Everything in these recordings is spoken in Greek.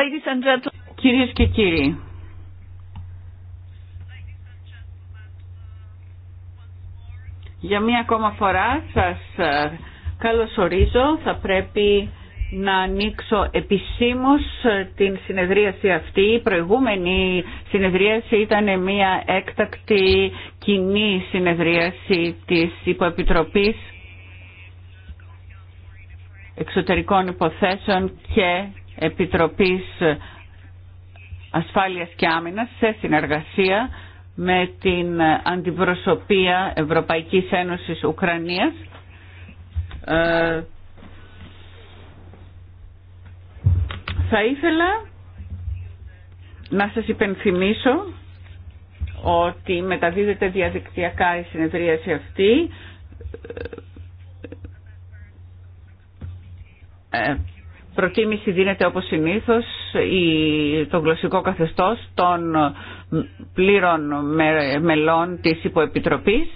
Ladies and gentlemen. Κυρίες και κύριοι, για μία ακόμα φορά σας ε, καλωσορίζω. Θα πρέπει να ανοίξω επισήμως ε, την συνεδρίαση αυτή. Η προηγούμενη συνεδρίαση ήταν μία έκτακτη κοινή συνεδρίαση της Υποεπιτροπής Εξωτερικών Υποθέσεων και Επιτροπής Ασφάλειας και Άμυνας σε συνεργασία με την Αντιπροσωπεία Ευρωπαϊκής Ένωσης Ουκρανίας ε, θα ήθελα να σας υπενθυμίσω ότι μεταδίδεται διαδικτυακά η συνεδρίαση αυτή ε, προτίμηση δίνεται όπως συνήθως το γλωσσικό καθεστώς των πλήρων μελών της υποεπιτροπής.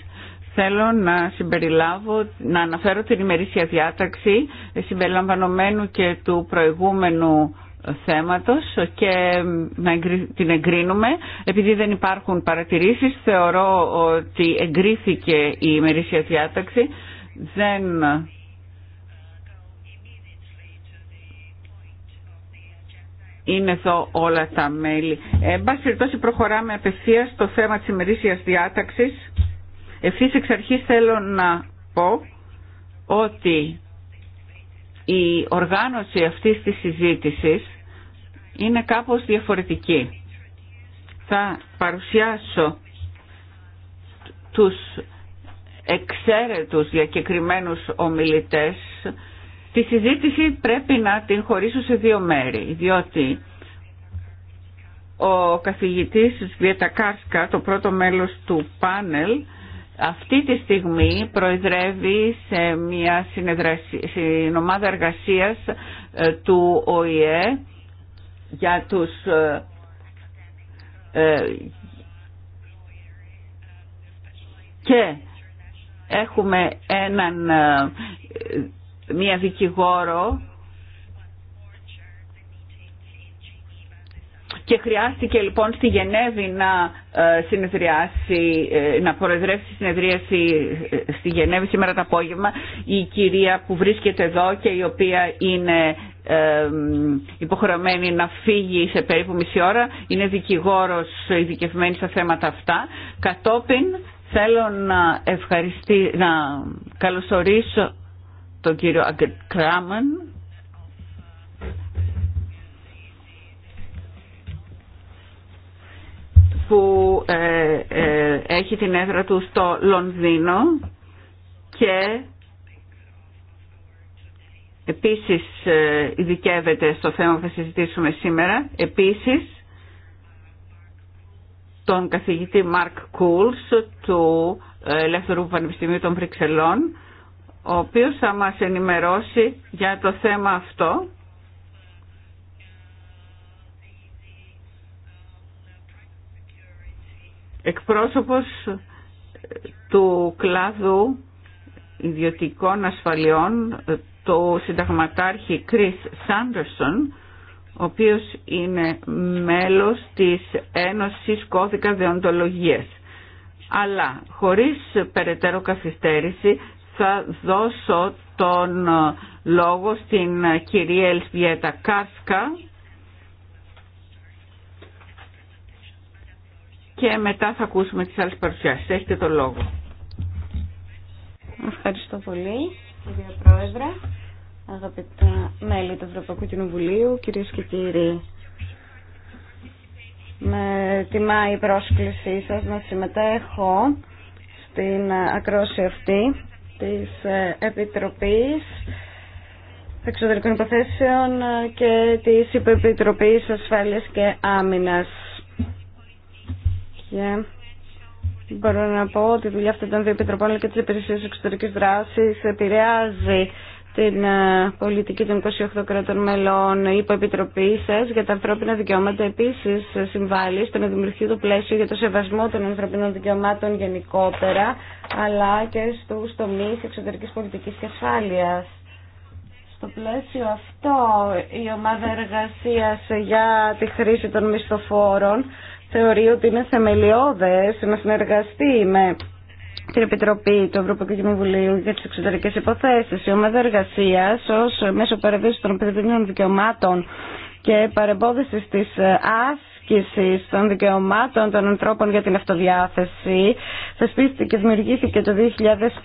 Θέλω να συμπεριλάβω, να αναφέρω την ημερήσια διάταξη συμπεριλαμβανομένου και του προηγούμενου θέματος και να την εγκρίνουμε. Επειδή δεν υπάρχουν παρατηρήσεις, θεωρώ ότι εγκρίθηκε η ημερήσια διάταξη. Δεν είναι εδώ όλα τα μέλη. Ε, εν πάση προχωράμε απευθεία στο θέμα της ημερήσιας διάταξης. Ευθύς εξ αρχής θέλω να πω ότι η οργάνωση αυτής της συζήτησης είναι κάπως διαφορετική. Θα παρουσιάσω τους εξαίρετους διακεκριμένους ομιλητές Τη συζήτηση πρέπει να την χωρίσω σε δύο μέρη, διότι ο καθηγητής Κάρσκα, το πρώτο μέλος του πάνελ, αυτή τη στιγμή προεδρεύει σε μια συνομάδα ομάδα εργασίας ε, του ΟΗΕ για τους ε, ε, και έχουμε έναν μία δικηγόρο και χρειάστηκε λοιπόν στη Γενέβη να ε, συνεδριάσει, ε, να προεδρεύσει τη συνεδρίαση ε, στη Γενέβη σήμερα το απόγευμα η κυρία που βρίσκεται εδώ και η οποία είναι υποχρεωμένη να φύγει σε περίπου μισή ώρα είναι δικηγόρος ειδικευμένη στα θέματα αυτά κατόπιν θέλω να, ευχαριστήσω να καλωσορίσω τον κύριο Αγκετ Κράμαν που ε, ε, έχει την έδρα του στο Λονδίνο και επίσης ε, ειδικεύεται στο θέμα που θα συζητήσουμε σήμερα. Επίσης τον καθηγητή Μαρκ Κούλς του Ελεύθερου Πανεπιστημίου των Βρυξελών ο οποίος θα μας ενημερώσει για το θέμα αυτό. Εκπρόσωπος του κλάδου ιδιωτικών ασφαλιών, το συνταγματάρχη Κρίς Σάντερσον, ο οποίος είναι μέλος της Ένωσης Κώδικα Δεοντολογίας. Αλλά χωρίς περαιτέρω καθυστέρηση θα δώσω τον λόγο στην κυρία Ελσβιέτα Κάσκα και μετά θα ακούσουμε τις άλλες παρουσιάσεις. Έχετε τον λόγο. Ευχαριστώ πολύ, κυρία Πρόεδρε, αγαπητά μέλη του Ευρωπαϊκού Κοινοβουλίου, κυρίες και κύριοι. Με τιμά η πρόσκλησή σας να συμμετέχω στην ακρόση αυτή της ε, Επιτροπής Εξωτερικών Υποθέσεων και της Υπεπιτροπής Ασφάλειας και Άμυνας. Και μπορώ να πω ότι η δουλειά αυτών των δύο επιτροπών και της Υπηρεσίας Εξωτερικής Δράσης επηρεάζει την ε, πολιτική των 28 κρατών μελών υπό επιτροπή σα για τα ανθρώπινα δικαιώματα επίση συμβάλλει στο να δημιουργηθεί το πλαίσιο για το σεβασμό των ανθρωπίνων δικαιωμάτων γενικότερα, αλλά και στου τομεί εξωτερική πολιτική και ασφάλεια. Στο πλαίσιο αυτό, η ομάδα εργασία για τη χρήση των μισθοφόρων θεωρεί ότι είναι θεμελιώδες να συνεργαστεί με την Επιτροπή του Ευρωπαϊκού Κοινοβουλίου για τι Εξωτερικέ Υποθέσει, η Ομάδα Εργασία ω μέσο παρεμβίωση των παιδιών δικαιωμάτων και παρεμπόδιση τη άσκηση των δικαιωμάτων των ανθρώπων για την αυτοδιάθεση, θεσπίστηκε και δημιουργήθηκε το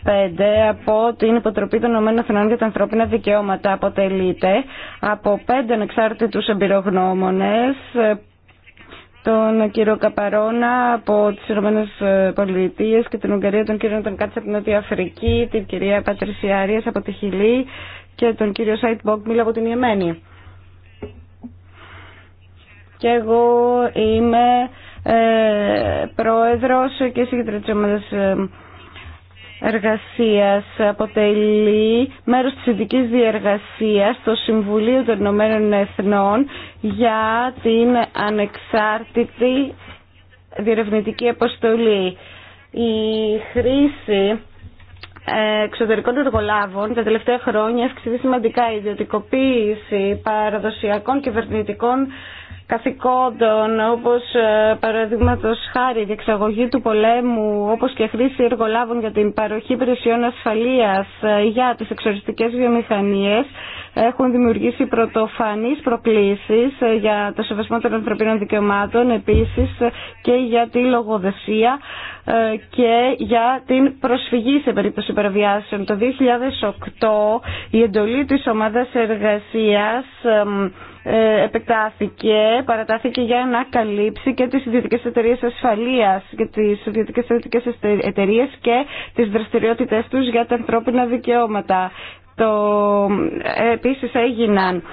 2005 από την Υποτροπή των ΟΕΕ για τα ανθρώπινα δικαιώματα. Αποτελείται από πέντε ανεξάρτητου εμπειρογνώμονε τον κύριο Καπαρόνα από τις Ηνωμένες Πολιτείες και την Ουγγαρία, τον κύριο Τον Κάτσα από την Νότια Αφρική, την κυρία Πατρισιάριας από τη Χιλή και τον κύριο Σάιτ Μπόγκμιλ από την Ιεμένη. Και εγώ είμαι ε, πρόεδρος και συγκεκριτής της ε, εργασίας αποτελεί μέρος της ειδικής διεργασίας στο Συμβουλίο των Ηνωμένων Εθνών για την ανεξάρτητη διερευνητική αποστολή. Η χρήση ε, εξωτερικών εργολάβων τα τελευταία χρόνια αυξηθεί σημαντικά η ιδιωτικοποίηση παραδοσιακών κυβερνητικών καθηκόντων όπως ε, παραδείγματο χάρη διεξαγωγή του πολέμου όπως και χρήση εργολάβων για την παροχή υπηρεσιών ασφαλείας ε, για τις εξοριστικές βιομηχανίες έχουν δημιουργήσει πρωτοφανείς προκλήσεις ε, για το σεβασμό των ανθρωπίνων δικαιωμάτων επίσης και για τη λογοδεσία και για την προσφυγή σε περίπτωση παραβιάσεων. Το 2008 η εντολή της ομάδας εργασίας ε, επεκτάθηκε, παρατάθηκε για να καλύψει και τις ιδιωτικές εταιρείες ασφαλείας και τις ιδιωτικές εταιρείες και τις δραστηριότητες τους για τα ανθρώπινα δικαιώματα. Το, ε, επίσης έγιναν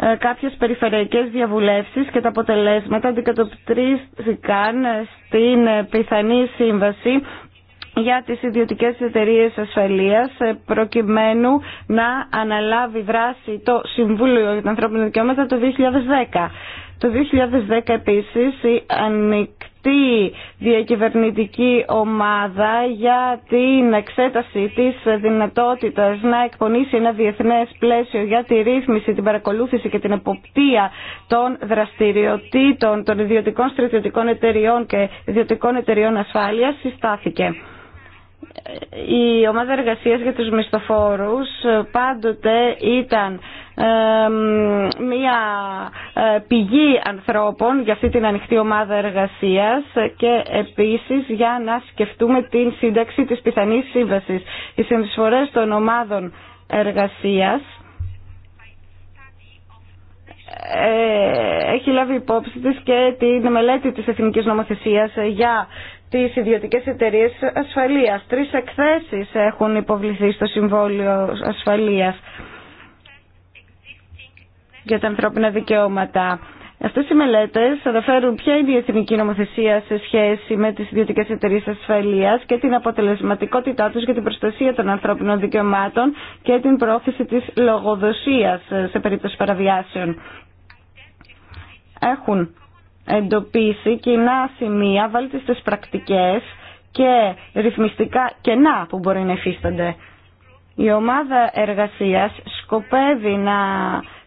ε, κάποιες περιφερειακές διαβουλεύσεις και τα αποτελέσματα αντικατοπτρίστηκαν στην πιθανή σύμβαση για τις ιδιωτικές εταιρείες ασφαλείας ε, προκειμένου να αναλάβει δράση το Συμβούλιο για τα Ανθρώπινα Δικαιώματα το 2010. Το 2010 επίσης η ανοιχτή διακυβερνητική ομάδα για την εξέταση της δυνατότητας να εκπονήσει ένα διεθνές πλαίσιο για τη ρύθμιση, την παρακολούθηση και την εποπτεία των δραστηριοτήτων των ιδιωτικών στρατιωτικών εταιριών και ιδιωτικών εταιριών ασφάλειας συστάθηκε η ομάδα εργασίας για τους μισθοφόρους πάντοτε ήταν μια ε, πηγή ανθρώπων για αυτή την ανοιχτή ομάδα εργασίας και επίσης για να σκεφτούμε την σύνταξη της πιθανής σύμβασης. Οι συνεισφορές των ομάδων εργασίας ε, έχει λάβει υπόψη της και την μελέτη της Εθνικής Νομοθεσίας για τι ιδιωτικέ εταιρείες ασφαλεία. Τρεις εκθέσεις έχουν υποβληθεί στο συμβόλαιο Ασφαλείας για τα ανθρώπινα δικαιώματα. Αυτές οι μελέτες αναφέρουν ποια είναι η εθνική νομοθεσία σε σχέση με τις ιδιωτικέ εταιρείες ασφαλείας και την αποτελεσματικότητά τους για την προστασία των ανθρώπινων δικαιωμάτων και την πρόθεση της λογοδοσίας σε περίπτωση παραβιάσεων. Έχουν εντοπίσει κοινά σημεία, στις πρακτικές και ρυθμιστικά κενά που μπορεί να υφίστανται. Η ομάδα εργασίας σκοπεύει να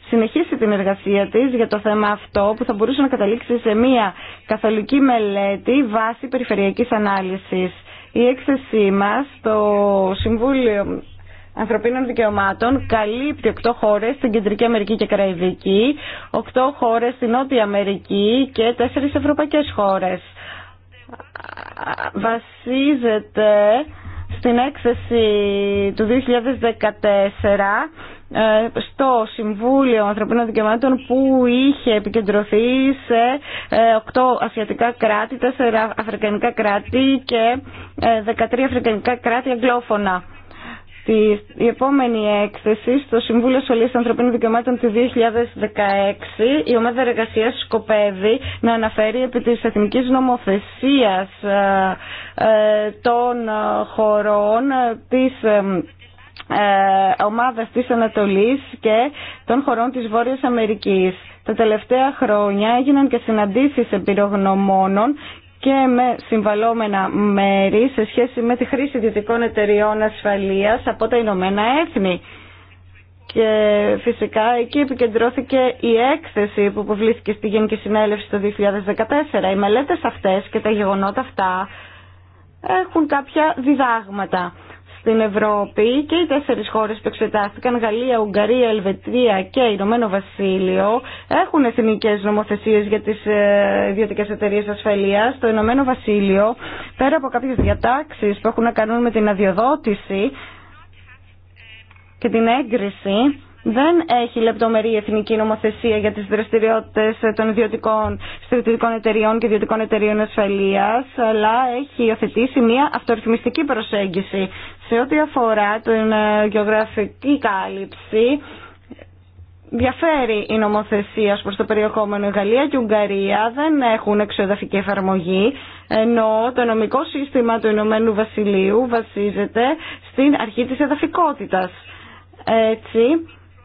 συνεχίσει την εργασία της για το θέμα αυτό που θα μπορούσε να καταλήξει σε μια καθολική μελέτη βάσει περιφερειακής ανάλυσης. Η έκθεσή μας στο Συμβούλιο ανθρωπίνων δικαιωμάτων καλύπτει 8 χώρες στην Κεντρική Αμερική και Καραϊβική, 8 χώρες στην Νότια Αμερική και 4 ευρωπαϊκές χώρες. Βασίζεται στην έκθεση του 2014 ε, στο Συμβούλιο Ανθρωπίνων Δικαιωμάτων που είχε επικεντρωθεί σε 8 ε, ασιατικά κράτη, 4 αφρικανικά κράτη και 13 ε, αφρικανικά κράτη αγγλόφωνα η επόμενη έκθεση στο Συμβούλιο Ασφαλείας Ανθρωπίνων Δικαιωμάτων του 2016 η ομάδα εργασίας σκοπεύει να αναφέρει επί της εθνικής νομοθεσίας ε, ε, των χωρών της ε, ε, ομάδας της Ανατολής και των χωρών της Βόρειας Αμερικής. Τα τελευταία χρόνια έγιναν και συναντήσεις επιρρογνωμονών και με συμβαλόμενα μέρη σε σχέση με τη χρήση δυτικών εταιριών ασφαλείας από τα Ηνωμένα Έθνη. Και φυσικά εκεί επικεντρώθηκε η έκθεση που αποβλήθηκε στη Γενική Συνέλευση το 2014. Οι μελέτες αυτές και τα γεγονότα αυτά έχουν κάποια διδάγματα στην Ευρώπη και οι τέσσερις χώρε που εξετάστηκαν, Γαλλία, Ουγγαρία, Ελβετία και Ηνωμένο Βασίλειο, έχουν εθνικές νομοθεσίες για τις ε, ιδιωτικέ εταιρείε ασφαλείας. Το Ηνωμένο Βασίλειο, πέρα από κάποιες διατάξεις που έχουν να κάνουν με την αδειοδότηση και την έγκριση, δεν έχει λεπτομερή εθνική νομοθεσία για τις δραστηριότητες των ιδιωτικών στρατιωτικών εταιριών και ιδιωτικών εταιριών ασφαλείας, αλλά έχει υιοθετήσει μια αυτορυθμιστική προσέγγιση σε ό,τι αφορά την ε, γεωγραφική κάλυψη. Διαφέρει η νομοθεσία προς το περιεχόμενο. Η Γαλλία και η Ουγγαρία δεν έχουν εξοδαφική εφαρμογή, ενώ το νομικό σύστημα του Ηνωμένου Βασιλείου βασίζεται στην αρχή της εδαφικότητας. Έτσι,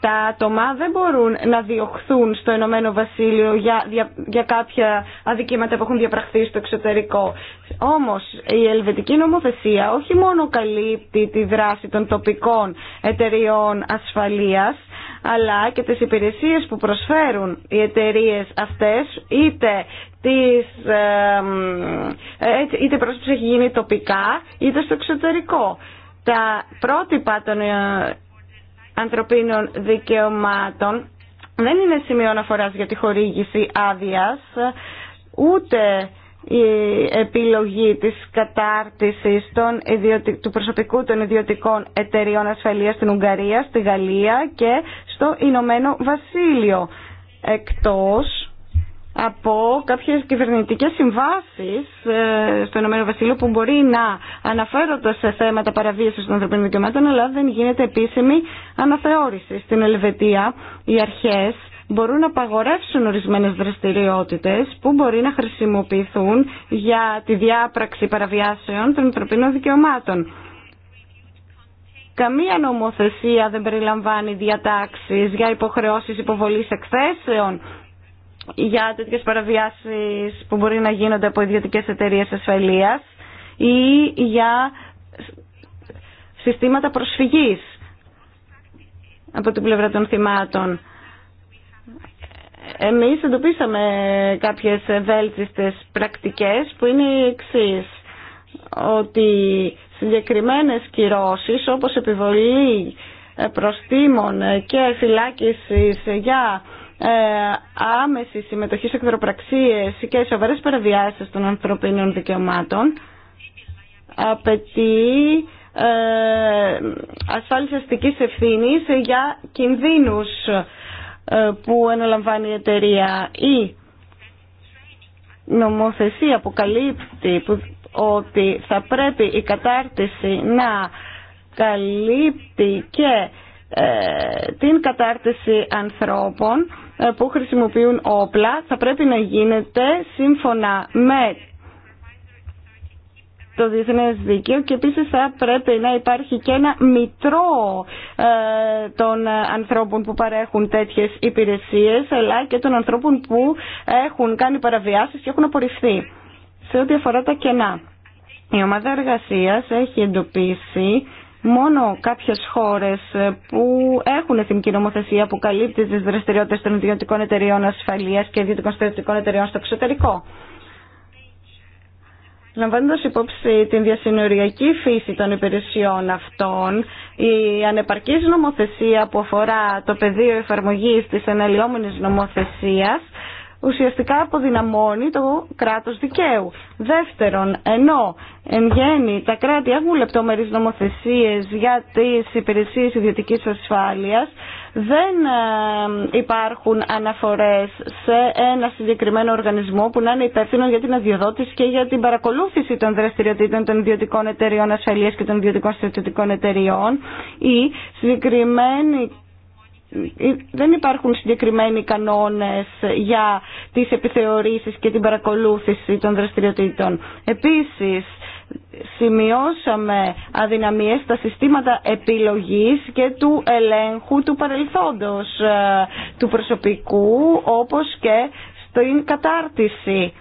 τα άτομα δεν μπορούν να διωχθούν στο Ηνωμένο Βασίλειο για, για, για κάποια αδικήματα που έχουν διαπραχθεί στο εξωτερικό. Όμως η ελβετική νομοθεσία όχι μόνο καλύπτει τη δράση των τοπικών εταιριών ασφαλείας, αλλά και τις υπηρεσίες που προσφέρουν οι εταιρείε αυτές, είτε, τις, ε, είτε έχει γίνει τοπικά, είτε στο εξωτερικό. Τα πρότυπα των ε, ανθρωπίνων δικαιωμάτων δεν είναι σημείο αναφορά για τη χορήγηση άδεια, ούτε η επιλογή της κατάρτισης των του προσωπικού των ιδιωτικών εταιριών ασφαλείας στην Ουγγαρία, στη Γαλλία και στο Ηνωμένο Βασίλειο. Εκτός από κάποιες κυβερνητικές συμβάσεις ε, στο Ηνωμένο που μπορεί να αναφέρονται σε θέματα παραβίασης των ανθρωπίνων δικαιωμάτων αλλά δεν γίνεται επίσημη αναθεώρηση. Στην Ελβετία οι αρχές μπορούν να απαγορεύσουν ορισμένες δραστηριότητες που μπορεί να χρησιμοποιηθούν για τη διάπραξη παραβιάσεων των ανθρωπίνων δικαιωμάτων. Καμία νομοθεσία δεν περιλαμβάνει διατάξεις για υποχρεώσεις υποβολής εκθέσεων για τέτοιες παραβιάσεις που μπορεί να γίνονται από ιδιωτικές εταιρείες ασφαλείας ή για συστήματα προσφυγής από την πλευρά των θυμάτων. Εμείς εντοπίσαμε κάποιες βέλτιστες πρακτικές που είναι οι εξής, ότι συγκεκριμένες κυρώσεις όπως επιβολή προστήμων και φυλάκισης για ε, άμεση συμμετοχή σε εκδροπραξίες και σοβαρές παραβιάσεις των ανθρωπίνων δικαιωμάτων απαιτεί ε, ασφάλιση αστικής ευθύνης για κινδύνους ε, που αναλαμβάνει η εταιρεία ή νομοθεσία που καλύπτει ότι θα πρέπει η κατάρτιση να καλύπτει και την κατάρτιση ανθρώπων ε, που χρησιμοποιούν όπλα θα πρέπει να γίνεται σύμφωνα με το διεθνές δίκαιο και επίσης θα πρέπει να υπάρχει και ένα μητρό ε, των ανθρώπων που παρέχουν τέτοιες υπηρεσίες αλλά και των ανθρώπων που έχουν κάνει παραβιάσεις και έχουν απορριφθεί σε ό,τι αφορά τα κενά. Η ομάδα εργασίας έχει εντοπίσει μόνο κάποιες χώρες ε, που έχουν εθνική νομοθεσία που καλύπτει τις δραστηριότητες των ιδιωτικών εταιριών ασφαλείας και ιδιωτικών στρατιωτικών εταιριών στο εξωτερικό. Λαμβάνοντας υπόψη την διασυνοριακή φύση των υπηρεσιών αυτών, η ανεπαρκής νομοθεσία που αφορά το πεδίο εφαρμογής της αναλυόμενης νομοθεσίας ουσιαστικά αποδυναμώνει το κράτος δικαίου. Δεύτερον, ενώ εν γέννη τα κράτη έχουν λεπτόμερες νομοθεσίες για τις υπηρεσίες ιδιωτικής ασφάλειας, δεν ε, υπάρχουν αναφορές σε ένα συγκεκριμένο οργανισμό που να είναι υπεύθυνο για την αδειοδότηση και για την παρακολούθηση των δραστηριοτήτων των ιδιωτικών εταιριών ασφαλείας και των ιδιωτικών στρατιωτικών εταιριών ή συγκεκριμένη δεν υπάρχουν συγκεκριμένοι κανόνες για τις επιθεωρήσεις και την παρακολούθηση των δραστηριοτήτων. Επίσης, σημειώσαμε αδυναμίες στα συστήματα επιλογής και του ελέγχου του παρελθόντος ε, του προσωπικού, όπως και στην κατάρτιση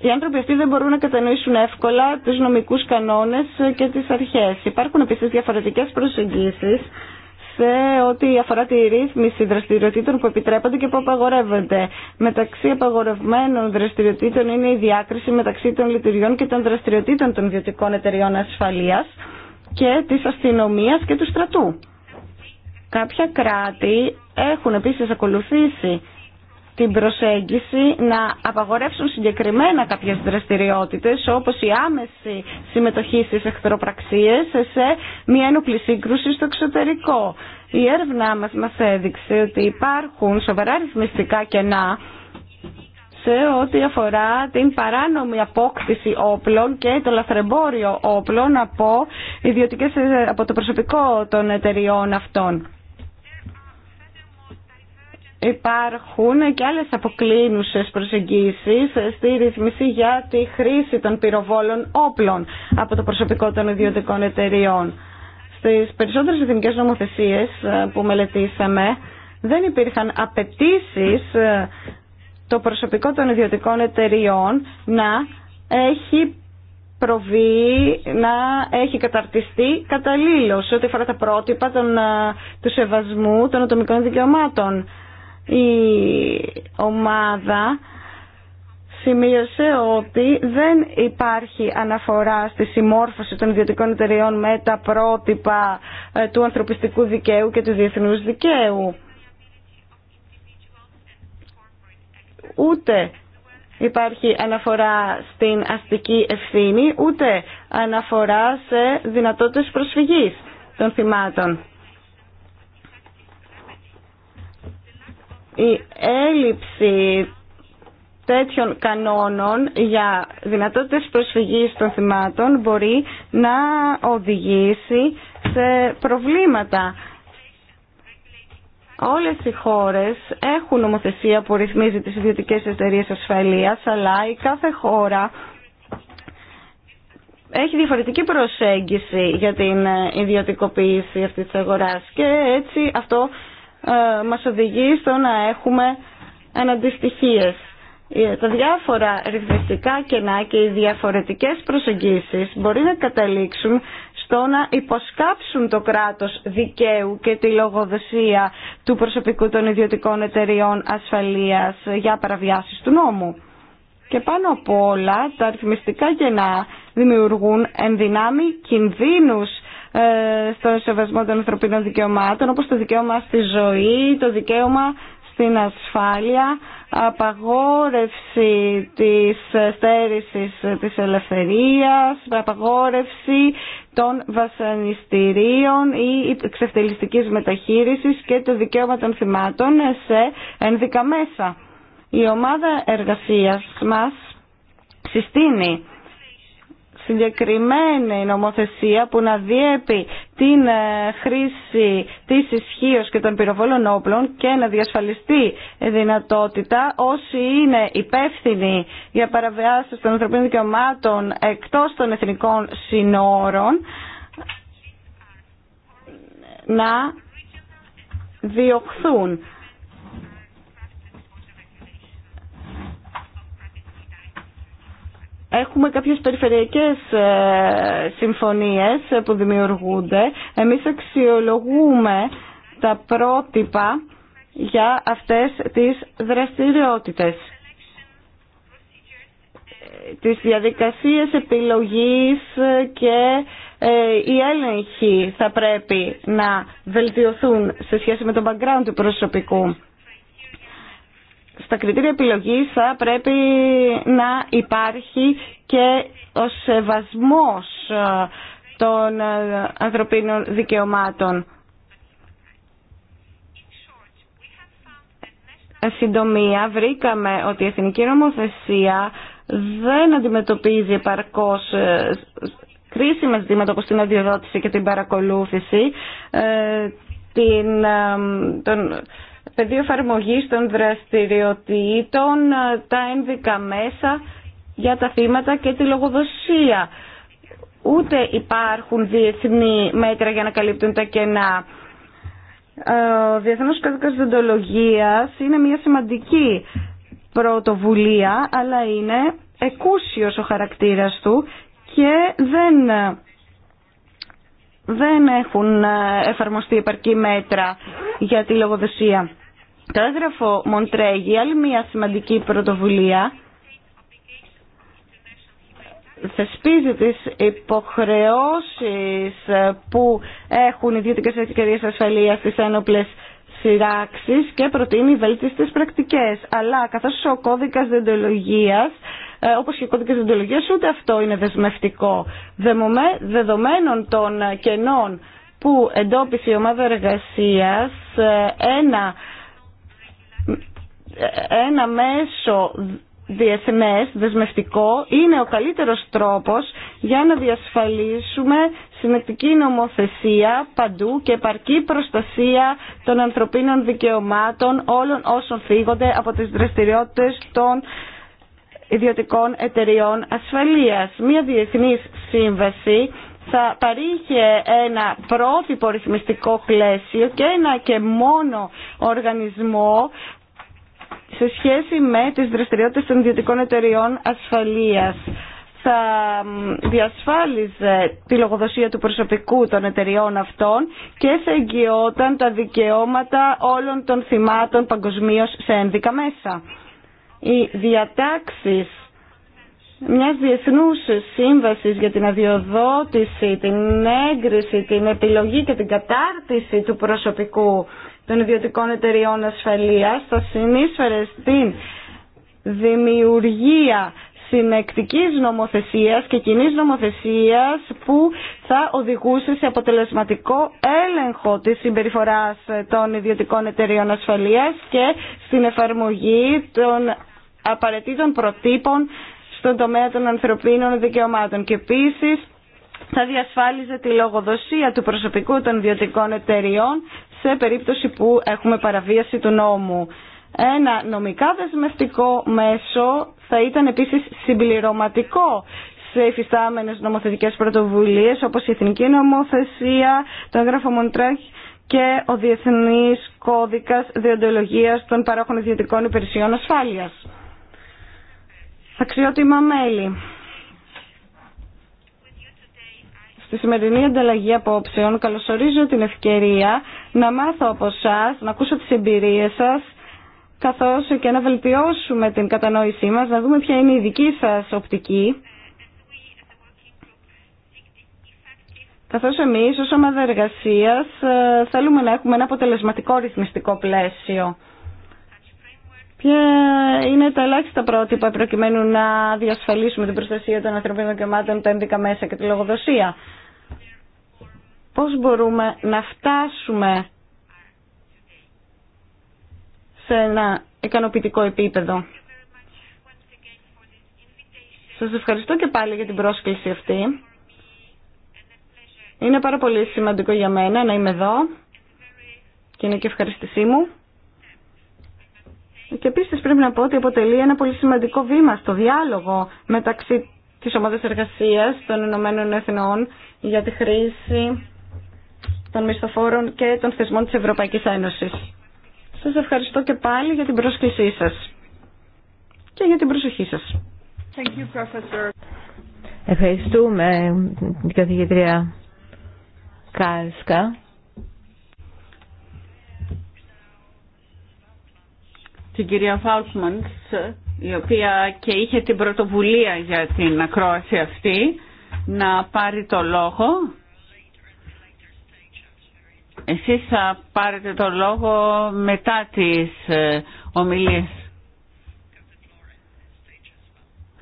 οι άνθρωποι αυτοί δεν μπορούν να κατανοήσουν εύκολα του νομικού κανόνε και τι αρχέ. Υπάρχουν επίση διαφορετικέ προσεγγίσει σε ό,τι αφορά τη ρύθμιση δραστηριοτήτων που επιτρέπονται και που απαγορεύονται. Μεταξύ απαγορευμένων δραστηριοτήτων είναι η διάκριση μεταξύ των λειτουργιών και των δραστηριοτήτων των ιδιωτικών εταιριών ασφαλεία και τη αστυνομία και του στρατού. Κάποια κράτη έχουν επίση ακολουθήσει την προσέγγιση να απαγορεύσουν συγκεκριμένα κάποιες δραστηριότητες όπως η άμεση συμμετοχή στις εχθροπραξίες σε μια ένοπλη σύγκρουση στο εξωτερικό. Η έρευνά μας μας έδειξε ότι υπάρχουν σοβαρά ρυθμιστικά κενά σε ό,τι αφορά την παράνομη απόκτηση όπλων και το λαθρεμπόριο όπλων από, ιδιωτικές, από το προσωπικό των εταιριών αυτών. Υπάρχουν και άλλες αποκλίνουσες προσεγγίσεις στη ρυθμίση για τη χρήση των πυροβόλων όπλων από το προσωπικό των ιδιωτικών εταιριών. Στις περισσότερες εθνικές νομοθεσίες ε, που μελετήσαμε δεν υπήρχαν απαιτήσει ε, το προσωπικό των ιδιωτικών εταιριών να έχει προβεί, να έχει καταρτιστεί καταλήλως ό,τι αφορά τα πρότυπα των, ε, του σεβασμού των ατομικών δικαιωμάτων η ομάδα σημείωσε ότι δεν υπάρχει αναφορά στη συμμόρφωση των ιδιωτικών εταιριών με τα πρότυπα ε, του ανθρωπιστικού δικαίου και του διεθνούς δικαίου. Ούτε υπάρχει αναφορά στην αστική ευθύνη, ούτε αναφορά σε δυνατότητες προσφυγής των θυμάτων. η έλλειψη τέτοιων κανόνων για δυνατότητες προσφυγής των θυμάτων μπορεί να οδηγήσει σε προβλήματα. Όλες οι χώρες έχουν νομοθεσία που ρυθμίζει τις ιδιωτικές εταιρείε ασφαλείας, αλλά η κάθε χώρα έχει διαφορετική προσέγγιση για την ιδιωτικοποίηση αυτής της αγοράς και έτσι αυτό ε, μας οδηγεί στο να έχουμε αναντιστοιχίες. Ε, τα διάφορα ρυθμιστικά κενά και οι διαφορετικές προσεγγίσεις μπορεί να καταλήξουν στο να υποσκάψουν το κράτος δικαίου και τη λογοδοσία του προσωπικού των ιδιωτικών εταιριών ασφαλείας για παραβιάσεις του νόμου. Και πάνω από όλα τα ρυθμιστικά κενά δημιουργούν ενδυνάμει κινδύνους ε, στο σεβασμό των ανθρωπίνων δικαιωμάτων, όπως το δικαίωμα στη ζωή, το δικαίωμα στην ασφάλεια, απαγόρευση της στέρησης της ελευθερίας, απαγόρευση των βασανιστήριων ή εξευτελιστικής μεταχείρισης και το δικαίωμα των θυμάτων σε ένδικα μέσα. Η ομάδα εργασίας μας συστήνει συγκεκριμένη νομοθεσία που να διέπει την ε, χρήση της ισχύω και των πυροβόλων όπλων και να διασφαλιστεί δυνατότητα όσοι είναι υπεύθυνοι για παραβιάσεις των ανθρωπίνων δικαιωμάτων εκτός των εθνικών συνόρων να διωχθούν. Έχουμε κάποιες περιφερειακές ε, συμφωνίες που δημιουργούνται. Εμείς αξιολογούμε τα πρότυπα για αυτές τις δραστηριότητες. Τις διαδικασίες επιλογής και ε, οι έλεγχοι θα πρέπει να βελτιωθούν σε σχέση με τον background του προσωπικού στα κριτήρια επιλογής θα πρέπει να υπάρχει και ο σεβασμός ε, των ε, ανθρωπίνων δικαιωμάτων. Ε, συντομία, βρήκαμε ότι η εθνική νομοθεσία δεν αντιμετωπίζει επαρκώς κρίσιμα ζητήματα όπως την αδειοδότηση και την παρακολούθηση, την, τον, πεδίο εφαρμογή των δραστηριοτήτων, ε, τα ένδικα μέσα για τα θύματα και τη λογοδοσία. Ούτε υπάρχουν διεθνή μέτρα για να καλύπτουν τα κενά. Ε, ο Διεθνός Κώδικας Δοντολογίας είναι μια σημαντική πρωτοβουλία, αλλά είναι εκούσιος ο χαρακτήρας του και δεν, δεν έχουν ε, εφαρμοστεί επαρκή μέτρα για τη λογοδοσία. Το έγγραφο Μοντρέγη, άλλη μια σημαντική πρωτοβουλία, θεσπίζει τις υποχρεώσεις που έχουν οι ιδιωτικές ευκαιρίες ασφαλείας στις ένοπλες σειράξεις και προτείνει βελτιστές πρακτικές. Αλλά καθώς ο κώδικας διοντολογίας, ε, όπως και ο κώδικας διοντολογίας, ούτε αυτό είναι δεσμευτικό. Δεδομένων των κενών που εντόπισε η ομάδα εργασίας, ε, ένα ένα μέσο διεθνές, δεσμευτικό, είναι ο καλύτερος τρόπος για να διασφαλίσουμε συνεκτική νομοθεσία παντού και επαρκή προστασία των ανθρωπίνων δικαιωμάτων όλων όσων φύγονται από τις δραστηριότητες των ιδιωτικών εταιριών ασφαλείας. Μία διεθνής σύμβαση θα παρήχε ένα πρότυπο ρυθμιστικό πλαίσιο και ένα και μόνο οργανισμό σε σχέση με τις δραστηριότητες των ιδιωτικών εταιριών ασφαλείας θα διασφάλιζε τη λογοδοσία του προσωπικού των εταιριών αυτών και θα εγγυόταν τα δικαιώματα όλων των θυμάτων παγκοσμίω σε ένδικα μέσα. Οι διατάξεις μιας διεθνούς σύμβασης για την αδειοδότηση, την έγκριση, την επιλογή και την κατάρτιση του προσωπικού των ιδιωτικών εταιριών ασφαλείας θα συνείσφερε στην δημιουργία συνεκτικής νομοθεσίας και κοινή νομοθεσίας που θα οδηγούσε σε αποτελεσματικό έλεγχο της συμπεριφοράς των ιδιωτικών εταιριών ασφαλείας και στην εφαρμογή των απαραίτητων προτύπων στον τομέα των ανθρωπίνων δικαιωμάτων και επίσης θα διασφάλιζε τη λογοδοσία του προσωπικού των ιδιωτικών εταιριών σε περίπτωση που έχουμε παραβίαση του νόμου. Ένα νομικά δεσμευτικό μέσο θα ήταν επίσης συμπληρωματικό σε υφιστάμενες νομοθετικές πρωτοβουλίες όπως η Εθνική Νομοθεσία, το έγγραφο Μοντρέχ και ο Διεθνής Κώδικας Διοντολογίας των Παρόχων Ιδιωτικών Υπηρεσιών Ασφάλειας. Αξιότιμα μέλη. Στη σημερινή ανταλλαγή απόψεων καλωσορίζω την ευκαιρία να μάθω από εσά, να ακούσω τι εμπειρίε σα καθώ και να βελτιώσουμε την κατανόησή μα, να δούμε ποια είναι η δική σα οπτική. Καθώς εμείς ως ομάδα εργασίας ε, θέλουμε να έχουμε ένα αποτελεσματικό ρυθμιστικό πλαίσιο. Ποια είναι τα ελάχιστα πρότυπα προκειμένου να διασφαλίσουμε την προστασία των ανθρωπίνων δικαιωμάτων, τα ένδικα μέσα και τη λογοδοσία. Πώς μπορούμε να φτάσουμε σε ένα ικανοποιητικό επίπεδο. Σας ευχαριστώ και πάλι για την πρόσκληση αυτή. Είναι πάρα πολύ σημαντικό για μένα να είμαι εδώ και είναι και ευχαριστησή μου. Και επίση πρέπει να πω ότι αποτελεί ένα πολύ σημαντικό βήμα στο διάλογο μεταξύ της ομάδας εργασίας των Ηνωμένων Εθνών για τη χρήση των μισθοφόρων και των θεσμών της Ευρωπαϊκής Ένωσης. Σας ευχαριστώ και πάλι για την πρόσκλησή σας και για την προσοχή σας. Ευχαριστούμε την καθηγητρία Κάρσκα. Την κυρία Φάουσμαντ, η οποία και είχε την πρωτοβουλία για την ακρόαση αυτή, να πάρει το λόγο. Εσείς θα πάρετε το λόγο μετά τις ε, ομιλίες.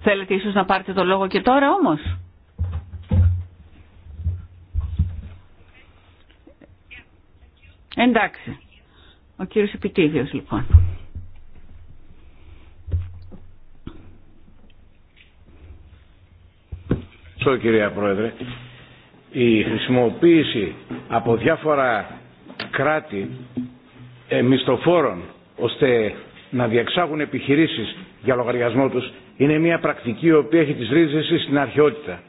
Θέλετε ίσως να πάρετε το λόγο και τώρα όμως. Εντάξει. Ο κύριος Επιτίδιος λοιπόν. Ευχαριστώ κυρία Πρόεδρε η χρησιμοποίηση από διάφορα κράτη ε, μισθοφόρων ώστε να διεξάγουν επιχειρήσεις για λογαριασμό τους είναι μια πρακτική η οποία έχει τις ρίζες στην αρχαιότητα.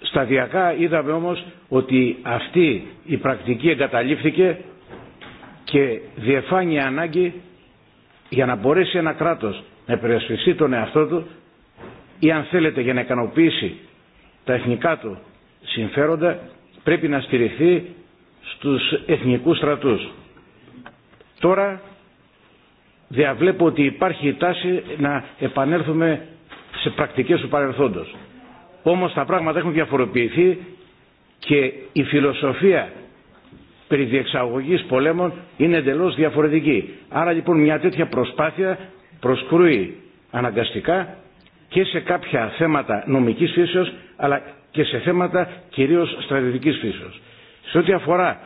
Σταδιακά είδαμε όμως ότι αυτή η πρακτική εγκαταλείφθηκε και διεφάνει ανάγκη για να μπορέσει ένα κράτος να υπερασπιστεί τον εαυτό του ή αν θέλετε για να ικανοποιήσει τα εθνικά του συμφέροντα πρέπει να στηριχθεί στους εθνικούς στρατούς. Τώρα διαβλέπω ότι υπάρχει η τάση να επανέλθουμε σε πρακτικές του παρελθόντος. Όμως τα πράγματα έχουν διαφοροποιηθεί και η φιλοσοφία περί διεξαγωγής πολέμων είναι εντελώς διαφορετική. Άρα λοιπόν μια τέτοια προσπάθεια προσκρούει αναγκαστικά και σε κάποια θέματα νομικής φύσεως αλλά και σε θέματα κυρίως στρατιωτικής φύσεως. Σε ό,τι αφορά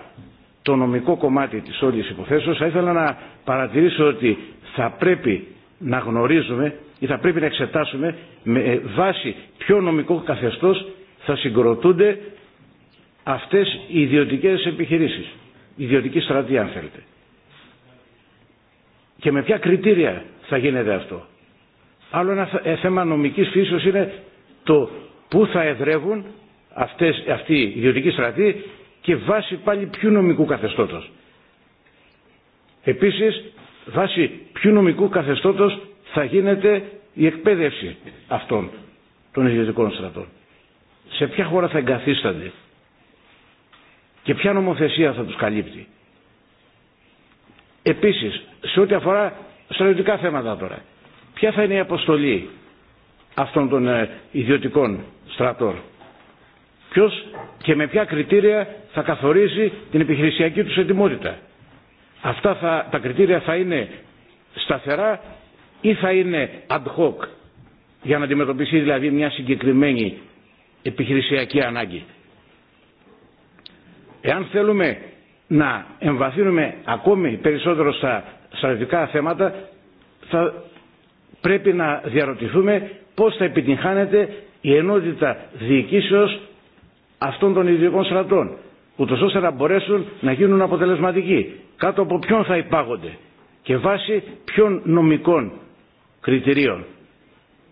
το νομικό κομμάτι της όλης υποθέσεως θα ήθελα να παρατηρήσω ότι θα πρέπει να γνωρίζουμε ή θα πρέπει να εξετάσουμε με ε, βάση ποιο νομικό καθεστώς θα συγκροτούνται αυτές οι ιδιωτικές επιχειρήσεις, ιδιωτική στρατή αν θέλετε. Και με ποια κριτήρια θα γίνεται αυτό. Άλλο ένα ε, θέμα νομικής φύσεως είναι το πού θα εδρεύουν αυτές, αυτοί οι ιδιωτικοί στρατοί και βάσει πάλι ποιου νομικού καθεστώτος. Επίσης, βάσει ποιου νομικού καθεστώτος θα γίνεται η εκπαίδευση αυτών των ιδιωτικών στρατών. Σε ποια χώρα θα εγκαθίστανται και ποια νομοθεσία θα τους καλύπτει. Επίσης, σε ό,τι αφορά στρατιωτικά θέματα τώρα, ποια θα είναι η αποστολή, αυτών των ε, ιδιωτικών στρατών. Ποιος και με ποια κριτήρια θα καθορίζει την επιχειρησιακή τους ετοιμότητα. Αυτά θα, τα κριτήρια θα είναι σταθερά ή θα είναι ad hoc για να αντιμετωπιστεί δηλαδή μια συγκεκριμένη επιχειρησιακή ανάγκη. Εάν θέλουμε να εμβαθύνουμε ακόμη περισσότερο στα στρατιωτικά θέματα θα πρέπει να διαρωτηθούμε πώς θα επιτυγχάνεται η ενότητα διοικήσεως αυτών των ιδιωτικών στρατών, ούτως ώστε να μπορέσουν να γίνουν αποτελεσματικοί. Κάτω από ποιον θα υπάγονται και βάσει ποιων νομικών κριτηρίων.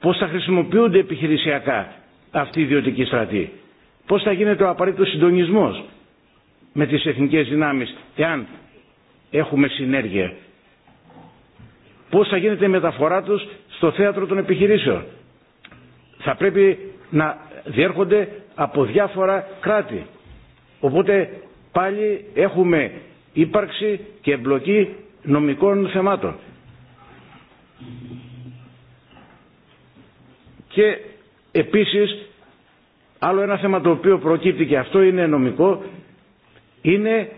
Πώς θα χρησιμοποιούνται επιχειρησιακά αυτοί οι ιδιωτικοί στρατοί. Πώς θα γίνεται ο απαραίτητος συντονισμός με τις εθνικές δυνάμεις, εάν έχουμε συνέργεια. Πώς θα γίνεται η μεταφορά τους στο θέατρο των επιχειρήσεων θα πρέπει να διέρχονται από διάφορα κράτη. Οπότε πάλι έχουμε ύπαρξη και εμπλοκή νομικών θεμάτων. Και επίσης άλλο ένα θέμα το οποίο προκύπτει και αυτό είναι νομικό είναι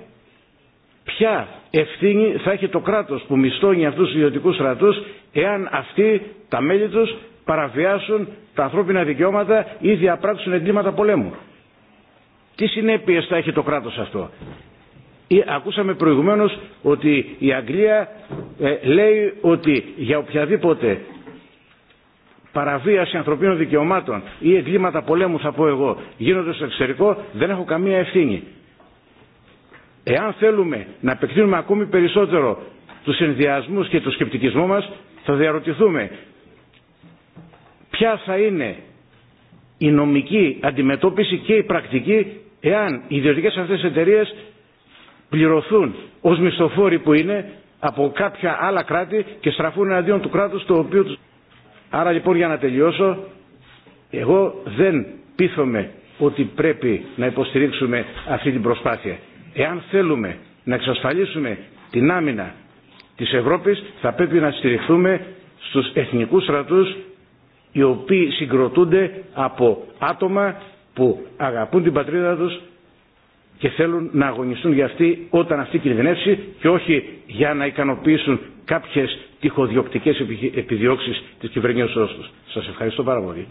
ποια ευθύνη θα έχει το κράτος που μισθώνει αυτούς τους ιδιωτικούς στρατούς εάν αυτοί τα μέλη τους παραβιάσουν τα ανθρώπινα δικαιώματα ή διαπράξουν εγκλήματα πολέμου. Τι συνέπειες θα έχει το κράτος αυτό. Ή, ακούσαμε προηγουμένως ότι η διαπραξουν εγκληματα πολεμου τι συνεπειες θα εχει το κρατος αυτο ακουσαμε προηγουμενως οτι η αγγλια ε, λέει ότι για οποιαδήποτε παραβίαση ανθρωπίνων δικαιωμάτων ή εγκλήματα πολέμου θα πω εγώ γίνονται στο εξωτερικό δεν έχω καμία ευθύνη. Εάν θέλουμε να επεκτείνουμε ακόμη περισσότερο τους συνδυασμούς και το σκεπτικισμό μας θα διαρωτηθούμε ποια θα είναι η νομική αντιμετώπιση και η πρακτική εάν οι ιδιωτικέ αυτές εταιρείε πληρωθούν ως μισθοφόροι που είναι από κάποια άλλα κράτη και στραφούν εναντίον του κράτους το οποίο τους... Άρα λοιπόν για να τελειώσω, εγώ δεν πείθομαι ότι πρέπει να υποστηρίξουμε αυτή την προσπάθεια. Εάν θέλουμε να εξασφαλίσουμε την άμυνα της Ευρώπης θα πρέπει να στηριχθούμε στους εθνικούς στρατούς οι οποίοι συγκροτούνται από άτομα που αγαπούν την πατρίδα τους και θέλουν να αγωνιστούν για αυτή όταν αυτή κινδυνεύσει και όχι για να ικανοποιήσουν κάποιες τυχοδιοκτικές επιδιώξεις της κυβερνήσεώς τους. Σας ευχαριστώ πάρα πολύ.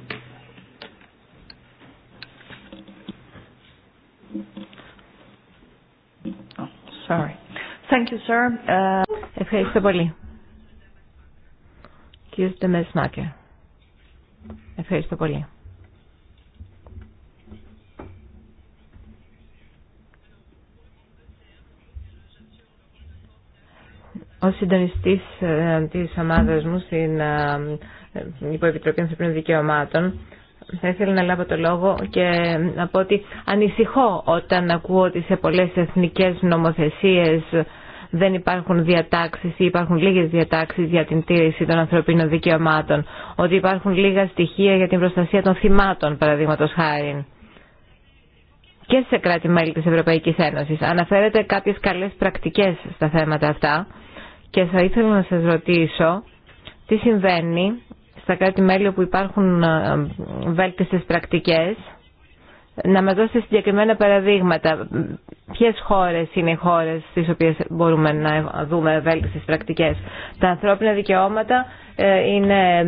Oh, sorry. Thank you, sir. Uh, ευχαριστώ πολύ. Κύριε Μάκερ. Ευχαριστώ πολύ. Ο συντονιστή ε, τη ομάδα μου στην ε, Υποεπιτροπή Ανθρωπίνων Δικαιωμάτων θα ήθελα να λάβω το λόγο και να πω ότι ανησυχώ όταν ακούω ότι σε πολλές εθνικές νομοθεσίες δεν υπάρχουν διατάξεις ή υπάρχουν λίγες διατάξεις για την τήρηση των ανθρωπίνων δικαιωμάτων, ότι υπάρχουν λίγα στοιχεία για την προστασία των θυμάτων, παραδείγματος χάρη και σε κράτη-μέλη της ευρωπαϊκή Ένωσης. Αναφέρετε κάποιες καλές πρακτικές στα θέματα αυτά και θα ήθελα να σας ρωτήσω τι συμβαίνει στα κράτη-μέλη όπου υπάρχουν ε, βέλτιστες πρακτικές να με δώσετε συγκεκριμένα παραδείγματα. Ποιε χώρες είναι οι χώρες στις οποίες μπορούμε να δούμε ευέλικτε πρακτικές. Τα ανθρώπινα δικαιώματα ε, είναι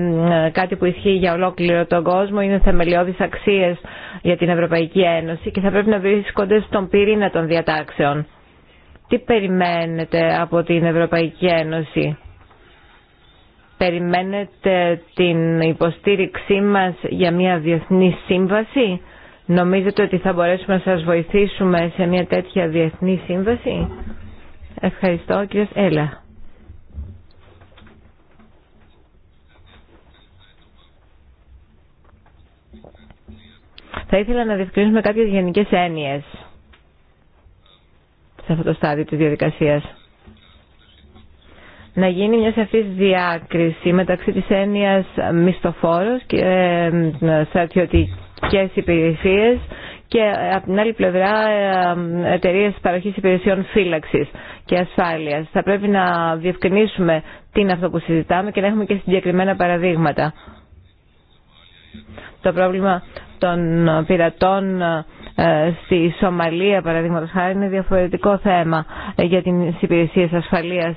κάτι που ισχύει για ολόκληρο τον κόσμο, είναι θεμελιώδεις αξίες για την Ευρωπαϊκή Ένωση και θα πρέπει να βρίσκονται στον πυρήνα των διατάξεων. Τι περιμένετε από την Ευρωπαϊκή Ένωση. Περιμένετε την υποστήριξή μας για μια διεθνή σύμβαση Νομίζετε ότι θα μπορέσουμε να σας βοηθήσουμε σε μια τέτοια διεθνή σύμβαση. Ευχαριστώ κύριε Έλα. Θα ήθελα να διευκρινίσουμε κάποιες γενικές έννοιες σε αυτό το στάδιο της διαδικασίας. Να γίνει μια σαφής διάκριση μεταξύ της έννοιας μισθοφόρος και ε, στρατιωτική τις υπηρεσίες και ε, από την άλλη πλευρά ε, εταιρείε παροχή υπηρεσιών φύλαξη και ασφάλεια. Θα πρέπει να διευκρινίσουμε τι είναι αυτό που συζητάμε και να έχουμε και συγκεκριμένα παραδείγματα. Το πρόβλημα των πειρατών ε, στη Σομαλία, παραδείγματος χάρη, είναι διαφορετικό θέμα για τις υπηρεσίες ασφαλείας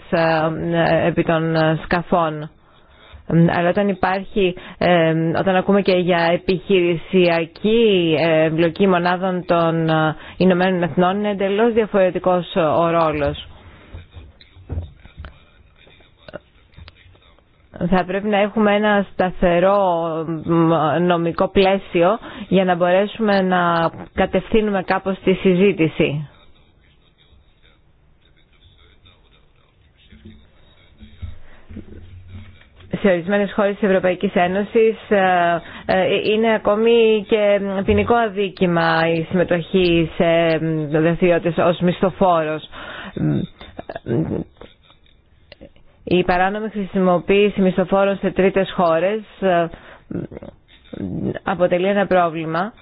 επί των σκαφών. Αλλά όταν υπάρχει, όταν ακούμε και για επιχειρησιακή ε, εμπλοκή μονάδων των ε, Ηνωμένων Εθνών, είναι εντελώ διαφορετικός ο ρόλο. θα πρέπει να έχουμε ένα σταθερό νομικό πλαίσιο για να μπορέσουμε να κατευθύνουμε κάπως τη συζήτηση. σε ορισμένες χώρες της Ευρωπαϊκής Ένωσης ε, ε, είναι ακόμη και ποινικό αδίκημα η συμμετοχή σε δραστηριότητες ως μισθοφόρος. Η παράνομη χρησιμοποίηση μισθοφόρων σε τρίτες χώρες ε, αποτελεί ένα πρόβλημα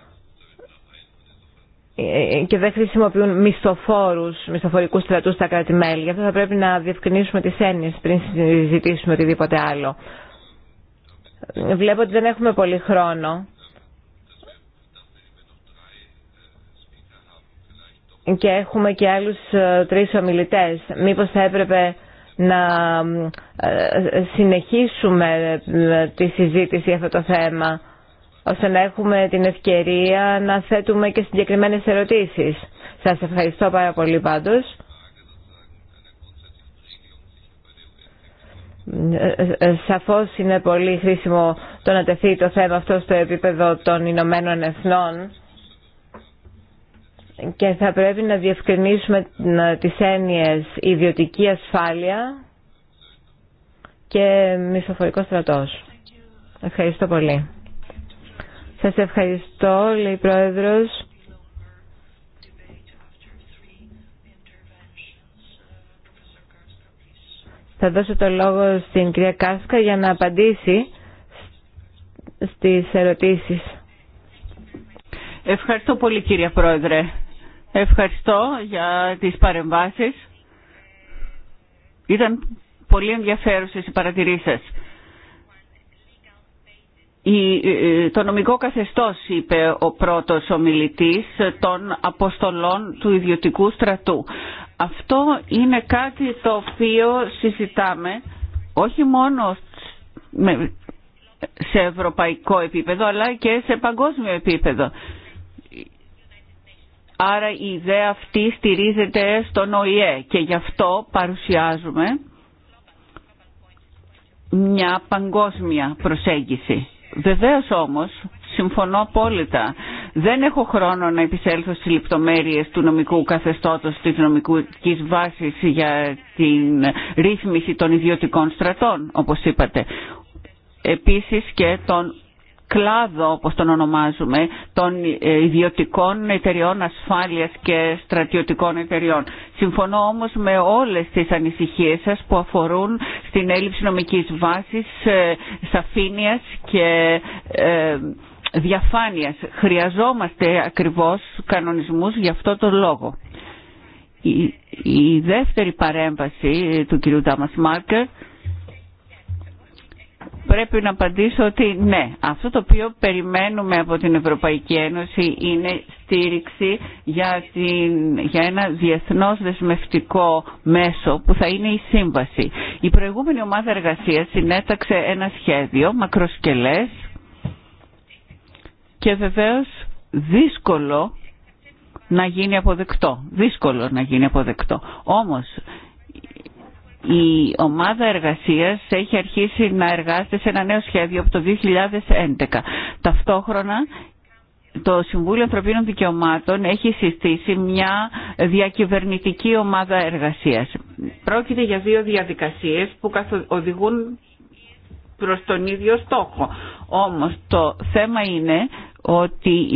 ε, ε, και δεν χρησιμοποιούν μισθοφόρους, μισθοφορικούς στρατούς στα κράτη-μέλη. Γι' αυτό θα πρέπει να διευκρινίσουμε τις έννοιες πριν συζητήσουμε οτιδήποτε άλλο. Βλέπω ότι δεν έχουμε πολύ χρόνο. Και έχουμε και άλλους ε, τρεις ομιλητές. Μήπως θα έπρεπε να συνεχίσουμε τη συζήτηση για αυτό το θέμα ώστε να έχουμε την ευκαιρία να θέτουμε και συγκεκριμένες ερωτήσεις. Σας ευχαριστώ πάρα πολύ πάντως. Ε, ε, σαφώς είναι πολύ χρήσιμο το να τεθεί το θέμα αυτό στο επίπεδο των Ηνωμένων Εθνών και θα πρέπει να διευκρινίσουμε τις έννοιες ιδιωτική ασφάλεια και μισθοφορικό στρατός. Ευχαριστώ πολύ. Σας ευχαριστώ, λέει η Πρόεδρος. Θα δώσω το λόγο στην κυρία Κάσκα για να απαντήσει στις ερωτήσεις. Ευχαριστώ πολύ κύριε Πρόεδρε. Ευχαριστώ για τις παρεμβάσεις. Ήταν πολύ ενδιαφέρουσες οι παρατηρήσεις ε, ε, το νομικό καθεστώς είπε ο πρώτος ομιλητής των αποστολών του ιδιωτικού στρατού. Αυτό είναι κάτι το οποίο συζητάμε όχι μόνο σε ευρωπαϊκό επίπεδο αλλά και σε παγκόσμιο επίπεδο. Άρα η ιδέα αυτή στηρίζεται στον ΟΗΕ και γι' αυτό παρουσιάζουμε μια παγκόσμια προσέγγιση. Βεβαίως όμως, συμφωνώ απόλυτα, δεν έχω χρόνο να επισέλθω στις λεπτομέρειες του νομικού καθεστώτος της νομικής βάσης για την ρύθμιση των ιδιωτικών στρατών, όπως είπατε. Επίσης και των κλάδο όπως τον ονομάζουμε των ε, ιδιωτικών εταιριών ασφάλειας και στρατιωτικών εταιριών. Συμφωνώ όμως με όλες τις ανησυχίες σας που αφορούν στην έλλειψη νομικής βάσης, ε, σαφήνειας και ε, διαφάνειας. Χρειαζόμαστε ακριβώς κανονισμούς για αυτό τον λόγο. Η, δεύτερη παρέμβαση του κ. Τάμας Μάρκερ πρέπει να απαντήσω ότι ναι, αυτό το οποίο περιμένουμε από την Ευρωπαϊκή Ένωση είναι στήριξη για, την, για ένα διεθνώς δεσμευτικό μέσο που θα είναι η σύμβαση. Η προηγούμενη ομάδα εργασίας συνέταξε ένα σχέδιο μακροσκελές και βεβαίως δύσκολο να γίνει αποδεκτό. Δύσκολο να γίνει αποδεκτό. Όμως η ομάδα εργασίας έχει αρχίσει να εργάζεται σε ένα νέο σχέδιο από το 2011. Ταυτόχρονα το Συμβούλιο Ανθρωπίνων Δικαιωμάτων έχει συστήσει μια διακυβερνητική ομάδα εργασίας. Πρόκειται για δύο διαδικασίες που οδηγούν προς τον ίδιο στόχο. Όμως το θέμα είναι ότι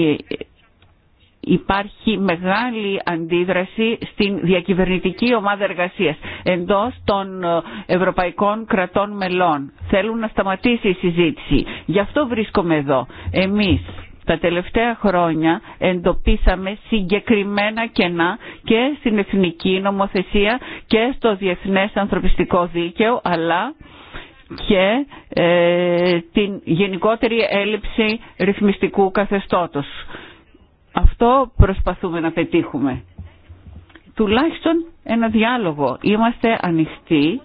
υπάρχει μεγάλη αντίδραση στην διακυβερνητική ομάδα εργασίας εντός των ε, ευρωπαϊκών κρατών μελών. Θέλουν να σταματήσει η συζήτηση. Γι' αυτό βρίσκομαι εδώ. Εμείς τα τελευταία χρόνια εντοπίσαμε συγκεκριμένα κενά και στην εθνική νομοθεσία και στο διεθνές ανθρωπιστικό δίκαιο αλλά και ε, την γενικότερη έλλειψη ρυθμιστικού καθεστώτος. Αυτό προσπαθούμε να πετύχουμε. Τουλάχιστον ένα διάλογο. Είμαστε ανοιχτοί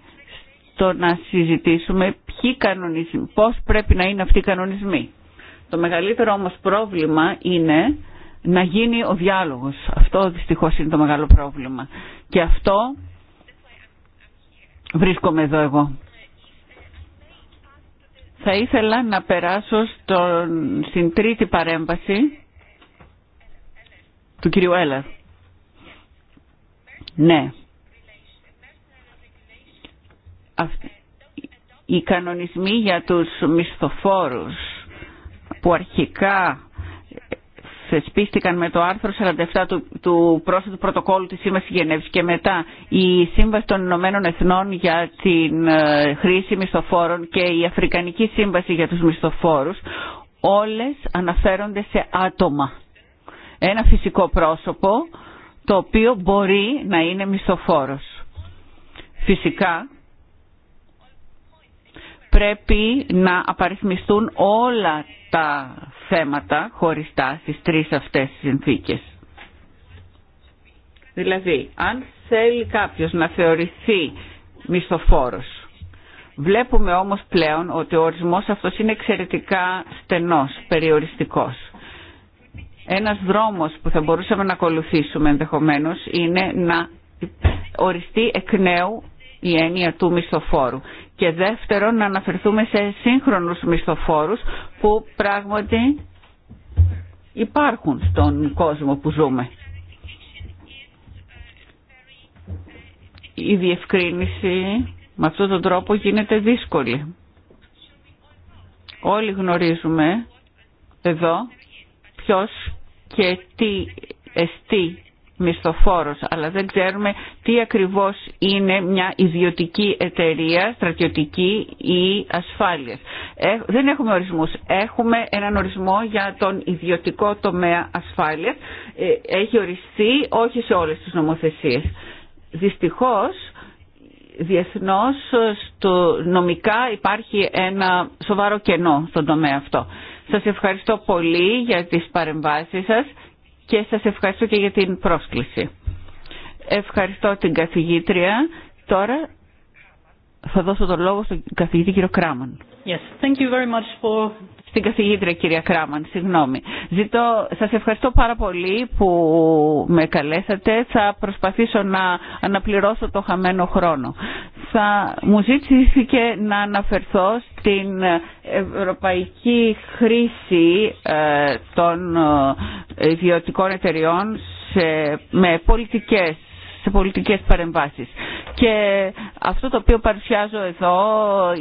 στο να συζητήσουμε ποιοι κανονισμοί, πώς πρέπει να είναι αυτοί οι κανονισμοί. Το μεγαλύτερο όμως πρόβλημα είναι να γίνει ο διάλογος. Αυτό δυστυχώς είναι το μεγάλο πρόβλημα. Και αυτό βρίσκομαι εδώ εγώ. Θα ήθελα να περάσω στην τρίτη παρέμβαση του κυρίου Έλερ. Ναι. Οι κανονισμοί για τους μισθοφόρους που αρχικά θεσπίστηκαν με το άρθρο 47 του, του πρόσθετου πρωτοκόλλου της Σύμβασης Γενέβης και μετά η Σύμβαση των Ηνωμένων Εθνών για την ε, χρήση μισθοφόρων και η Αφρικανική Σύμβαση για τους μισθοφόρους όλες αναφέρονται σε άτομα ένα φυσικό πρόσωπο το οποίο μπορεί να είναι μισθοφόρος. Φυσικά πρέπει να απαριθμιστούν όλα τα θέματα χωριστά στις τρεις αυτές τις συνθήκες. Δηλαδή, αν θέλει κάποιος να θεωρηθεί μισθοφόρος, βλέπουμε όμως πλέον ότι ο ορισμός αυτός είναι εξαιρετικά στενός, περιοριστικός. Ένας δρόμος που θα μπορούσαμε να ακολουθήσουμε ενδεχομένως είναι να οριστεί εκ νέου η έννοια του μισθοφόρου. Και δεύτερον να αναφερθούμε σε σύγχρονους μισθοφόρους που πράγματι υπάρχουν στον κόσμο που ζούμε. Η διευκρίνηση με αυτόν τον τρόπο γίνεται δύσκολη. Όλοι γνωρίζουμε εδώ ποιος και τι εστί μισθοφόρος, αλλά δεν ξέρουμε τι ακριβώς είναι μια ιδιωτική εταιρεία, στρατιωτική ή ασφάλειας. Ε, δεν έχουμε ορισμούς. Έχουμε έναν ορισμό για τον ιδιωτικό τομέα ασφάλειας. Ε, έχει οριστεί όχι σε όλες τις νομοθεσίες. Δυστυχώς, διεθνώς στο νομικά υπάρχει ένα σοβαρό κενό στον τομέα αυτό. Σας ευχαριστώ πολύ για τις παρεμβάσεις σας και σας ευχαριστώ και για την πρόσκληση. Ευχαριστώ την καθηγήτρια. Τώρα θα δώσω τον λόγο στον καθηγητή κύριο Κράμαν. Yes, thank you very much for... Στην καθηγήτρια κυρία Κράμαν, συγγνώμη. Ζητώ, σας ευχαριστώ πάρα πολύ που με καλέσατε. Θα προσπαθήσω να αναπληρώσω το χαμένο χρόνο θα μου ζήτησε να αναφερθώ στην ευρωπαϊκή χρήση ε, των ε, ιδιωτικών εταιριών σε, με πολιτικές σε πολιτικές παρεμβάσεις. Και αυτό το οποίο παρουσιάζω εδώ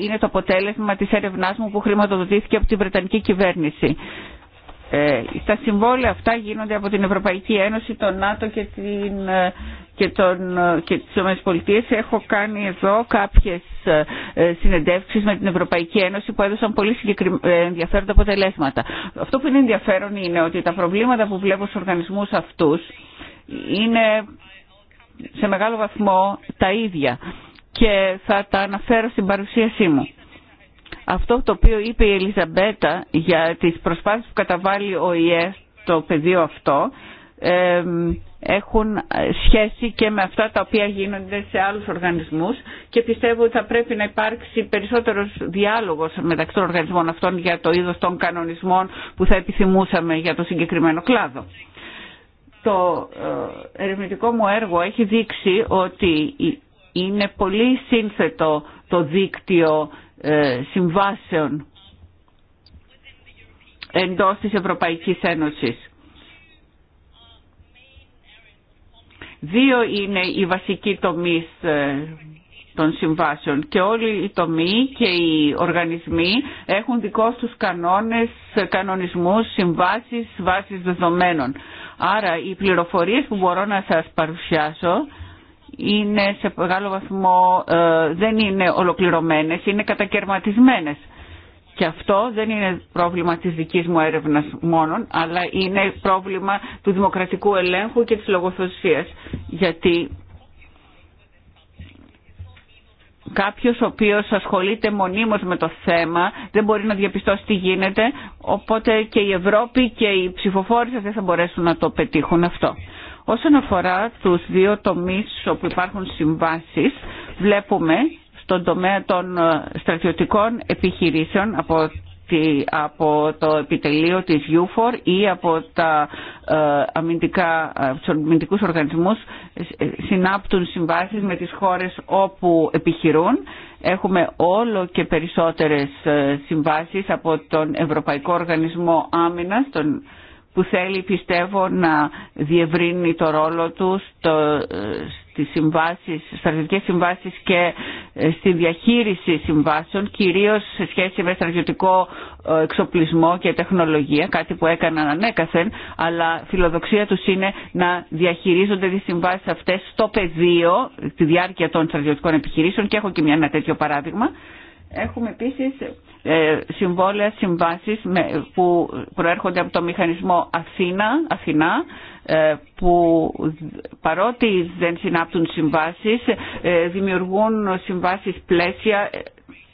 είναι το αποτέλεσμα της έρευνάς μου που χρηματοδοτήθηκε από την Βρετανική κυβέρνηση ε, τα συμβόλαια αυτά γίνονται από την Ευρωπαϊκή Ένωση, τον ΝΑΤΟ και, την, ε, και, τον, ε, και τις πολιτείες Έχω κάνει εδώ κάποιες ε, συνεντεύξεις με την Ευρωπαϊκή Ένωση που έδωσαν πολύ ενδιαφέροντα αποτελέσματα. Αυτό που είναι ενδιαφέρον είναι ότι τα προβλήματα που βλέπω στους οργανισμούς αυτούς είναι σε μεγάλο βαθμό τα ίδια και θα τα αναφέρω στην παρουσίασή μου. Αυτό το οποίο είπε η Ελισαμπέτα για τις προσπάθειες που καταβάλει ο ΙΕ στο πεδίο αυτό ε, έχουν σχέση και με αυτά τα οποία γίνονται σε άλλους οργανισμούς και πιστεύω ότι θα πρέπει να υπάρξει περισσότερος διάλογος μεταξύ των οργανισμών αυτών για το είδος των κανονισμών που θα επιθυμούσαμε για το συγκεκριμένο κλάδο. Το ε, ερευνητικό μου έργο έχει δείξει ότι είναι πολύ σύνθετο το δίκτυο ε, συμβάσεων εντός της Ευρωπαϊκής Ένωσης. Δύο είναι οι βασικοί τομείς ε, των συμβάσεων και όλοι οι τομεί και οι οργανισμοί έχουν δικό τους κανόνες, κανονισμούς, συμβάσεις, βάσεις δεδομένων. Άρα οι πληροφορίες που μπορώ να σας παρουσιάσω είναι σε μεγάλο βαθμό, ε, δεν είναι ολοκληρωμένες, είναι κατακαιρματισμένες. Και αυτό δεν είναι πρόβλημα της δικής μου έρευνας μόνον, αλλά είναι πρόβλημα του δημοκρατικού ελέγχου και της λογοθεσίας Γιατί κάποιος ο οποίος ασχολείται μονίμως με το θέμα δεν μπορεί να διαπιστώσει τι γίνεται, οπότε και η Ευρώπη και οι ψηφοφόροι δεν θα μπορέσουν να το πετύχουν αυτό. Όσον αφορά τους δύο τομείς όπου υπάρχουν συμβάσεις, βλέπουμε στον τομέα των ε, στρατιωτικών επιχειρήσεων από από το επιτελείο της UFOR ή από τα ε, αμυντικά, ε, τους αμυντικούς οργανισμούς συνάπτουν συμβάσεις με τις χώρες όπου επιχειρούν. Έχουμε όλο και περισσότερες συμβάσεις από τον Ευρωπαϊκό Οργανισμό Άμυνας, που θέλει πιστεύω να διευρύνει το ρόλο του στο, ε, στις συμβάσεις, στρατιωτικές συμβάσεις και ε, στη διαχείριση συμβάσεων, κυρίως σε σχέση με στρατιωτικό ε, εξοπλισμό και τεχνολογία, κάτι που έκαναν ανέκαθεν, αλλά φιλοδοξία τους είναι να διαχειρίζονται τις συμβάσεις αυτές στο πεδίο, τη διάρκεια των στρατιωτικών επιχειρήσεων και έχω και μια ένα τέτοιο παράδειγμα, Έχουμε επίσης ε, συμβόλαια συμβάσεις που προέρχονται από το μηχανισμό Αθήνα, Αθηνά ε, που παρότι δεν συνάπτουν συμβάσεις ε, δημιουργούν συμβάσεις πλαίσια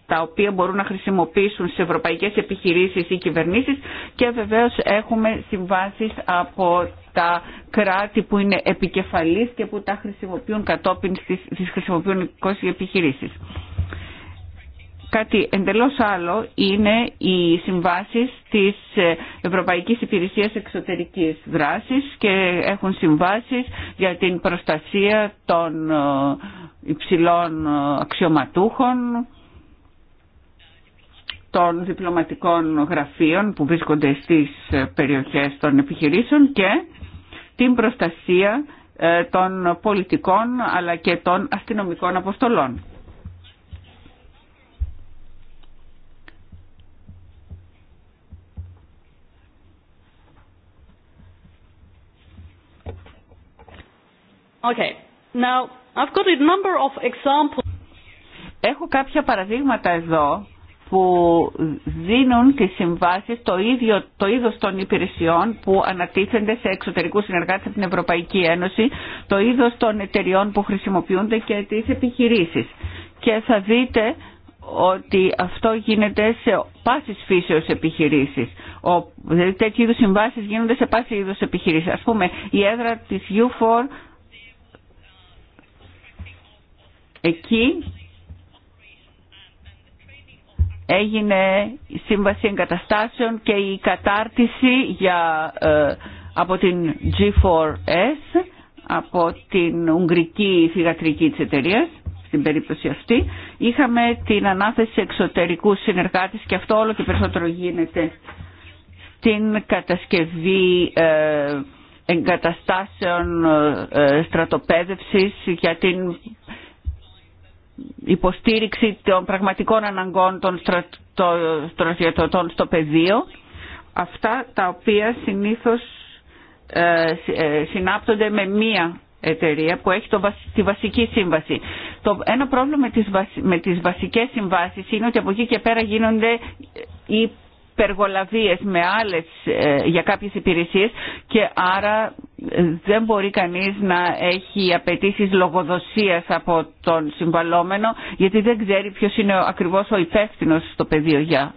τα οποία μπορούν να χρησιμοποιήσουν σε ευρωπαϊκές επιχειρήσεις ή κυβερνήσεις και βεβαίως έχουμε συμβάσεις από τα κράτη που είναι επικεφαλής και που τα χρησιμοποιούν κατόπιν στις, χρησιμοποιούν επιχειρήσεις. Κάτι εντελώς άλλο είναι οι συμβάσεις της Ευρωπαϊκής Υπηρεσίας Εξωτερικής Δράσης και έχουν συμβάσεις για την προστασία των ε, υψηλών ε, αξιωματούχων, των διπλωματικών γραφείων που βρίσκονται στις ε, περιοχές των επιχειρήσεων και την προστασία των πολιτικών αλλά και των αστυνομικών αποστολών. Okay. Now, I've got a number of examples. Έχω κάποια παραδείγματα εδώ που δίνουν τις συμβάσεις το, ίδιο, το είδος των υπηρεσιών που ανατίθενται σε εξωτερικούς συνεργάτες από την Ευρωπαϊκή Ένωση, το είδος των εταιριών που χρησιμοποιούνται και τις επιχειρήσεις. Και θα δείτε ότι αυτό γίνεται σε πάσης φύσεως επιχειρήσεις. Ο, δηλαδή τέτοιου είδους συμβάσεις γίνονται σε πάση είδους επιχειρήσεις. Ας πούμε η έδρα της U4 Εκεί έγινε η σύμβαση εγκαταστάσεων και η κατάρτιση για, ε, από την G4S, από την Ουγγρική Φυγατρική της εταιρεία, στην περίπτωση αυτή. Είχαμε την ανάθεση εξωτερικού συνεργάτης και αυτό όλο και περισσότερο γίνεται στην κατασκευή ε, εγκαταστάσεων ε, στρατοπέδευσης για την υποστήριξη των πραγματικών αναγκών των στρατιωτών στο πεδίο, αυτά τα οποία συνήθως ε, ε, συνάπτονται με μία εταιρεία που έχει το, τη βασική σύμβαση. Το, ένα πρόβλημα με τις, με τις βασικές συμβάσεις είναι ότι από εκεί και πέρα γίνονται οι υπεργολαβίες με άλλες, ε, για κάποιες υπηρεσίες και άρα ε, δεν μπορεί κανείς να έχει απαιτήσει λογοδοσίας από τον συμβαλόμενο γιατί δεν ξέρει ποιος είναι ακριβώς ο υπεύθυνο στο πεδίο για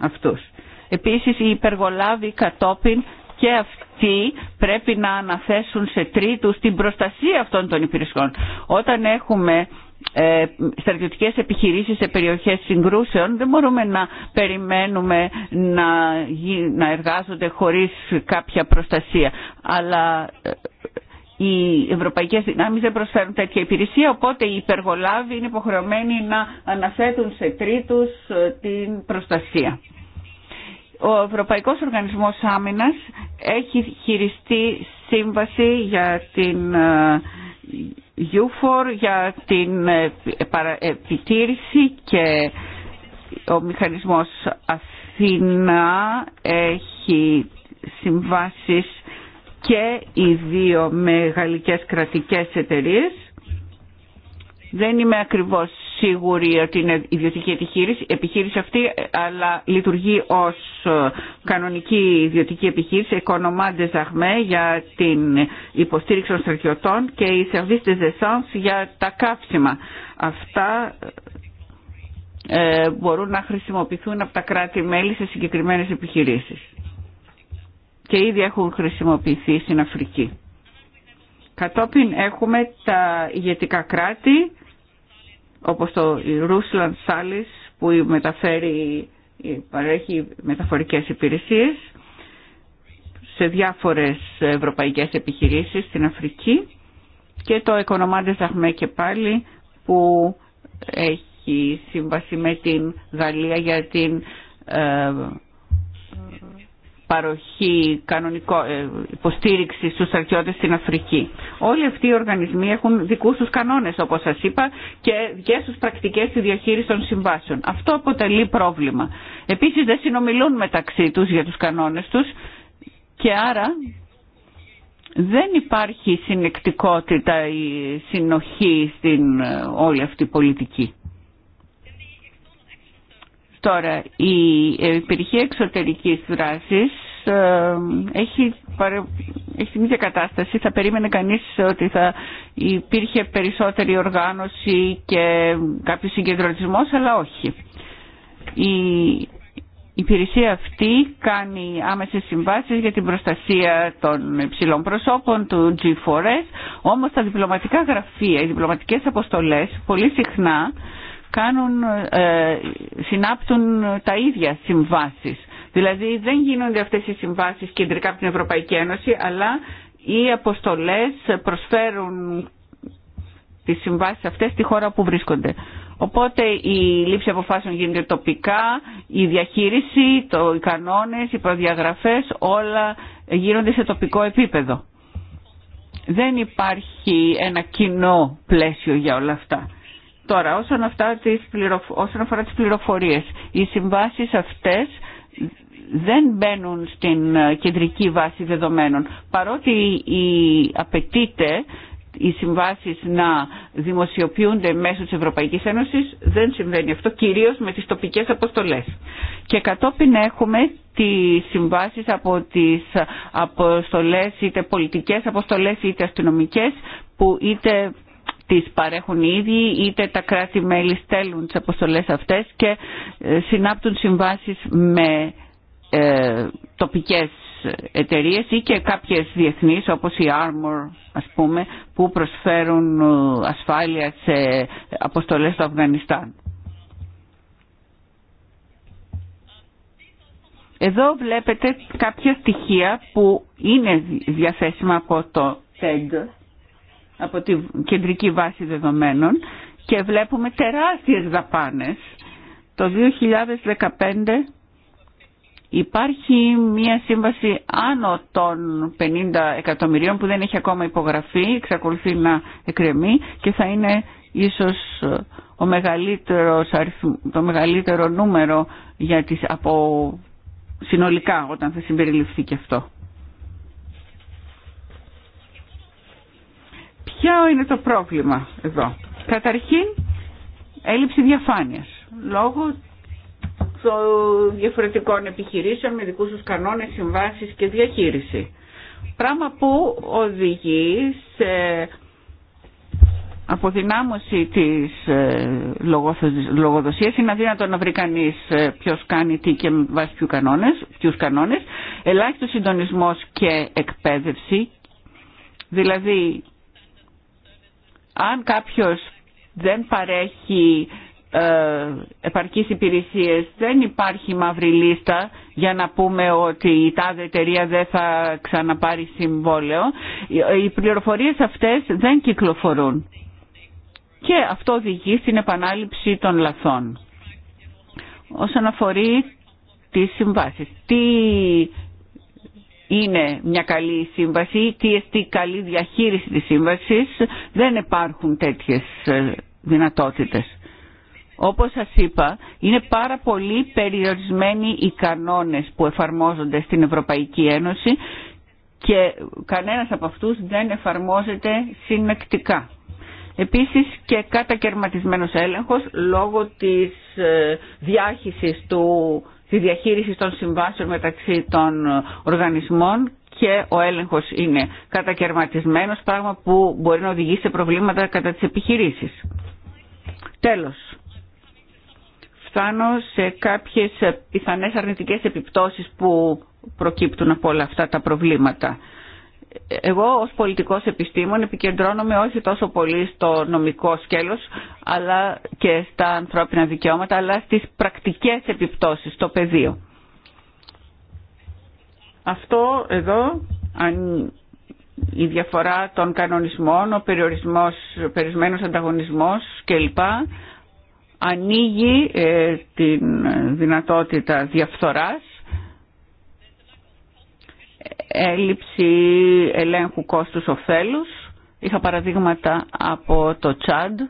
αυτούς. Επίσης οι υπεργολάβοι κατόπιν και αυτοί πρέπει να αναθέσουν σε τρίτους την προστασία αυτών των υπηρεσιών. Όταν έχουμε ε, στρατιωτικές επιχειρήσεις σε περιοχές συγκρούσεων δεν μπορούμε να περιμένουμε να, να εργάζονται χωρίς κάποια προστασία αλλά ε, οι ευρωπαϊκές δυνάμεις δεν προσφέρουν τέτοια υπηρεσία οπότε οι υπεργολάβοι είναι υποχρεωμένοι να αναθέτουν σε τρίτους ε, την προστασία. Ο Ευρωπαϊκός Οργανισμός Άμυνας έχει χειριστεί σύμβαση για την ε, UFOR για την ε, ε, επιτήρηση και ο μηχανισμός Αθήνα έχει συμβάσεις και οι δύο μεγαλικές κρατικές εταιρείες. Δεν είμαι ακριβώς σίγουροι ότι είναι ιδιωτική επιχείρηση, επιχείρηση αυτή, αλλά λειτουργεί ως ε, κανονική ιδιωτική επιχείρηση, οικονομάντε Ζαχμέ για την υποστήριξη των στρατιωτών και οι σερβίς της για τα κάψιμα Αυτά ε, μπορούν να χρησιμοποιηθούν από τα κράτη-μέλη σε συγκεκριμένες επιχειρήσεις. Και ήδη έχουν χρησιμοποιηθεί στην Αφρική. Κατόπιν έχουμε τα ηγετικά κράτη όπως το Ρούσλαν Σάλις που μεταφέρει, παρέχει μεταφορικές υπηρεσίες σε διάφορες ευρωπαϊκές επιχειρήσεις στην Αφρική και το Εκονομάτες Ζαχμέ και πάλι που έχει σύμβαση με την Γαλλία για την ε, παροχή κανονικό, ε, υποστήριξη στους στρατιώτες στην Αφρική. Όλοι αυτοί οι οργανισμοί έχουν δικούς τους κανόνες όπως σας είπα και δικές τους πρακτικές στη διαχείριση των συμβάσεων. Αυτό αποτελεί πρόβλημα. Επίσης δεν συνομιλούν μεταξύ τους για τους κανόνες τους και άρα δεν υπάρχει συνεκτικότητα ή συνοχή στην ε, όλη αυτή πολιτική. Τώρα, η υπηρεσία εξωτερικής δράσης ε, έχει, παρε... την ίδια κατάσταση. Θα περίμενε κανείς ότι θα υπήρχε περισσότερη οργάνωση και κάποιος συγκεντρωτισμός, αλλά όχι. Η υπηρεσία αυτή κάνει άμεσες συμβάσεις για την προστασία των ψηλών προσώπων του G4S, όμως τα διπλωματικά γραφεία, οι διπλωματικές αποστολές πολύ συχνά κάνουν, ε, συνάπτουν τα ίδια συμβάσεις. Δηλαδή δεν γίνονται αυτές οι συμβάσεις κεντρικά από την Ευρωπαϊκή Ένωση, αλλά οι αποστολές προσφέρουν τις συμβάσεις αυτές στη χώρα που βρίσκονται. Οπότε η λήψη αποφάσεων γίνεται τοπικά, η διαχείριση, το, οι κανόνες, οι προδιαγραφές, όλα γίνονται σε τοπικό επίπεδο. Δεν υπάρχει ένα κοινό πλαίσιο για όλα αυτά. Τώρα, όσον, αυτά τις αφορά τις πληροφορίες, οι συμβάσεις αυτές δεν μπαίνουν στην ε, κεντρική βάση δεδομένων. Παρότι η απαιτείται οι συμβάσεις να δημοσιοποιούνται μέσω της Ευρωπαϊκής Ένωσης, δεν συμβαίνει αυτό, κυρίως με τις τοπικές αποστολές. Και κατόπιν έχουμε τις συμβάσεις από τις αποστολές, είτε πολιτικές αποστολές είτε αστυνομικές, που είτε τις παρέχουν ήδη είτε τα κράτη-μέλη στέλνουν τις αποστολές αυτές και ε, συνάπτουν συμβάσεις με ε, τοπικές εταιρείες ή και κάποιες διεθνείς όπως η Armor ας πούμε που προσφέρουν ε, ασφάλεια σε αποστολές στο Αφγανιστάν. Εδώ βλέπετε κάποια στοιχεία που είναι διαθέσιμα από το TED από τη κεντρική βάση δεδομένων και βλέπουμε τεράστιες δαπάνες. Το 2015 υπάρχει μια σύμβαση άνω των 50 εκατομμυρίων που δεν έχει ακόμα υπογραφεί, εξακολουθεί να εκκρεμεί και θα είναι ίσως ο μεγαλύτερος, το μεγαλύτερο νούμερο για τις, από συνολικά όταν θα συμπεριληφθεί και αυτό. Ποιο είναι το πρόβλημα εδώ. Καταρχήν, έλλειψη διαφάνειας. Λόγω των διαφορετικών επιχειρήσεων με δικούς τους κανόνες, συμβάσεις και διαχείριση. Πράγμα που οδηγεί σε αποδυνάμωση της ε, λογοδοσίας. Είναι αδύνατο να βρει κανείς ε, ποιος κάνει τι και βάσει ποιους κανόνες, ποιους κανόνες. Ελάχιστο συντονισμός και εκπαίδευση. Δηλαδή αν κάποιος δεν παρέχει ε, επαρκείς υπηρεσίες δεν υπάρχει μαύρη λίστα για να πούμε ότι η τάδε εταιρεία δεν θα ξαναπάρει συμβόλαιο οι πληροφορίες αυτές δεν κυκλοφορούν και αυτό οδηγεί στην επανάληψη των λαθών όσον αφορεί τις συμβάσεις τι είναι μια καλή σύμβαση, τι εστί καλή διαχείριση της σύμβασης, δεν υπάρχουν τέτοιες ε, δυνατότητες. Όπως σας είπα, είναι πάρα πολύ περιορισμένοι οι κανόνες που εφαρμόζονται στην Ευρωπαϊκή Ένωση και κανένας από αυτούς δεν εφαρμόζεται συνεκτικά. Επίσης και κατακαιρματισμένος έλεγχος λόγω της ε, διάχυσης του τη διαχείριση των συμβάσεων μεταξύ των οργανισμών και ο έλεγχος είναι κατακαιρματισμένος, πράγμα που μπορεί να οδηγήσει σε προβλήματα κατά τις επιχειρήσεις. Τέλος, φτάνω σε κάποιες πιθανές αρνητικές επιπτώσεις που προκύπτουν από όλα αυτά τα προβλήματα εγώ ως πολιτικός επιστήμων επικεντρώνομαι όχι τόσο πολύ στο νομικό σκέλος αλλά και στα ανθρώπινα δικαιώματα αλλά στις πρακτικές επιπτώσεις στο πεδίο. Αυτό εδώ αν η διαφορά των κανονισμών, ο περιορισμός, ο περισμένος ανταγωνισμός κλπ ανοίγει ε, την δυνατότητα διαφθοράς έλλειψη ελέγχου κόστους οφέλους Είχα παραδείγματα από το Τσάντ,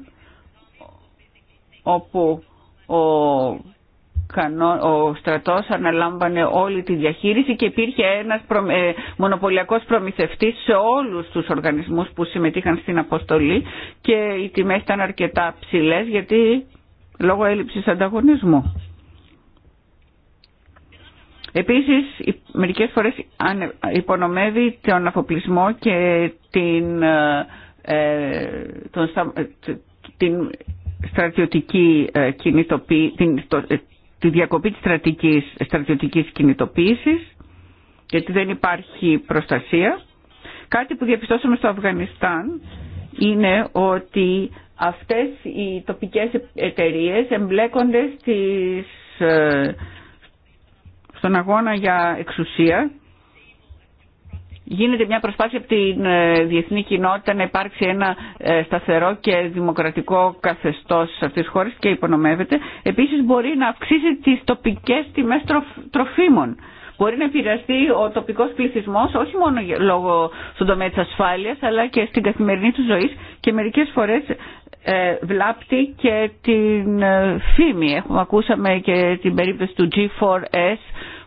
όπου ο, ο στρατός αναλάμβανε όλη τη διαχείριση και υπήρχε ένας ε, μονοπωλιακός προμηθευτής σε όλους τους οργανισμούς που συμμετείχαν στην αποστολή και οι τιμές ήταν αρκετά ψηλές γιατί λόγω έλλειψης ανταγωνισμού. Επίσης, μερικές φορές υπονομεύει τον αφοπλισμό και την, ε, ε τον, ε, την στρατιωτική ε, κινητοποίηση, την, τη διακοπή της στρατιωτικής, στρατιωτικής κινητοποίησης, γιατί δεν υπάρχει προστασία. Κάτι που διαπιστώσαμε στο Αφγανιστάν είναι ότι αυτές οι τοπικές εταιρείες εμπλέκονται στις στον αγώνα για εξουσία γίνεται μια προσπάθεια από την ε, διεθνή κοινότητα να υπάρξει ένα ε, σταθερό και δημοκρατικό καθεστώς σε αυτές τις και υπονομεύεται. Επίσης μπορεί να αυξήσει τις τοπικές τιμές τροφίμων μπορεί να επηρεαστεί ο τοπικός πληθυσμό, όχι μόνο λόγω στον τομέα τη ασφάλεια, αλλά και στην καθημερινή του ζωή και μερικές φορές ε, βλάπτει και την ε, φήμη. Έχουμε ακούσαμε και την περίπτωση του G4S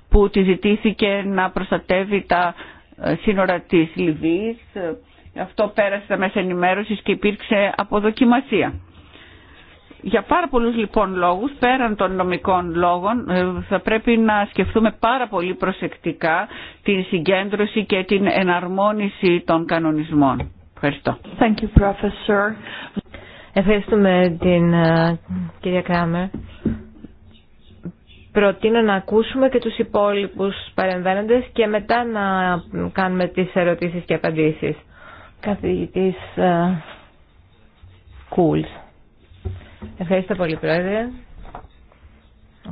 που τη ζητήθηκε να προστατεύει τα ε, σύνορα της Λιβύης. Αυτό πέρασε τα μέσα ενημέρωσης και υπήρξε αποδοκιμασία. Για πάρα πολλούς λοιπόν λόγους, πέραν των νομικών λόγων, ε, θα πρέπει να σκεφτούμε πάρα πολύ προσεκτικά την συγκέντρωση και την εναρμόνιση των κανονισμών. Ευχαριστώ. Thank you, professor. Ευχαριστούμε την ε, κυρία Κράμερ. Προτείνω να ακούσουμε και τους υπόλοιπους παρεμβαίνοντες και μετά να κάνουμε τις ερωτήσεις και απαντήσεις. Καθηγητής uh, Ευχαριστώ πολύ, Πρόεδρε.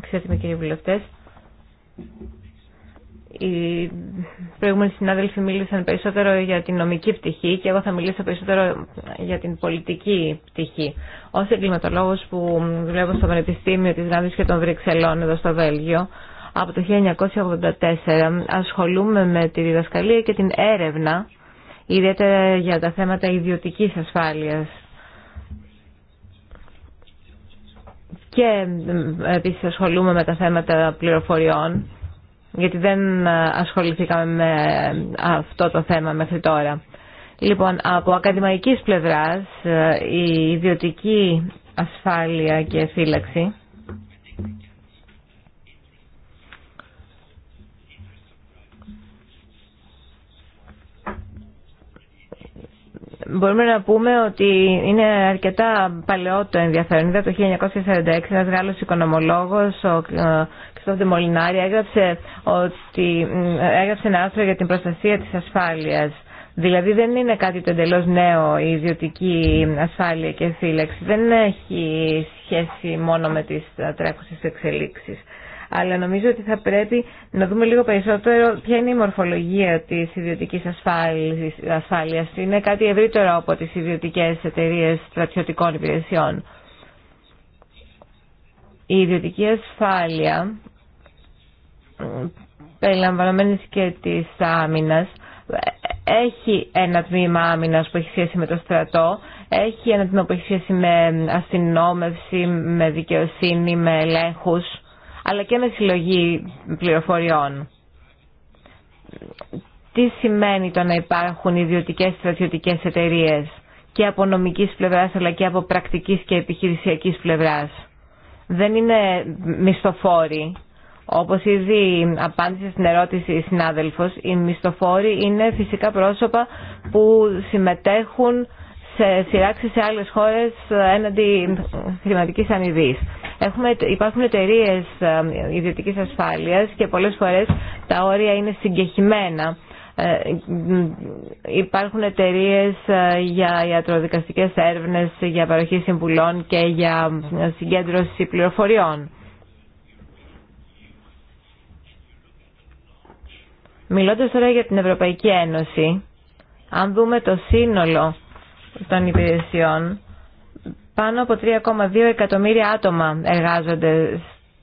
Ξέρετε, κύριοι βουλευτέ. Οι προηγούμενοι συνάδελφοι μίλησαν περισσότερο για την νομική πτυχή και εγώ θα μιλήσω περισσότερο για την πολιτική πτυχή. Ω εγκληματολόγο που δουλεύω στο Πανεπιστήμιο τη Γράμμη και των Βρυξελών εδώ στο Βέλγιο, από το 1984 ασχολούμαι με τη διδασκαλία και την έρευνα ιδιαίτερα για τα θέματα ιδιωτική ασφάλεια. και επίσης ασχολούμαι με τα θέματα πληροφοριών γιατί δεν ασχοληθήκαμε με αυτό το θέμα μέχρι τώρα. Λοιπόν, από ακαδημαϊκής πλευράς ε, η ιδιωτική ασφάλεια και φύλαξη μπορούμε να πούμε ότι είναι αρκετά παλαιό το ενδιαφέρον. Είδα το 1946 ένας Γάλλος οικονομολόγος, ο ε, Κριστόφ Μολινάρη, έγραψε, ότι, έγραψε ένα άρθρο για την προστασία της ασφάλειας. Δηλαδή δεν είναι κάτι το εντελώ νέο η ιδιωτική ασφάλεια και φύλαξη. Δεν έχει σχέση μόνο με τις τρέχουσε εξελίξει αλλά νομίζω ότι θα πρέπει να δούμε λίγο περισσότερο ποια είναι η μορφολογία της ιδιωτικής ασφάλεια. Είναι κάτι ευρύτερο από τι ιδιωτικέ εταιρείε στρατιωτικών υπηρεσιών. Η ιδιωτική ασφάλεια, περιλαμβανομένης και της άμυνας, έχει ένα τμήμα άμυνας που έχει σχέση με το στρατό, έχει ένα τμήμα που έχει σχέση με αστυνόμευση, με δικαιοσύνη, με ελέγχους αλλά και με συλλογή πληροφοριών. Τι σημαίνει το να υπάρχουν ιδιωτικές στρατιωτικές εταιρείες και από νομικής πλευράς αλλά και από πρακτικής και επιχειρησιακής πλευράς. Δεν είναι μισθοφόροι. Όπως ήδη απάντησε στην ερώτηση η συνάδελφος, οι μισθοφόροι είναι φυσικά πρόσωπα που συμμετέχουν σε σειράξει σε άλλες χώρες έναντι χρηματικής αμοιβή. Έχουμε, υπάρχουν εταιρείε ιδιωτική ασφάλειας και πολλές φορές τα όρια είναι συγκεχημένα. Ε, υπάρχουν εταιρείε ε, για ιατροδικαστικές έρευνες, για παροχή συμβουλών και για ε, συγκέντρωση πληροφοριών. Μιλώντας τώρα για την Ευρωπαϊκή Ένωση, αν δούμε το σύνολο των υπηρεσιών, πάνω από 3,2 εκατομμύρια άτομα εργάζονται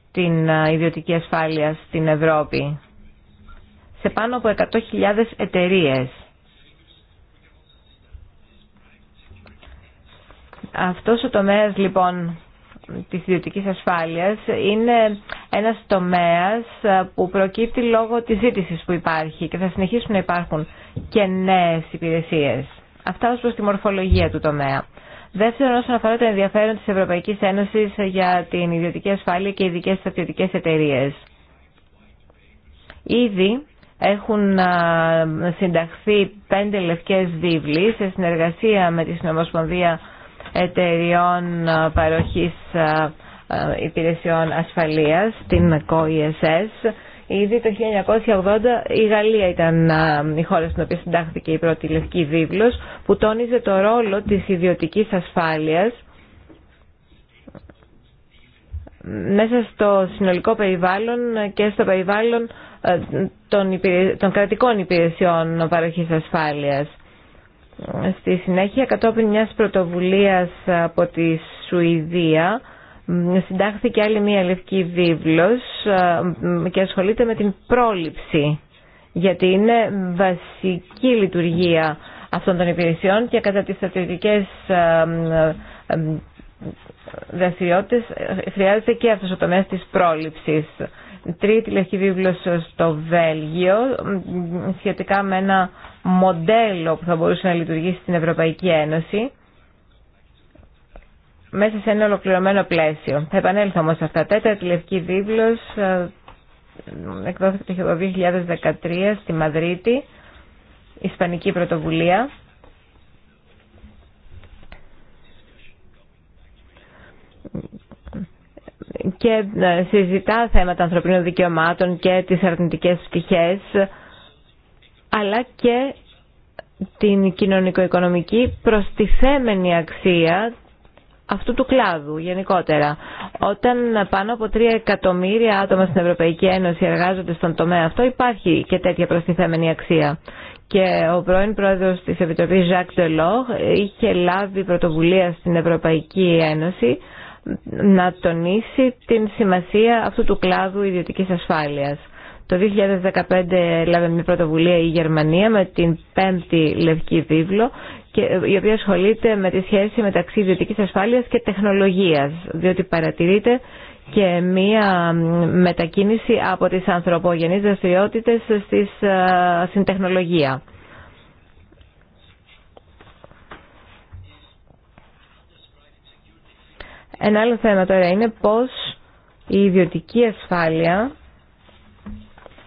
στην ε, ιδιωτική ασφάλεια στην Ευρώπη. Σε πάνω από 100.000 εταιρείες. Αυτός ο τομέας λοιπόν της ιδιωτικής ασφάλειας είναι ένας τομέας ε, που προκύπτει λόγω της ζήτησης που υπάρχει και θα συνεχίσουν να υπάρχουν και νέες υπηρεσίες. Αυτά ως προς τη μορφολογία του τομέα. Δεύτερον, όσον αφορά το ενδιαφέρον τη Ευρωπαϊκή Ένωση για την ιδιωτική ασφάλεια και ειδικέ στρατιωτικέ εταιρείε. Ήδη έχουν συνταχθεί πέντε λευκέ βίβλοι σε συνεργασία με τη Συνομοσπονδία Εταιριών Παροχής Υπηρεσιών Ασφαλείας, την COISS, Ήδη το 1980 η Γαλλία ήταν η χώρα στην οποία συντάχθηκε η πρώτη λευκή βίβλος που τόνιζε το ρόλο της ιδιωτικής ασφάλειας μέσα στο συνολικό περιβάλλον και στο περιβάλλον των, κρατικών υπηρεσιών παροχής ασφάλειας. Στη συνέχεια, κατόπιν μιας πρωτοβουλίας από τη Σουηδία, συντάχθηκε άλλη μία λευκή βίβλος και ασχολείται με την πρόληψη γιατί είναι βασική λειτουργία αυτών των υπηρεσιών και κατά τις στρατιωτικές δραστηριότητες χρειάζεται και αυτός ο τομέας της πρόληψης. Τρίτη λευκή βίβλος στο Βέλγιο σχετικά με ένα μοντέλο που θα μπορούσε να λειτουργήσει στην Ευρωπαϊκή Ένωση μέσα σε ένα ολοκληρωμένο πλαίσιο. Θα επανέλθω όμως σε αυτά. Τέταρτη λευκή βίβλος ε, εκδόθηκε το 2013 στη Μαδρίτη, Ισπανική πρωτοβουλία. και ε, συζητά θέματα ανθρωπίνων δικαιωμάτων και τις αρνητικές πτυχές αλλά και την κοινωνικο-οικονομική προστιθέμενη αξία αυτού του κλάδου γενικότερα. Όταν πάνω από 3 εκατομμύρια άτομα στην Ευρωπαϊκή Ένωση εργάζονται στον τομέα αυτό, υπάρχει και τέτοια προστιθέμενη αξία. Και ο πρώην πρόεδρος της Επιτροπής, Jacques Delors, είχε λάβει πρωτοβουλία στην Ευρωπαϊκή Ένωση να τονίσει την σημασία αυτού του κλάδου ιδιωτικής ασφάλειας. Το 2015 έλαβε μια πρωτοβουλία η Γερμανία με την πέμπτη λευκή βίβλο ε, η οποία ασχολείται με τη σχέση μεταξύ ιδιωτική ασφάλεια και τεχνολογίας, διότι παρατηρείται και μία μετακίνηση από τις ανθρωπογενείς δραστηριότητε στις, ε, στην τεχνολογία. Ένα άλλο θέμα τώρα είναι πώς η ιδιωτική ασφάλεια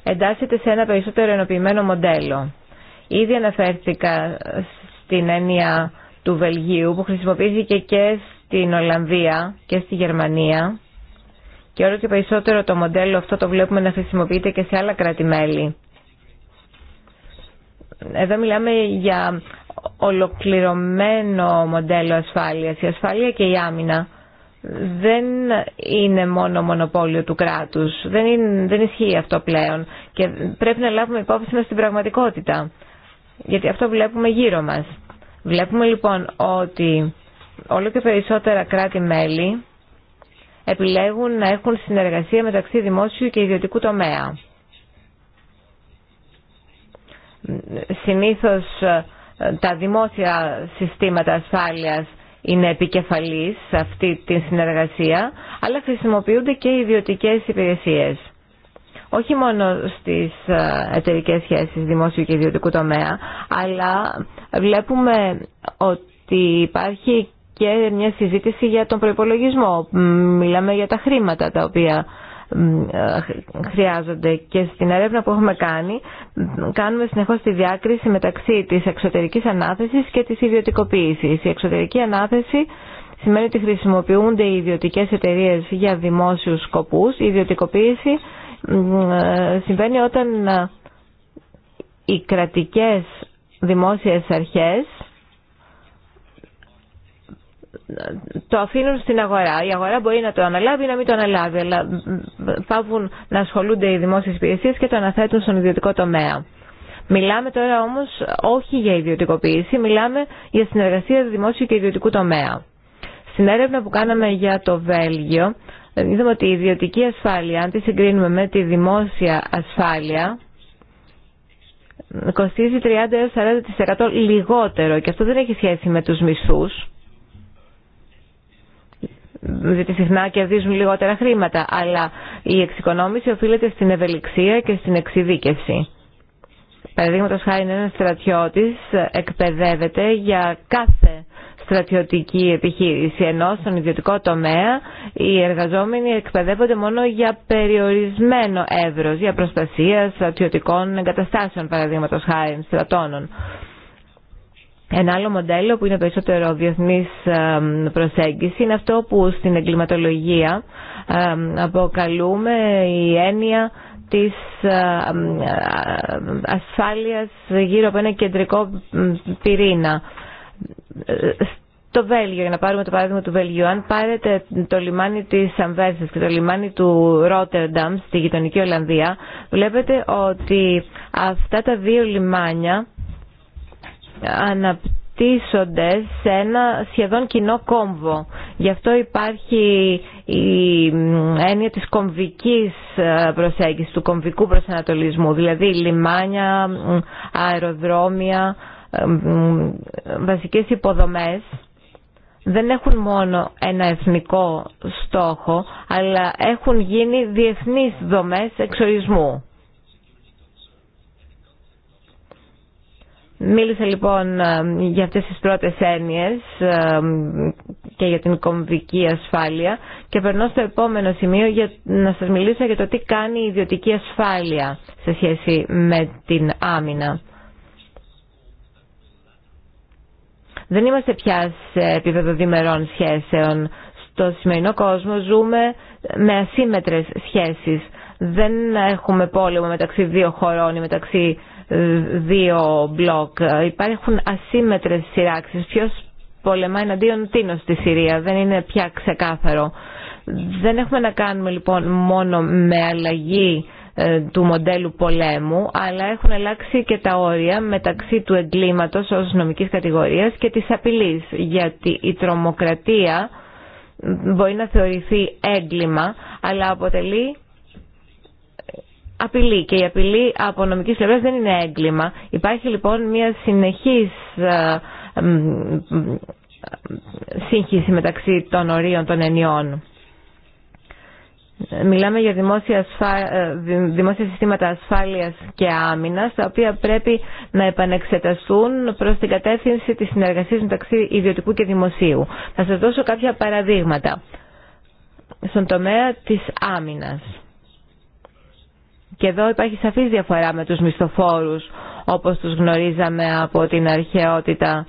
εντάσσεται σε ένα περισσότερο ενοποιημένο μοντέλο. Ήδη αναφέρθηκα την έννοια του Βελγίου που χρησιμοποιήθηκε και στην Ολλανδία και στη Γερμανία και όλο και περισσότερο το μοντέλο αυτό το βλέπουμε να χρησιμοποιείται και σε άλλα κράτη-μέλη. Εδώ μιλάμε για ολοκληρωμένο μοντέλο ασφάλειας. Η ασφάλεια και η άμυνα δεν είναι μόνο μονοπόλιο του κράτους. Δεν, είναι, δεν ισχύει αυτό πλέον και πρέπει να λάβουμε υπόψη μας την πραγματικότητα γιατί αυτό βλέπουμε γύρω μας. Βλέπουμε λοιπόν ότι όλο και περισσότερα κράτη-μέλη επιλέγουν να έχουν συνεργασία μεταξύ δημόσιου και ιδιωτικού τομέα. Συνήθως τα δημόσια συστήματα ασφάλειας είναι επικεφαλής σε αυτή τη συνεργασία, αλλά χρησιμοποιούνται και ιδιωτικές υπηρεσίες όχι μόνο στις ε, εταιρικέ σχέσεις δημόσιου και ιδιωτικού τομέα, αλλά βλέπουμε ότι υπάρχει και μια συζήτηση για τον προϋπολογισμό. Μιλάμε για τα χρήματα τα οποία ε, χρειάζονται και στην έρευνα που έχουμε κάνει κάνουμε συνεχώς τη διάκριση μεταξύ της εξωτερικής ανάθεσης και της ιδιωτικοποίησης. Η εξωτερική ανάθεση σημαίνει ότι χρησιμοποιούνται οι ιδιωτικές εταιρείες για δημόσιους σκοπούς. Η ιδιωτικοποίηση ε, συμβαίνει όταν ε, οι κρατικές δημόσιες αρχές ε, το αφήνουν στην αγορά. Η αγορά μπορεί να το αναλάβει ή να μην το αναλάβει, αλλά πάβουν να ασχολούνται οι δημόσιες υπηρεσίες και το αναθέτουν στον ιδιωτικό τομέα. Μιλάμε τώρα όμως όχι για ιδιωτικοποίηση, μιλάμε για συνεργασία δημόσιου και ιδιωτικού τομέα. Στην έρευνα που κάναμε για το Βέλγιο, ε, είδαμε ότι η ιδιωτική ασφάλεια, αν τη συγκρίνουμε με τη δημόσια ασφάλεια, κοστίζει 30 40% λιγότερο και αυτό δεν έχει σχέση με τους μισθούς διότι συχνά κερδίζουν λιγότερα χρήματα αλλά η εξοικονόμηση οφείλεται στην ευελιξία και στην εξειδίκευση. Παραδείγματο χάρη ένα στρατιώτης εκπαιδεύεται για κάθε στρατιωτική επιχείρηση, ενώ στον ιδιωτικό τομέα οι εργαζόμενοι εκπαιδεύονται μόνο για περιορισμένο εύρος, για προστασία στρατιωτικών εγκαταστάσεων, παραδείγματο χάρη στρατώνων. Ένα άλλο μοντέλο που είναι περισσότερο διεθνή ε, προσέγγιση είναι αυτό που στην εγκληματολογία ε, αποκαλούμε η έννοια της ε, ασφάλειας γύρω από ένα κεντρικό πυρήνα το Βέλγιο, για να πάρουμε το παράδειγμα του Βέλγιου, αν πάρετε το λιμάνι τη Αμβέρσα και το λιμάνι του Ρότερνταμ στη γειτονική Ολλανδία, βλέπετε ότι αυτά τα δύο λιμάνια αναπτύσσονται σε ένα σχεδόν κοινό κόμβο. Γι' αυτό υπάρχει η έννοια της κομβικής ε, προσέγγισης, του κομβικού προσανατολισμού, δηλαδή λιμάνια, αεροδρόμια, βασικές υποδομές δεν έχουν μόνο ένα εθνικό στόχο, αλλά έχουν γίνει διεθνείς δομές εξορισμού. Μίλησα λοιπόν για αυτές τις πρώτες έννοιες και για την κομβική ασφάλεια και περνώ στο επόμενο σημείο για να σας μιλήσω για το τι κάνει η ιδιωτική ασφάλεια σε σχέση με την άμυνα. Δεν είμαστε πια σε επίπεδο διμερών σχέσεων. Στο σημερινό κόσμο ζούμε με ασύμετρες σχέσεις. Δεν έχουμε πόλεμο μεταξύ δύο χωρών ή μεταξύ δύο μπλοκ. Υπάρχουν ασύμετρες σειράξεις. Ποιος πολεμάει εναντίον τίνο στη Συρία. Δεν είναι πια ξεκάθαρο. Δεν έχουμε να κάνουμε λοιπόν μόνο με αλλαγή ε, του μοντέλου πολέμου, αλλά έχουν αλλάξει και τα όρια μεταξύ του εγκλήματος ως νομικής κατηγορίας και της απειλής, γιατί η τρομοκρατία μπορεί να θεωρηθεί έγκλημα, αλλά αποτελεί απειλή και η απειλή από νομικής πλευράς δεν είναι έγκλημα. Υπάρχει λοιπόν μια συνεχής ε, σύγχυση μεταξύ των ορίων των ενιών. Μιλάμε για ε, δημόσια, συστήματα ασφάλειας και άμυνας, τα οποία πρέπει να επανεξεταστούν προς την κατεύθυνση της συνεργασίας μεταξύ ιδιωτικού και δημοσίου. Θα σας δώσω κάποια παραδείγματα στον τομέα της άμυνας. Και εδώ υπάρχει σαφής διαφορά με τους μισθοφόρους, όπως τους γνωρίζαμε από την αρχαιότητα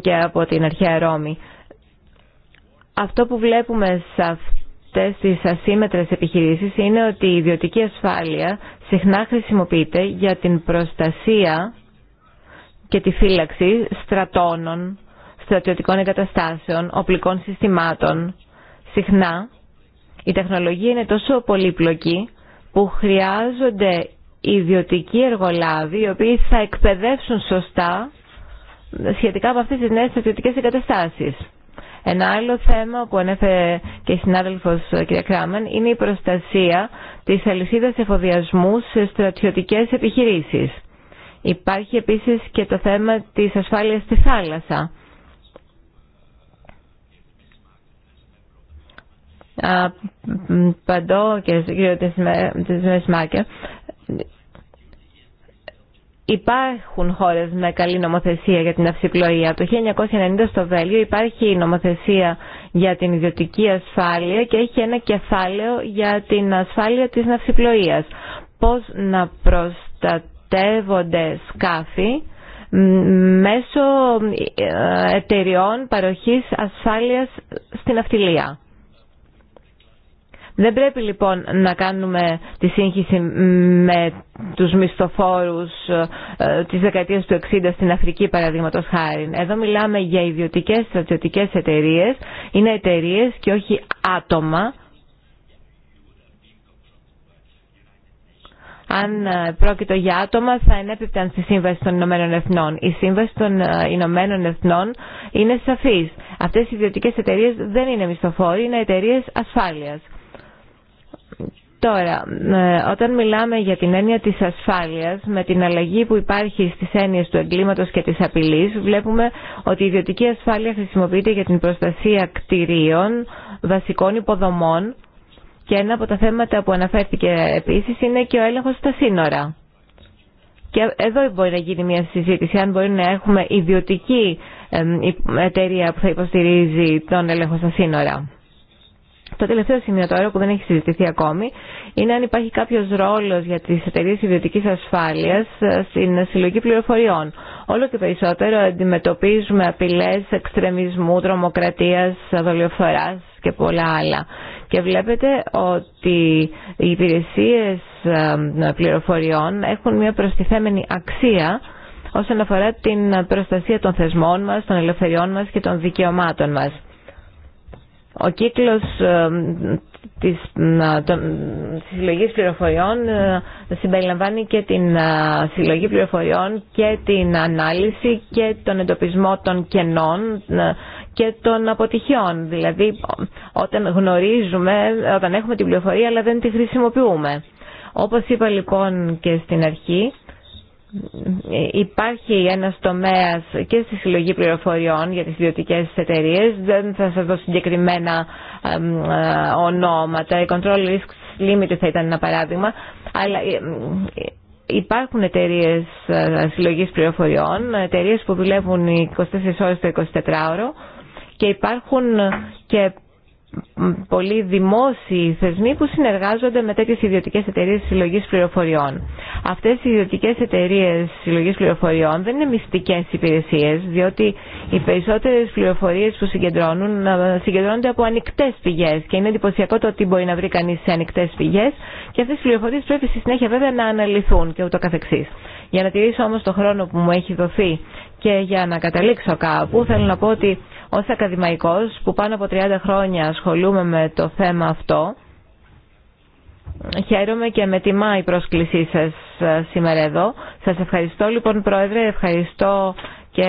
και από την αρχαία Ρώμη. Αυτό που βλέπουμε σε αυτές τις ασύμετρες επιχειρήσεις είναι ότι η ιδιωτική ασφάλεια συχνά χρησιμοποιείται για την προστασία και τη φύλαξη στρατώνων, στρατιωτικών εγκαταστάσεων, οπλικών συστημάτων. Συχνά η τεχνολογία είναι τόσο πολύπλοκη που χρειάζονται ιδιωτικοί εργολάβοι οι οποίοι θα εκπαιδεύσουν σωστά σχετικά με αυτές τις νέες στρατιωτικές εγκαταστάσεις. Ένα άλλο θέμα που ανέφερε και η συνάδελφος ε, κ. Κράμεν είναι η προστασία της αλυσίδας εφοδιασμού σε στρατιωτικές επιχειρήσεις. Υπάρχει επίσης και το θέμα της ασφάλειας στη θάλασσα. Παντώ και κύριο Υπάρχουν χώρες με καλή νομοθεσία για την αυσιπλοεία. Το 1990 στο Βέλγιο υπάρχει η νομοθεσία για την ιδιωτική ασφάλεια και έχει ένα κεφάλαιο για την ασφάλεια της ναυσιπλοεία. Πώς να προστατεύονται σκάφη μέσω ε, εταιριών παροχής ασφάλειας στην αυτιλία. Δεν πρέπει λοιπόν να κάνουμε τη σύγχυση με τους μισθοφόρους ε, της δεκαετίας του 60 στην Αφρική παραδείγματος χάρη. Εδώ μιλάμε για ιδιωτικές στρατιωτικές εταιρείες. Είναι εταιρείε και όχι άτομα. αν ε, πρόκειται για άτομα θα ενέπιπταν στη Σύμβαση των Ηνωμένων Εθνών. Η Σύμβαση των ε, Ηνωμένων Εθνών είναι σαφής. Αυτές οι ιδιωτικές εταιρείες δεν είναι μισθοφόροι, είναι εταιρείες ασφάλειας. Τώρα, ε, όταν μιλάμε για την έννοια της ασφάλειας, με την αλλαγή που υπάρχει στις έννοιες του εγκλήματος και της απειλής, βλέπουμε ότι η ιδιωτική ασφάλεια χρησιμοποιείται για την προστασία κτηρίων, βασικών υποδομών και ένα από τα θέματα που αναφέρθηκε επίσης είναι και ο έλεγχος στα σύνορα. Και εδώ μπορεί να γίνει μια συζήτηση αν μπορεί να έχουμε ιδιωτική εταιρεία που θα υποστηρίζει τον έλεγχο στα σύνορα. Το τελευταίο σημείο τώρα που δεν έχει συζητηθεί ακόμη είναι αν υπάρχει κάποιο ρόλο για τι εταιρείε ιδιωτική ασφάλεια ε, στην συλλογή πληροφοριών. Όλο και περισσότερο αντιμετωπίζουμε απειλέ εξτρεμισμού, τρομοκρατία, δολιοφορά και πολλά άλλα. Και βλέπετε ότι οι υπηρεσίε ε, πληροφοριών έχουν μια προστιθέμενη αξία όσον αφορά την προστασία των θεσμών μας, των ελευθεριών μας και των δικαιωμάτων μας. Ο κύκλος ε, της συλλογής πληροφοριών ε, συμπεριλαμβάνει και την ε, συλλογή πληροφοριών και την ανάλυση και τον εντοπισμό των κενών και των αποτυχιών. Δηλαδή όταν γνωρίζουμε, όταν έχουμε την πληροφορία αλλά δεν τη χρησιμοποιούμε. Όπως είπα λοιπόν και στην αρχή, υπάρχει ένας τομέας και στη συλλογή πληροφοριών για τις ιδιωτικέ εταιρείε. Δεν θα σας δώσω συγκεκριμένα ε, ονόματα. Η Control Risks Limited θα ήταν ένα παράδειγμα. Αλλά ε, ε, υπάρχουν εταιρείε συλλογής πληροφοριών, εταιρείε που δουλεύουν 24 ώρες το 24ωρο και υπάρχουν και πολλοί δημόσιοι θεσμοί που συνεργάζονται με τέτοιες ιδιωτικές εταιρείες συλλογής πληροφοριών. Αυτές οι ιδιωτικές εταιρείες συλλογής πληροφοριών δεν είναι μυστικές υπηρεσίες, διότι οι περισσότερες πληροφορίες που συγκεντρώνουν συγκεντρώνονται από ανοιχτέ πηγές και είναι εντυπωσιακό το ότι μπορεί να βρει κανεί σε ανοιχτές πηγές και αυτές οι πληροφορίες πρέπει στη συνέχεια βέβαια να αναλυθούν και ούτω καθεξής. Για να τηρήσω όμως το χρόνο που μου έχει δοθεί και για να καταλήξω κάπου, θέλω να πω ότι ως ακαδημαϊκός που πάνω από 30 χρόνια ασχολούμαι με το θέμα αυτό, Χαίρομαι και με τιμά η πρόσκλησή σας ε, σήμερα εδώ. Σας ευχαριστώ λοιπόν Πρόεδρε, ευχαριστώ και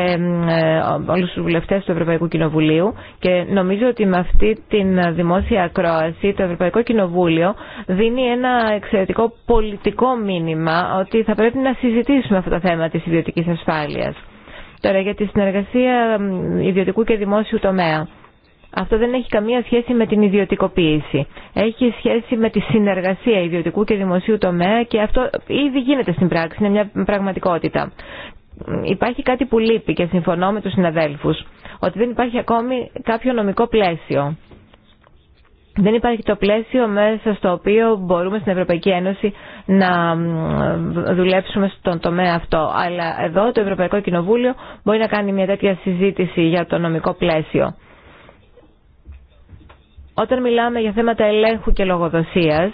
ε, όλους τους βουλευτές του Ευρωπαϊκού Κοινοβουλίου και νομίζω ότι με αυτή την δημόσια ακρόαση το Ευρωπαϊκό Κοινοβούλιο δίνει ένα εξαιρετικό πολιτικό μήνυμα ότι θα πρέπει να συζητήσουμε αυτό το θέμα της ιδιωτικής ασφάλειας. Τώρα για τη συνεργασία ιδιωτικού και δημόσιου τομέα. Αυτό δεν έχει καμία σχέση με την ιδιωτικοποίηση. Έχει σχέση με τη συνεργασία ιδιωτικού και δημοσίου τομέα και αυτό ήδη γίνεται στην πράξη, είναι μια πραγματικότητα. Υπάρχει κάτι που λείπει και συμφωνώ με τους συναδέλφους, ότι δεν υπάρχει ακόμη κάποιο νομικό πλαίσιο δεν υπάρχει το πλαίσιο μέσα στο οποίο μπορούμε στην Ευρωπαϊκή Ένωση να δουλέψουμε στον τομέα αυτό. Αλλά εδώ το Ευρωπαϊκό Κοινοβούλιο μπορεί να κάνει μια τέτοια συζήτηση για το νομικό πλαίσιο. Όταν μιλάμε για θέματα ελέγχου και λογοδοσίας,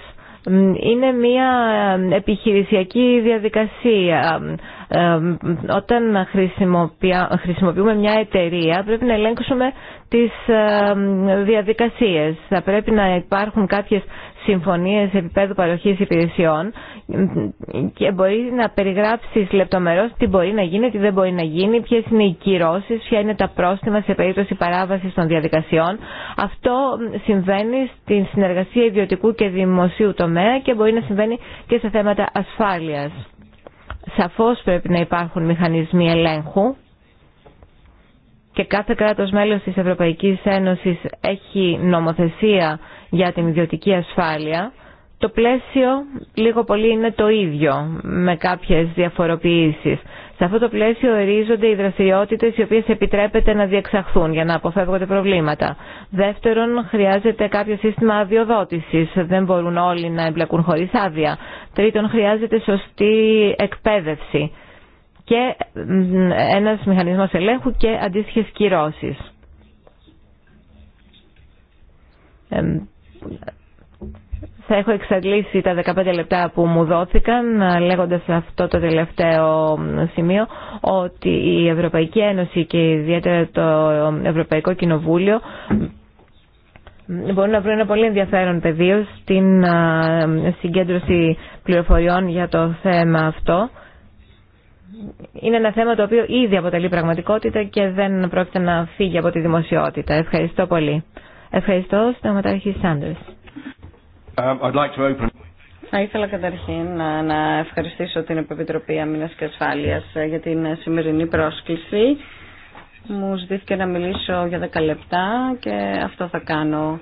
είναι μια επιχειρησιακή διαδικασία. Ε, όταν χρησιμοποιούμε μια εταιρεία πρέπει να ελέγξουμε τις διαδικασίες. Θα πρέπει να υπάρχουν κάποιες συμφωνίες επίπεδου παροχής υπηρεσιών και μπορεί να περιγράψεις λεπτομερώς τι μπορεί να γίνει, τι δεν μπορεί να γίνει, ποιες είναι οι κυρώσεις, ποια είναι τα πρόστιμα σε περίπτωση παράβασης των διαδικασιών. Αυτό συμβαίνει στην συνεργασία ιδιωτικού και δημοσίου τομέα και μπορεί να συμβαίνει και σε θέματα ασφάλειας. Σαφώς πρέπει να υπάρχουν μηχανισμοί ελέγχου και κάθε κράτος μέλος της Ευρωπαϊκής Ένωσης έχει νομοθεσία για την ιδιωτική ασφάλεια, το πλαίσιο λίγο πολύ είναι το ίδιο με κάποιες διαφοροποιήσεις. Σε αυτό το πλαίσιο ορίζονται οι δραστηριότητες οι οποίες επιτρέπεται να διεξαχθούν για να αποφεύγονται προβλήματα. Δεύτερον, χρειάζεται κάποιο σύστημα αδειοδότησης. Δεν μπορούν όλοι να εμπλακούν χωρίς άδεια. Τρίτον, χρειάζεται σωστή εκπαίδευση και ένας μηχανισμός ελέγχου και αντίστοιχες κυρώσεις. Θα έχω εξαντλήσει τα 15 λεπτά που μου δόθηκαν ε, λέγοντας αυτό το τελευταίο σημείο ότι η Ευρωπαϊκή Ένωση και ιδιαίτερα το Ευρωπαϊκό Κοινοβούλιο μπορούν να βρουν ένα πολύ ενδιαφέρον πεδίο στην ε, συγκέντρωση πληροφοριών για το θέμα αυτό είναι ένα θέμα το οποίο ήδη αποτελεί πραγματικότητα και δεν πρόκειται να φύγει από τη δημοσιότητα. Ευχαριστώ πολύ. Ευχαριστώ, Σταματάρχη Σάντερς. Um, θα ήθελα καταρχήν να ευχαριστήσω την Επιτροπή Αμήνας και Ασφάλειας ε, για την ε, σημερινή πρόσκληση. Μου ζητήθηκε να μιλήσω για 10 λεπτά και αυτό θα κάνω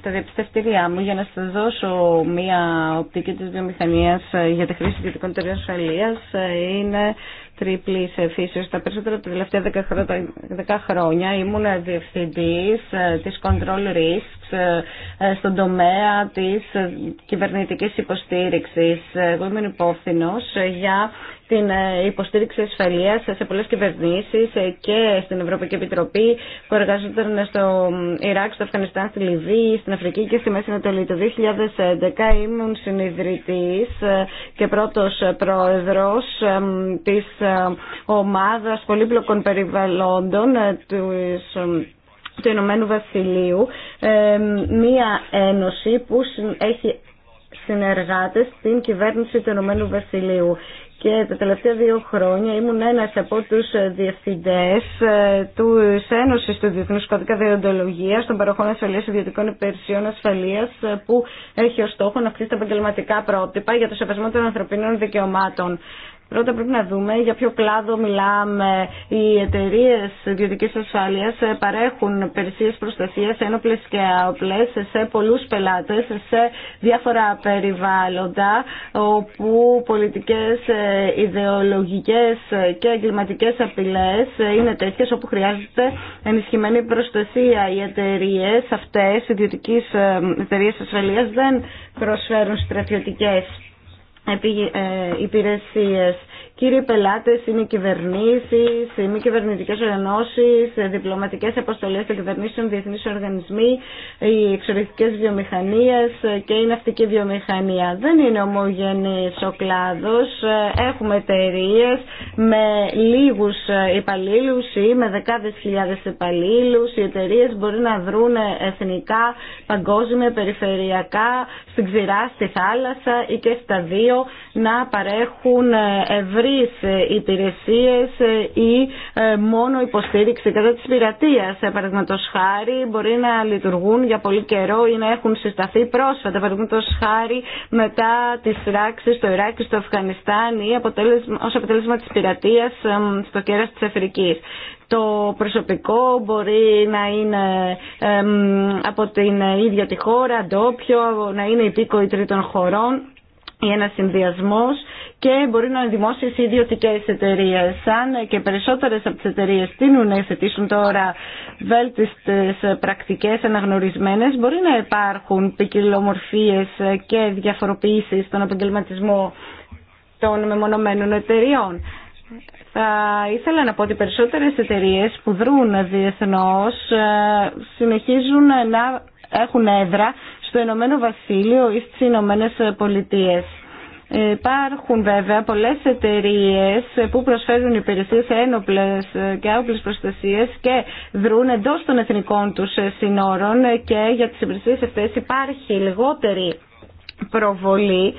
τα διαπιστευτήριά μου για να σα δώσω μία οπτική τη βιομηχανία ε, για τη χρήση ιδιωτικών εταιριών ασφαλεία ε, είναι τριπλή εφήσεω. Τα περισσότερα τα τελευταία 10 χρόνια ήμουν διευθυντή ε, τη Control Risks στον τομέα τη κυβερνητική υποστήριξη, Εγώ ήμουν για την ε, υποστήριξη ασφαλεία σε πολλέ κυβερνήσει ε, και στην Ευρωπαϊκή Επιτροπή που εργαζόταν στο Ιράκ, στο Αφγανιστάν, στη Λιβύη, στην Αφρική και στη Μέση Ανατολή. Το 2011 ήμουν συνειδητη ε, και πρώτο πρόεδρο τη ομάδα πολύπλοκων περιβαλλόντων του του Ηνωμένου Βασιλείου, μία ένωση που έχει συνεργάτες στην κυβέρνηση του Ηνωμένου Βασιλείου και τα τελευταία δύο χρόνια ήμουν ένας από τους διευθυντές ε, του Ένωση του Διεθνούς Κώδικα Διοντολογίας των παροχών ασφαλείας ιδιωτικών υπηρεσιών ασφαλείας ε, που έχει ως στόχο να αυξήσει τα επαγγελματικά πρότυπα για το σεβασμό των ανθρωπίνων δικαιωμάτων. Πρώτα πρέπει να δούμε για ποιο κλάδο μιλάμε. Οι εταιρείε ιδιωτική ασφάλεια παρέχουν υπηρεσίε προστασία ένοπλε και άοπλε σε πολλού πελάτε, σε διάφορα περιβάλλοντα, όπου πολιτικέ, ιδεολογικέ και εγκληματικέ απειλέ είναι τέτοιε όπου χρειάζεται ενισχυμένη προστασία. Οι εταιρείε αυτέ, οι ιδιωτικέ ε, εταιρείε ασφαλεία, δεν προσφέρουν στρατιωτικέ ε, υπηρεσίες Κύριοι πελάτε, είναι οι κυβερνήσει, οι μη κυβερνητικέ οργανώσει, διπλωματικέ αποστολέ των κυβερνήσεων, διεθνεί οργανισμοί, οι εξωτερικέ βιομηχανίε και η ναυτική βιομηχανία. Δεν είναι ομογενή ο κλάδο. Έχουμε εταιρείε με λίγου υπαλλήλου ή με δεκάδε χιλιάδε υπαλλήλου. Οι εταιρείε μπορεί να δρουν εθνικά, παγκόσμια, περιφερειακά, στην ξηρά, στη θάλασσα ή και στα δύο να παρέχουν ευρύ χωρίς υπηρεσίες ή ε, μόνο υποστήριξη κατά της πειρατείας. Παραδείγματος χάρη μπορεί να λειτουργούν για πολύ καιρό ή να έχουν συσταθεί πρόσφατα. Παραδείγματος χάρη μετά τις σειράξεις στο Ιράκ στο Αφγανιστάν ή αποτέλεσμα, ως αποτέλεσμα της πειρατείας ε, στο κέρας της Αφρικής. Το προσωπικό μπορεί να είναι ε, από την ίδια τη χώρα, ντόπιο, να είναι υπήκοοι τρίτων χωρών ή ένα συνδυασμό και μπορεί να είναι δημόσιε ή ιδιωτικέ εταιρείε. Αν και περισσότερε από τι εταιρείε τείνουν να εθετήσουν τώρα βέλτιστε πρακτικέ αναγνωρισμένε, μπορεί να υπάρχουν ποικιλομορφίε και διαφοροποιήσει στον επαγγελματισμό των μεμονωμένων εταιριών. Θα ήθελα να πω ότι περισσότερε εταιρείε που δρούν διεθνώ ε, συνεχίζουν να έχουν έδρα στο Ηνωμένο Βασίλειο ή στις Ηνωμένε Πολιτείες. Υπάρχουν βέβαια πολλές εταιρείες που προσφέρουν υπηρεσίες ένοπλες και άοπλες προστασίες και δρούν εντός των εθνικών τους συνόρων και για τις υπηρεσίες αυτές υπάρχει λιγότερη προβολή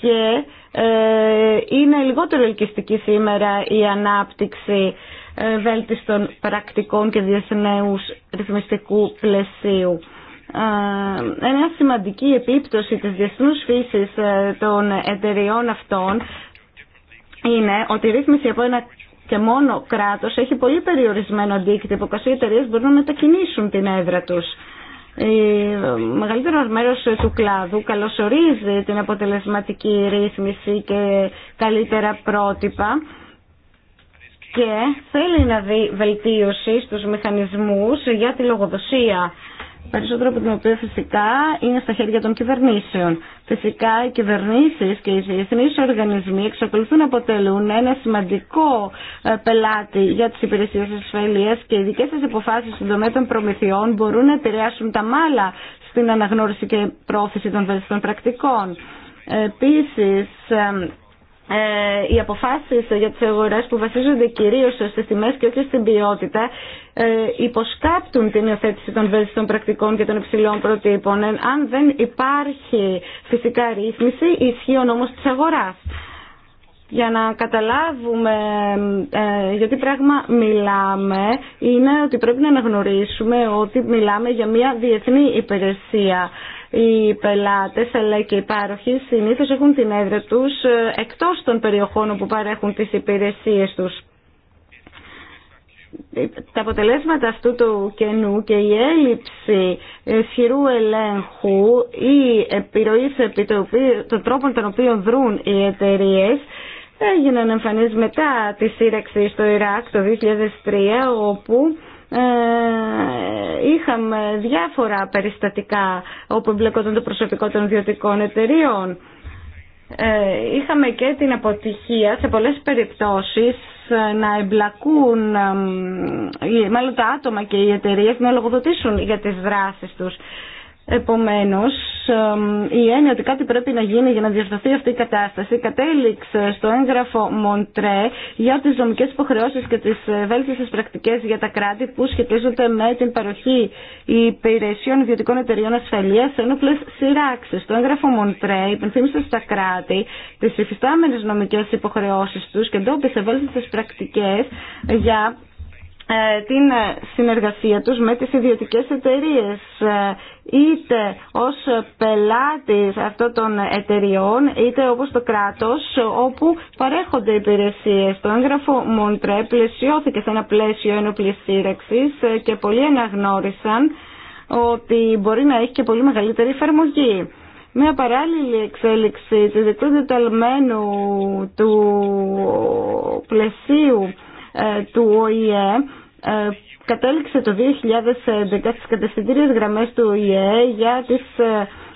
και ε, είναι λιγότερο ελκυστική σήμερα η ανάπτυξη ε, βέλτιστων πρακτικών και διεθνέους ρυθμιστικού πλαισίου. Ε, ένα σημαντική επίπτωση της διεθνούς φύσης ε, των εταιριών αυτών είναι ότι η ρύθμιση από ένα και μόνο κράτος έχει πολύ περιορισμένο αντίκτυπο, καθώς οι εταιρείε μπορούν να μετακινήσουν την έδρα τους. Η ε, μεγαλύτερο μέρο του κλάδου καλωσορίζει την αποτελεσματική ρύθμιση και καλύτερα πρότυπα και θέλει να δει βελτίωση στους μηχανισμούς για τη λογοδοσία περισσότερο από την οποία φυσικά είναι στα χέρια των κυβερνήσεων. Φυσικά οι κυβερνήσει και οι διεθνεί οργανισμοί εξακολουθούν να αποτελούν ένα σημαντικό ε, πελάτη για τι υπηρεσίε ασφαλεία και οι δικέ σα αποφάσει στον τομέα των προμηθειών μπορούν να επηρεάσουν τα μάλα στην αναγνώριση και πρόθεση των βελτιστών πρακτικών. Επίσης, ε, ε, οι αποφάσεις για τις αγορές που βασίζονται κυρίως στις τιμές και όχι στην ποιότητα ε, υποσκάπτουν την υιοθέτηση των βέλτιστων πρακτικών και των υψηλών προτύπων ε, αν δεν υπάρχει φυσικά ρύθμιση ισχύει ο νόμος της αγοράς. Για να καταλάβουμε ε, για τι πράγμα μιλάμε είναι ότι πρέπει να αναγνωρίσουμε ότι μιλάμε για μια διεθνή υπηρεσία οι πελάτες αλλά και οι πάροχοι συνήθως έχουν την έδρα τους ε, εκτός των περιοχών όπου παρέχουν τις υπηρεσίες τους. Τα αποτελέσματα αυτού του κενού και η έλλειψη ισχυρού ελέγχου ή επιρροή επί των τρόπων των οποίων δρούν οι εταιρείε έγιναν εμφανείς μετά τη σύρεξη στο Ιράκ το 2003 όπου ε, είχαμε διάφορα περιστατικά όπου εμπλεκόταν το προσωπικό των ιδιωτικών εταιρείων. Ε, είχαμε και την αποτυχία σε πολλές περιπτώσεις να εμπλακούν μάλλον τα άτομα και οι εταιρείε να λογοδοτήσουν για τις δράσεις τους. Επομένως, η έννοια ότι κάτι πρέπει να γίνει για να διασταθεί αυτή η κατάσταση κατέληξε στο έγγραφο Μοντρέ για τις δομικές υποχρεώσεις και τις ε, βέλτιστες πρακτικές για τα κράτη που σχετίζονται με την παροχή υπηρεσιών ιδιωτικών εταιριών ασφαλείας σε ένοπλες σειράξεις. Το έγγραφο Μοντρέ υπενθύμισε στα κράτη τις υφιστάμενες νομικές υποχρεώσεις τους και εντόπισε βέλτιστες πρακτικές για ε, την συνεργασία τους με τις ιδιωτικές εταιρείες ε, είτε ως πελάτης αυτών των εταιριών είτε όπως το κράτος όπου παρέχονται υπηρεσίες. Το έγγραφο Μοντρέ πλαισιώθηκε σε ένα πλαίσιο ένοπλης ε, και πολλοί αναγνώρισαν ότι μπορεί να έχει και πολύ μεγαλύτερη εφαρμογή. Μια παράλληλη εξέλιξη του δικτύου του πλαισίου ε, του ΟΗΕ ε, κατέληξε το 2011 στις κατευθυντήριες γραμμές του ΟΗΕ για τις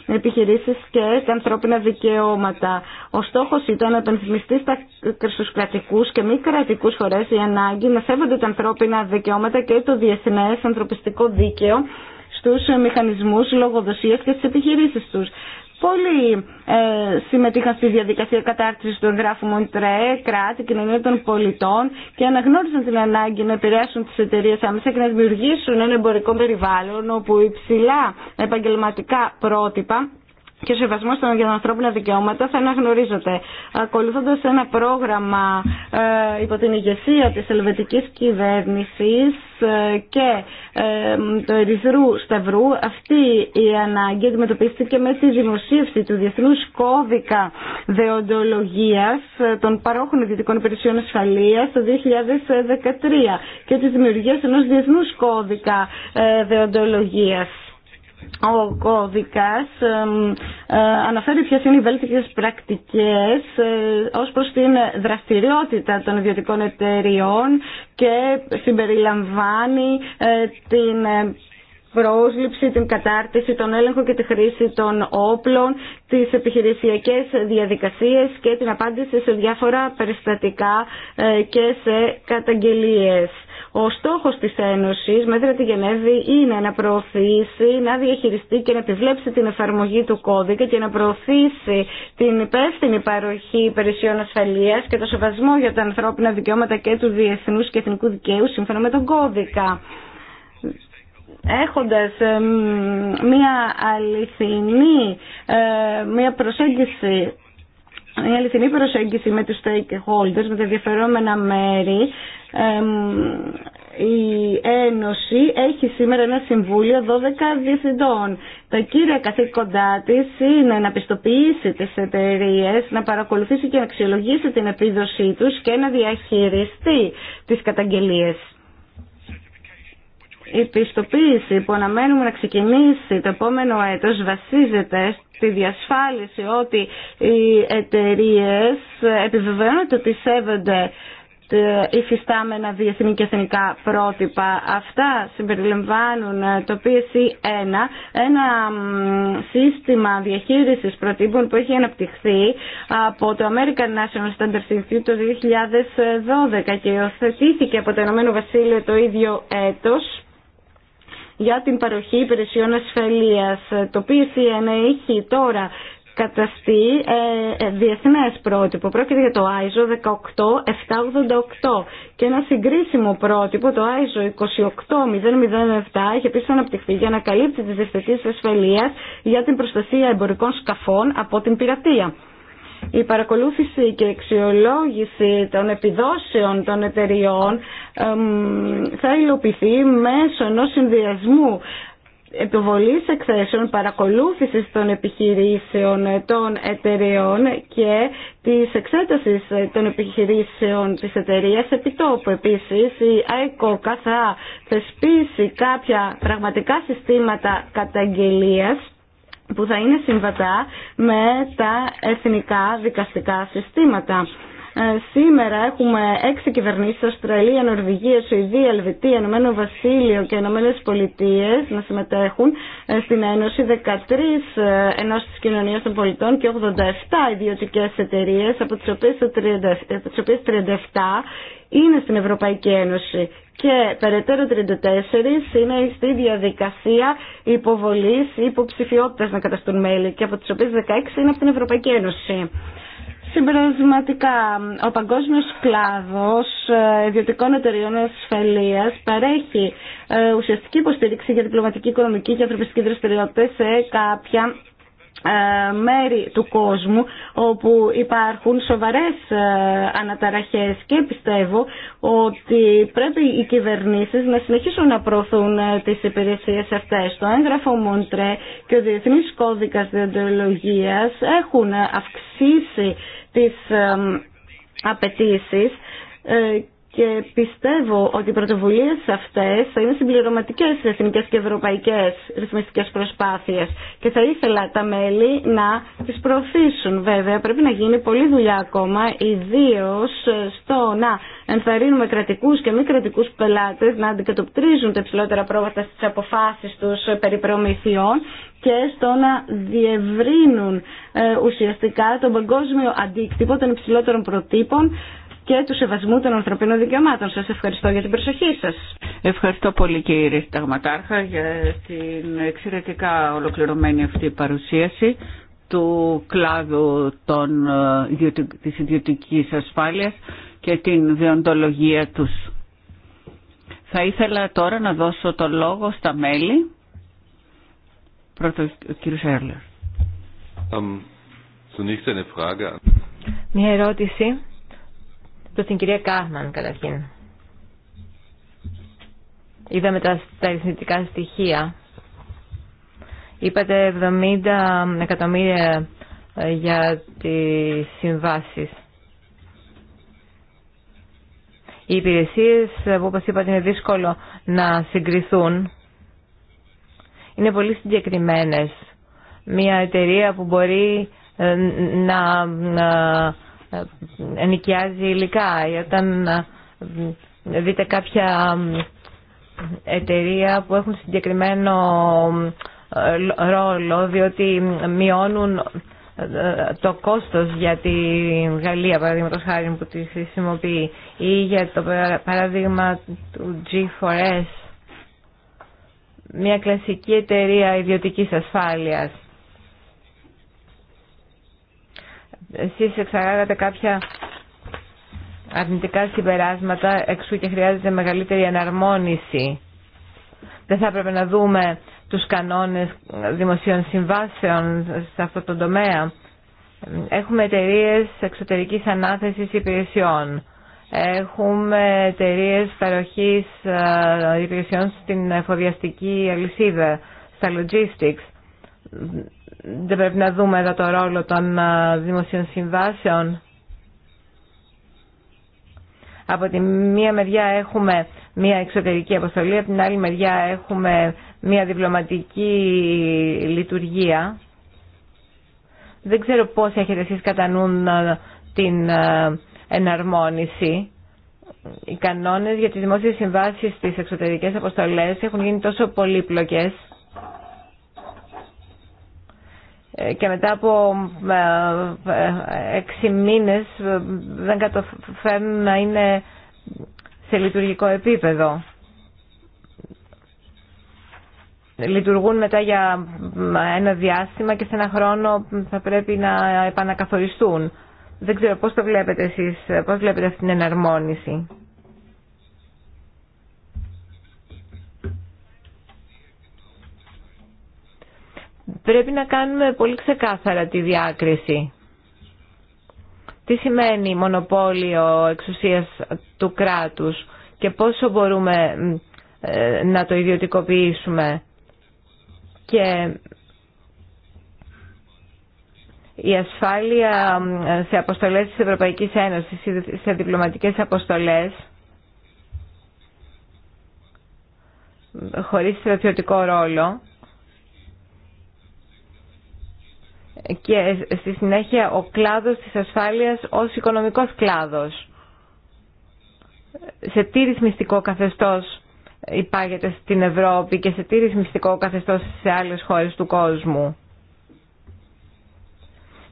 ε, επιχειρήσεις και τα ανθρώπινα δικαιώματα. Ο στόχος ήταν να επενθυμιστεί στα, στους και μη κρατικούς φορές η ανάγκη να σέβονται τα ανθρώπινα δικαιώματα και το διεθνές ανθρωπιστικό δίκαιο στους μηχανισμούς λογοδοσίας και τις επιχειρήσεις τους. Πολλοί ε, συμμετείχαν στη διαδικασία κατάρτισης του εγγράφου Μοντρέ, κράτη, κοινωνία των πολιτών και αναγνώρισαν την ανάγκη να επηρεάσουν τις εταιρείες άμεσα και να δημιουργήσουν ένα εμπορικό περιβάλλον όπου υψηλά επαγγελματικά πρότυπα και σεβασμό των ανθρώπινα δικαιώματα θα αναγνωρίζονται. Ακολουθώντα ένα πρόγραμμα ε, υπό την ηγεσία τη ελβετική κυβέρνηση ε, και ε, του Ερυθρού Σταυρού, αυτή η ανάγκη αντιμετωπίστηκε με τη δημοσίευση του Διεθνού Κώδικα Δεοντολογία ε, των Παρόχων Ιδιωτικών Υπηρεσιών Ασφαλεία το 2013 και τη δημιουργία ενό Διεθνού Κώδικα ε, Δεοντολογία ο κώδικας ε, αναφέρει ποιες είναι οι πρακτικές ε, ως προς την δραστηριότητα των ιδιωτικών εταιριών και συμπεριλαμβάνει ε, την πρόσληψη, την κατάρτιση, τον έλεγχο και τη χρήση των όπλων, τις επιχειρησιακές διαδικασίες και την απάντηση σε διάφορα περιστατικά και σε καταγγελίες. Ο στόχος της Ένωσης μέτρα τη Γενέβη είναι να προωθήσει, να διαχειριστεί και να επιβλέψει την εφαρμογή του κώδικα και να προωθήσει την υπεύθυνη παροχή υπηρεσιών ασφαλείας και το σεβασμό για τα ανθρώπινα δικαιώματα και του διεθνούς και εθνικού δικαίου σύμφωνα με τον κώδικα έχοντας μία αληθινή, ε, μία προσέγγιση αληθινή προσέγγιση με τους stakeholders, με τα διαφερόμενα μέρη, η Ένωση έχει σήμερα ένα συμβούλιο 12 διευθυντών. Τα κύρια καθήκοντά τη είναι να πιστοποιήσει τι εταιρείε, να παρακολουθήσει και να αξιολογήσει την επίδοσή του και να διαχειριστεί τι καταγγελίε. Η πιστοποίηση που αναμένουμε να ξεκινήσει το επόμενο έτος βασίζεται στη διασφάλιση ότι οι εταιρείε επιβεβαιώνονται ότι σέβονται ε, υφιστάμενα διεθνή και εθνικά πρότυπα. Αυτά συμπεριλαμβάνουν ε, το PSC1, ένα σύστημα διαχείρισης προτύπων που έχει αναπτυχθεί από το American National Standards Institute το 2012 και υιοθετήθηκε από το Ηνωμένο Βασίλειο το ίδιο έτος για την παροχή υπηρεσιών ασφαλείας. Το PSC1 έχει τώρα καταστεί ε, ε, διεθνές πρότυπο. Πρόκειται για το ISO 18788 και ένα συγκρίσιμο πρότυπο, το ISO 28007, έχει επίσης αναπτυχθεί για να καλύψει τις διευθυντικές ασφαλείας για την προστασία εμπορικών σκαφών από την πειρατεία. Η παρακολούθηση και αξιολόγηση των επιδόσεων των εταιριών θα υλοποιηθεί μέσω ενός συνδυασμού επιβολής εκθέσεων, παρακολούθησης των επιχειρήσεων ε, των εταιρεών και της εξέτασης ε, των επιχειρήσεων της εταιρείας επιτόπου. Επίσης, η ΑΕΚΟΚΑ θα θεσπίσει κάποια πραγματικά συστήματα καταγγελίας που θα είναι συμβατά με τα εθνικά δικαστικά συστήματα. Ε, σήμερα έχουμε έξι κυβερνήσεις, Αυστραλία, Νορβηγία, Σουηδία, Ελβετία, Ενωμένο Βασίλειο και Ηνωμένε Πολιτείε να συμμετέχουν ε, στην Ένωση, 13 ε, ενώσεις της κοινωνίας των πολιτών και 87 ιδιωτικές εταιρείε, από τις οποίες 37 είναι στην Ευρωπαϊκή Ένωση και περαιτέρω 34 είναι στη διαδικασία υποβολής υποψηφιότητας να καταστούν μέλη και από τις οποίες 16 είναι από την Ευρωπαϊκή Ένωση. Συμπερασματικά, ο παγκόσμιος κλάδος ε, ιδιωτικών εταιριών ασφαλεία, παρέχει ε, ουσιαστική υποστήριξη για διπλωματική, οικονομική και ανθρωπιστική δραστηριότητα σε κάποια ε, μέρη του κόσμου όπου υπάρχουν σοβαρές ε, αναταραχές και πιστεύω ότι πρέπει οι κυβερνήσεις να συνεχίσουν να προωθούν ε, τις υπηρεσίες αυτές. Το έγγραφο Μοντρέ και ο Διεθνής Κώδικας Διοντολογίας έχουν αυξήσει τις απαιτήσει και πιστεύω ότι οι πρωτοβουλίε αυτέ θα είναι συμπληρωματικέ στι εθνικέ και ευρωπαϊκέ ρυθμιστικέ προσπάθειε και θα ήθελα τα μέλη να τι προωθήσουν. Βέβαια, πρέπει να γίνει πολλή δουλειά ακόμα, ιδίω στο να ενθαρρύνουμε κρατικού και μη κρατικού πελάτε να αντικατοπτρίζουν τα υψηλότερα πρόβατα στι αποφάσει του περί προμηθειών και στο να διευρύνουν ε, ουσιαστικά τον παγκόσμιο αντίκτυπο των υψηλότερων προτύπων και του σεβασμού των ανθρωπίνων δικαιωμάτων. Σας ευχαριστώ για την προσοχή σας. Ευχαριστώ πολύ κύριε Σταγματάρχα για την εξαιρετικά ολοκληρωμένη αυτή παρουσίαση του κλάδου των, ε, της ιδιωτική ασφάλειας και την διοντολογία τους. Θα ήθελα τώρα να δώσω το λόγο στα μέλη. Πρώτο ο κύριος Μια ερώτηση προς την κυρία Κάρμαν, καταρχήν. Είδαμε τα, τα αριθμητικά στοιχεία. Είπατε 70 εκατομμύρια ε, για τις συμβάσεις. Οι υπηρεσίες, ε, όπως είπατε, είναι δύσκολο να συγκριθούν. Είναι πολύ συγκεκριμένες. Μια εταιρεία που μπορεί ε, να ε, ενοικιάζει υλικά ή όταν ε, ε, δείτε κάποια εταιρεία που έχουν συγκεκριμένο ρόλο διότι μειώνουν το κόστος για τη Γαλλία παραδείγματο χάρη που τη χρησιμοποιεί ή για το παράδειγμα του G4S μια κλασική εταιρεία ιδιωτικής ασφάλειας Εσείς εξαγάγατε κάποια αρνητικά συμπεράσματα, εξού και χρειάζεται μεγαλύτερη εναρμόνιση. Δεν θα έπρεπε να δούμε τους κανόνες δημοσίων συμβάσεων σε αυτό το τομέα. Έχουμε εταιρείε εξωτερικής ανάθεσης υπηρεσιών. Έχουμε εταιρείε παροχής ε, υπηρεσιών στην εφοδιαστική αλυσίδα, στα logistics δεν πρέπει να δούμε εδώ το ρόλο των δημοσίων συμβάσεων. Από τη μία μεριά έχουμε μία εξωτερική αποστολή, από την άλλη μεριά έχουμε μία διπλωματική λειτουργία. Δεν ξέρω πώς έχετε εσείς κατά νου την εναρμόνιση. Οι κανόνες για τις δημόσιες συμβάσεις στις εξωτερικές αποστολές έχουν γίνει τόσο πολύπλοκες και μετά από ε, ε, έξι μήνες ε, δεν καταφέρνουν να είναι σε λειτουργικό επίπεδο. Λειτουργούν μετά για ένα διάστημα και σε ένα χρόνο θα πρέπει να επανακαθοριστούν. Δεν ξέρω πώς το βλέπετε εσείς, πώς βλέπετε αυτή την εναρμόνιση. πρέπει να κάνουμε πολύ ξεκάθαρα τη διάκριση. Τι σημαίνει μονοπόλιο εξουσίας του κράτους και πόσο μπορούμε ε, να το ιδιωτικοποιήσουμε. Και η ασφάλεια σε αποστολές της Ευρωπαϊκής Ένωσης, σε διπλωματικές αποστολές, χωρίς στρατιωτικό ρόλο, και στη συνέχεια ο κλάδος της ασφάλειας ως οικονομικός κλάδος. Σε τι ρυθμιστικό καθεστώς υπάγεται στην Ευρώπη και σε τι ρυθμιστικό καθεστώς σε άλλες χώρες του κόσμου.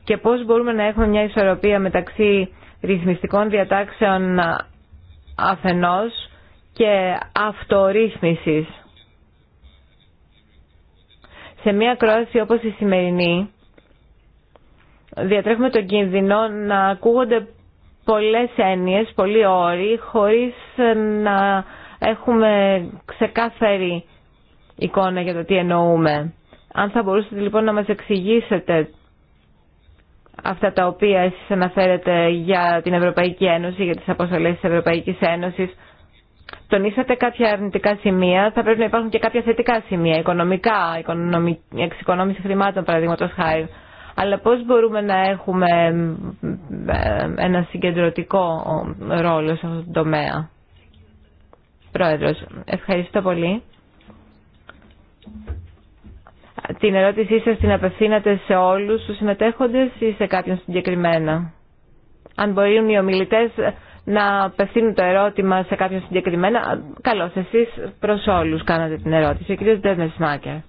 Και πώς μπορούμε να έχουμε μια ισορροπία μεταξύ ρυθμιστικών διατάξεων αφενός και αυτορύθμισης. Σε μια κρόση όπως η σημερινή, διατρέχουμε τον κίνδυνο να ακούγονται πολλές έννοιες, πολλοί όροι, χωρίς να έχουμε ξεκάθαρη εικόνα για το τι εννοούμε. Αν θα μπορούσατε λοιπόν να μας εξηγήσετε αυτά τα οποία εσείς αναφέρετε για την Ευρωπαϊκή Ένωση, για τις αποστολές της Ευρωπαϊκής Ένωσης, τονίσατε κάποια αρνητικά σημεία, θα πρέπει να υπάρχουν και κάποια θετικά σημεία, οικονομικά, εξοικονόμηση χρημάτων παραδείγματος χάρη. Αλλά πώς μπορούμε να έχουμε ε, ένα συγκεντρωτικό ρόλο σε αυτό το τομέα. Πρόεδρος, ευχαριστώ πολύ. Την ερώτησή σας την απευθύνατε σε όλους τους συμμετέχοντες ή σε κάποιον συγκεκριμένα. Αν μπορούν οι ομιλητές να απευθύνουν το ερώτημα σε κάποιον συγκεκριμένα, καλώς εσείς προς όλους κάνατε την ερώτηση. Ο κ. Ντέμες Μάκερ.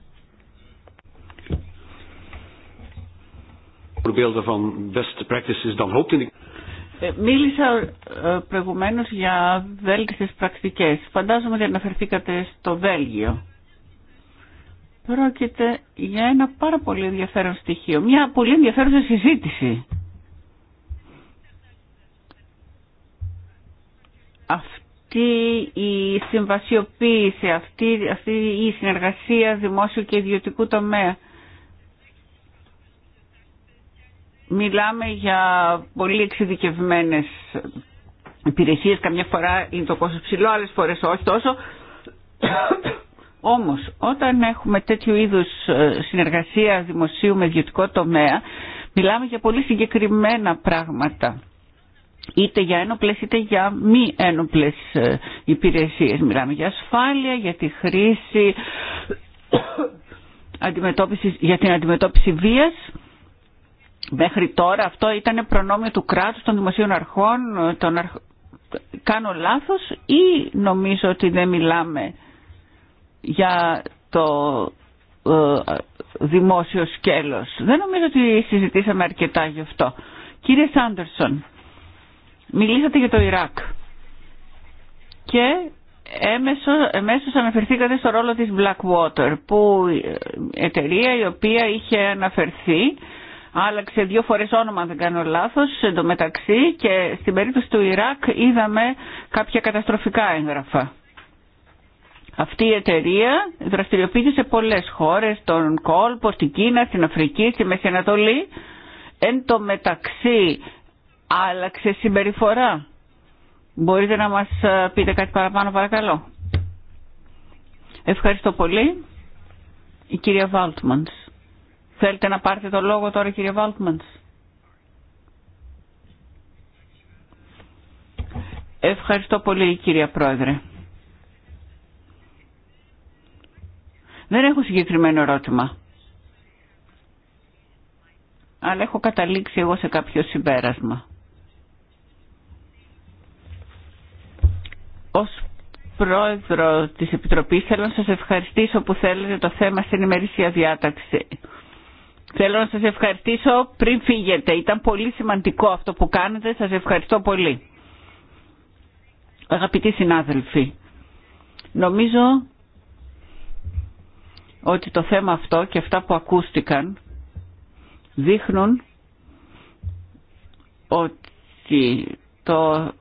Ε, μίλησα ε, προηγουμένω για βέλτιστε πρακτικέ. Φαντάζομαι ότι αναφερθήκατε στο Βέλγιο. Πρόκειται για ένα πάρα πολύ ενδιαφέρον στοιχείο. Μια πολύ ενδιαφέρουσα συζήτηση. Αυτή η συμβασιοποίηση, αυτή, αυτή η συνεργασία δημόσιο και ιδιωτικού τομέα Μιλάμε για πολύ εξειδικευμένε υπηρεσίες, καμιά φορά είναι το κόστος ψηλό, άλλε φορέ, όχι τόσο. Όμως, όταν έχουμε τέτοιου είδους ε, συνεργασία δημοσίου με ιδιωτικό τομέα, μιλάμε για πολύ συγκεκριμένα πράγματα είτε για ένοπλε είτε για μη ένοπλε ε, υπηρεσίες. Μιλάμε για ασφάλεια, για τη χρήση, για την αντιμετώπιση βίας Μέχρι τώρα αυτό ήταν προνόμιο του κράτους, των δημοσίων αρχών, των αρχ... κάνω λάθος ή νομίζω ότι δεν μιλάμε για το ε, δημόσιο σκέλος. Δεν νομίζω ότι συζητήσαμε αρκετά γι' αυτό. Κύριε Σάντερσον, μιλήσατε για το Ιράκ και εμεσω εμέσως αναφερθήκατε στο ρόλο της Blackwater που ε, εταιρεία η οποία είχε αναφερθεί άλλαξε δύο φορές όνομα αν δεν κάνω λάθος μεταξύ και στην περίπτωση του Ιράκ είδαμε κάποια καταστροφικά έγγραφα. Αυτή η εταιρεία δραστηριοποιείται σε πολλές χώρες, στον κόλπο, στην Κίνα, στην Αφρική, στη Μέση Ανατολή. Εν τω μεταξύ άλλαξε συμπεριφορά. Μπορείτε να μας ε, πείτε κάτι παραπάνω παρακαλώ. Ευχαριστώ πολύ. Η κυρία Βάλτμαντς. Θέλετε να πάρετε το λόγο τώρα κύριε Βάλτμαντς. Ευχαριστώ πολύ κύριε Πρόεδρε. Δεν έχω συγκεκριμένο ερώτημα. Αλλά έχω καταλήξει εγώ σε κάποιο συμπέρασμα. Ως πρόεδρο της Επιτροπής θέλω να σας ευχαριστήσω που θέλετε το θέμα στην ημερήσια διάταξη. Θέλω να σας ευχαριστήσω πριν φύγετε. Ήταν πολύ σημαντικό αυτό που κάνετε. Σας ευχαριστώ πολύ. Αγαπητοί συνάδελφοι, νομίζω ότι το θέμα αυτό και αυτά που ακούστηκαν δείχνουν ότι το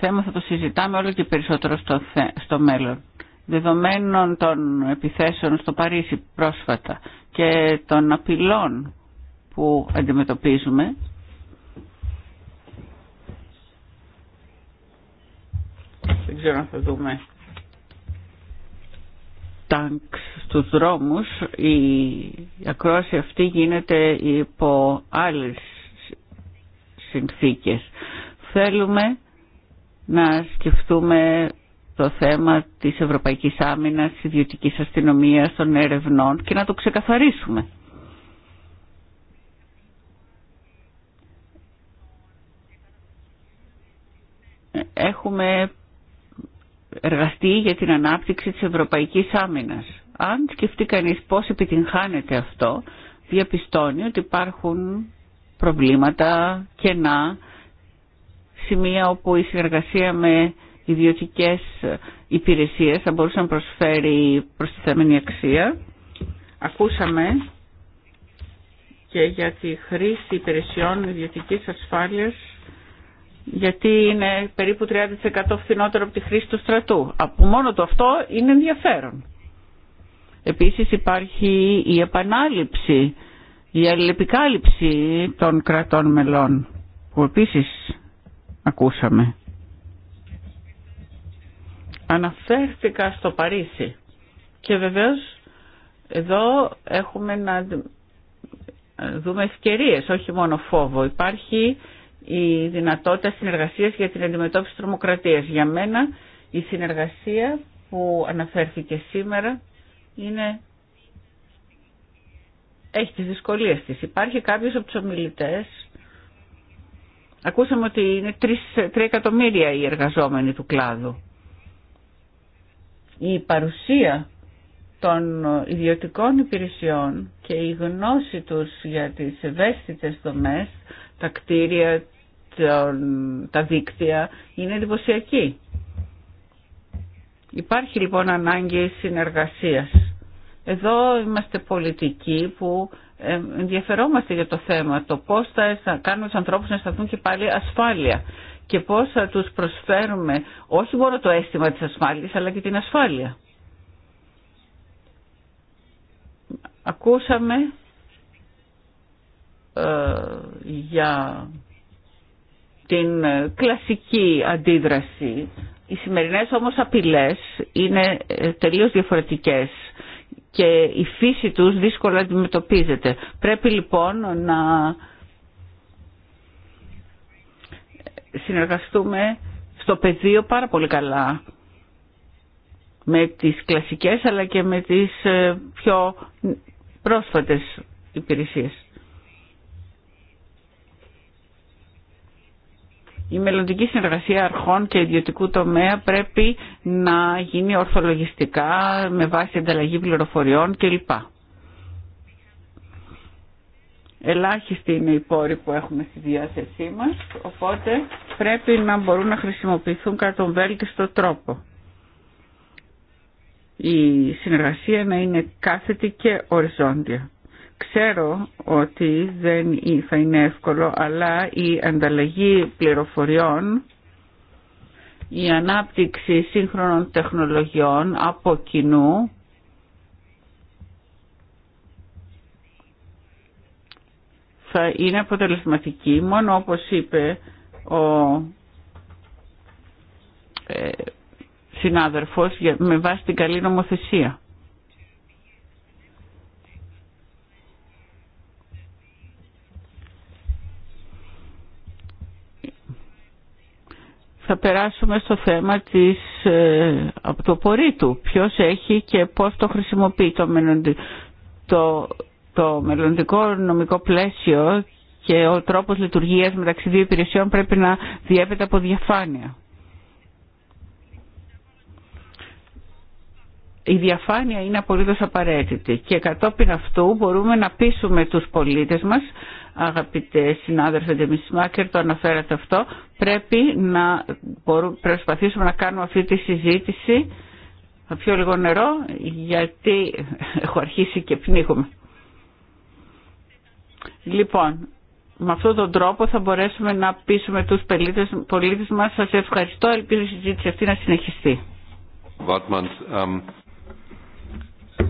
θέμα θα το συζητάμε όλο και περισσότερο στο, στο μέλλον δεδομένων των επιθέσεων στο Παρίσι πρόσφατα και των απειλών που αντιμετωπίζουμε δεν ξέρω αν θα δούμε τάγκ στους δρόμους η ακρόαση αυτή γίνεται υπό άλλες συνθήκες θέλουμε να σκεφτούμε το θέμα της Ευρωπαϊκής Άμυνας, της ιδιωτικής αστυνομίας, των ερευνών και να το ξεκαθαρίσουμε. Έχουμε εργαστεί για την ανάπτυξη της Ευρωπαϊκής Άμυνας. Αν σκεφτεί κανείς πώς επιτυγχάνεται αυτό, διαπιστώνει ότι υπάρχουν προβλήματα, κενά, σημεία όπου η συνεργασία με ιδιωτικές υπηρεσίες θα μπορούσε να προσφέρει προστιθέμενη αξία. Ακούσαμε και για τη χρήση υπηρεσιών ιδιωτικής ασφάλειας γιατί είναι περίπου 30% φθηνότερο από τη χρήση του στρατού. Από μόνο το αυτό είναι ενδιαφέρον. Επίσης υπάρχει η επανάληψη, η αλληλεπικάλυψη των κρατών μελών που επίσης ακούσαμε. Αναφέρθηκα στο Παρίσι και βεβαίως εδώ έχουμε να δούμε ευκαιρίες, όχι μόνο φόβο. Υπάρχει η δυνατότητα συνεργασίας για την αντιμετώπιση τρομοκρατίας. Για μένα η συνεργασία που αναφέρθηκε σήμερα είναι... έχει τις δυσκολίες της. Υπάρχει κάποιος από τους ομιλητές. Ακούσαμε ότι είναι 3 εκατομμύρια οι εργαζόμενοι του κλάδου η παρουσία των ιδιωτικών υπηρεσιών και η γνώση τους για τις ευαίσθητες δομές, τα κτίρια, τα δίκτυα, είναι εντυπωσιακή. Υπάρχει λοιπόν ανάγκη συνεργασίας. Εδώ είμαστε πολιτικοί που ε, ενδιαφερόμαστε για το θέμα, το πώς θα κάνουμε τους ανθρώπους να αισθανθούν και πάλι ασφάλεια και πώς θα τους προσφέρουμε όχι μόνο το αίσθημα της ασφάλειας αλλά και την ασφάλεια. Ακούσαμε ε, για την κλασική αντίδραση. Οι σημερινές όμως απειλές είναι ε, τελείως διαφορετικές και η φύση τους δύσκολα αντιμετωπίζεται. Πρέπει λοιπόν να συνεργαστούμε στο πεδίο πάρα πολύ καλά με τις κλασικές αλλά και με τις ε, πιο πρόσφατες υπηρεσίες. Η μελλοντική συνεργασία αρχών και ιδιωτικού τομέα πρέπει να γίνει ορθολογιστικά με βάση ανταλλαγή πληροφοριών κλπ. Ελάχιστοι είναι οι πόροι που έχουμε στη διάθεσή μας, οπότε πρέπει να μπορούν να χρησιμοποιηθούν κατά τον βέλτιστο τρόπο. Η συνεργασία να είναι κάθετη και οριζόντια. Ξέρω ότι δεν θα είναι εύκολο, αλλά η ανταλλαγή πληροφοριών, η ανάπτυξη σύγχρονων τεχνολογιών από κοινού θα είναι αποτελεσματική μόνο όπως είπε ο ε, συνάδελφος με βάση την καλή νομοθεσία. θα περάσουμε στο θέμα της, ε, από το του Ποιος έχει και πώς το χρησιμοποιεί το, το το μελλοντικό νομικό πλαίσιο και ο τρόπος λειτουργίας μεταξύ δύο υπηρεσιών πρέπει να διέπεται από διαφάνεια. Η διαφάνεια είναι απολύτως απαραίτητη και κατόπιν αυτού μπορούμε να πείσουμε τους πολίτες μας, αγαπητέ συνάδελφε Ντεμισμάκερ, το αναφέρατε αυτό, πρέπει να προσπαθήσουμε να κάνουμε αυτή τη συζήτηση, θα πιω λίγο νερό γιατί έχω αρχίσει και πνίγομαι. Λοιπόν, με αυτόν τον τρόπο θα μπορέσουμε να πείσουμε τους πολίτες, πολίτες μας. Σας ευχαριστώ. Ελπίζω η συζήτηση αυτή να συνεχιστεί.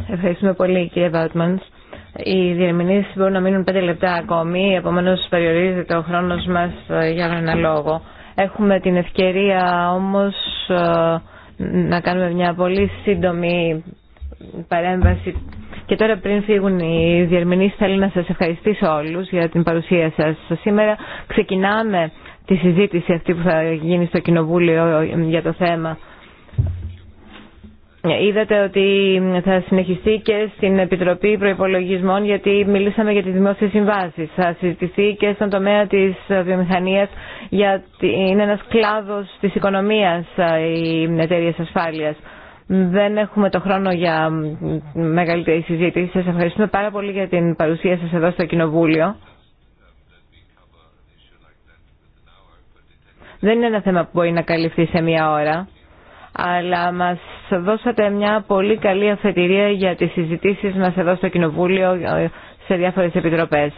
Ευχαριστούμε πολύ κύριε Βάτμαντ. Οι διερμηνήσεις μπορούν να μείνουν πέντε λεπτά ακόμη, επομένως περιορίζεται ο χρόνος μας ε, για ένα λόγο. Έχουμε την ευκαιρία όμως ε, να κάνουμε μια πολύ σύντομη παρέμβαση και τώρα πριν φύγουν οι διερμηνείς θέλω να σας ευχαριστήσω όλους για την παρουσία σας σήμερα. Ξεκινάμε τη συζήτηση αυτή που θα γίνει στο Κοινοβούλιο για το θέμα. Είδατε ότι θα συνεχιστεί και στην Επιτροπή Προϋπολογισμών γιατί μιλήσαμε για τις δημόσιες συμβάσεις. Θα συζητηθεί και στον τομέα της βιομηχανίας γιατί είναι ένας κλάδος της οικονομίας ε, οι εταιρείε ασφάλειας. Δεν έχουμε το χρόνο για μεγαλύτερη συζήτηση. Σας ευχαριστούμε πάρα πολύ για την παρουσία σας εδώ στο Κοινοβούλιο. Δεν είναι ένα θέμα που μπορεί να καλυφθεί σε μία ώρα, αλλά μας δώσατε μια πολύ καλή αφετηρία για τις συζητήσεις μας εδώ στο Κοινοβούλιο ε, σε διάφορες επιτροπές.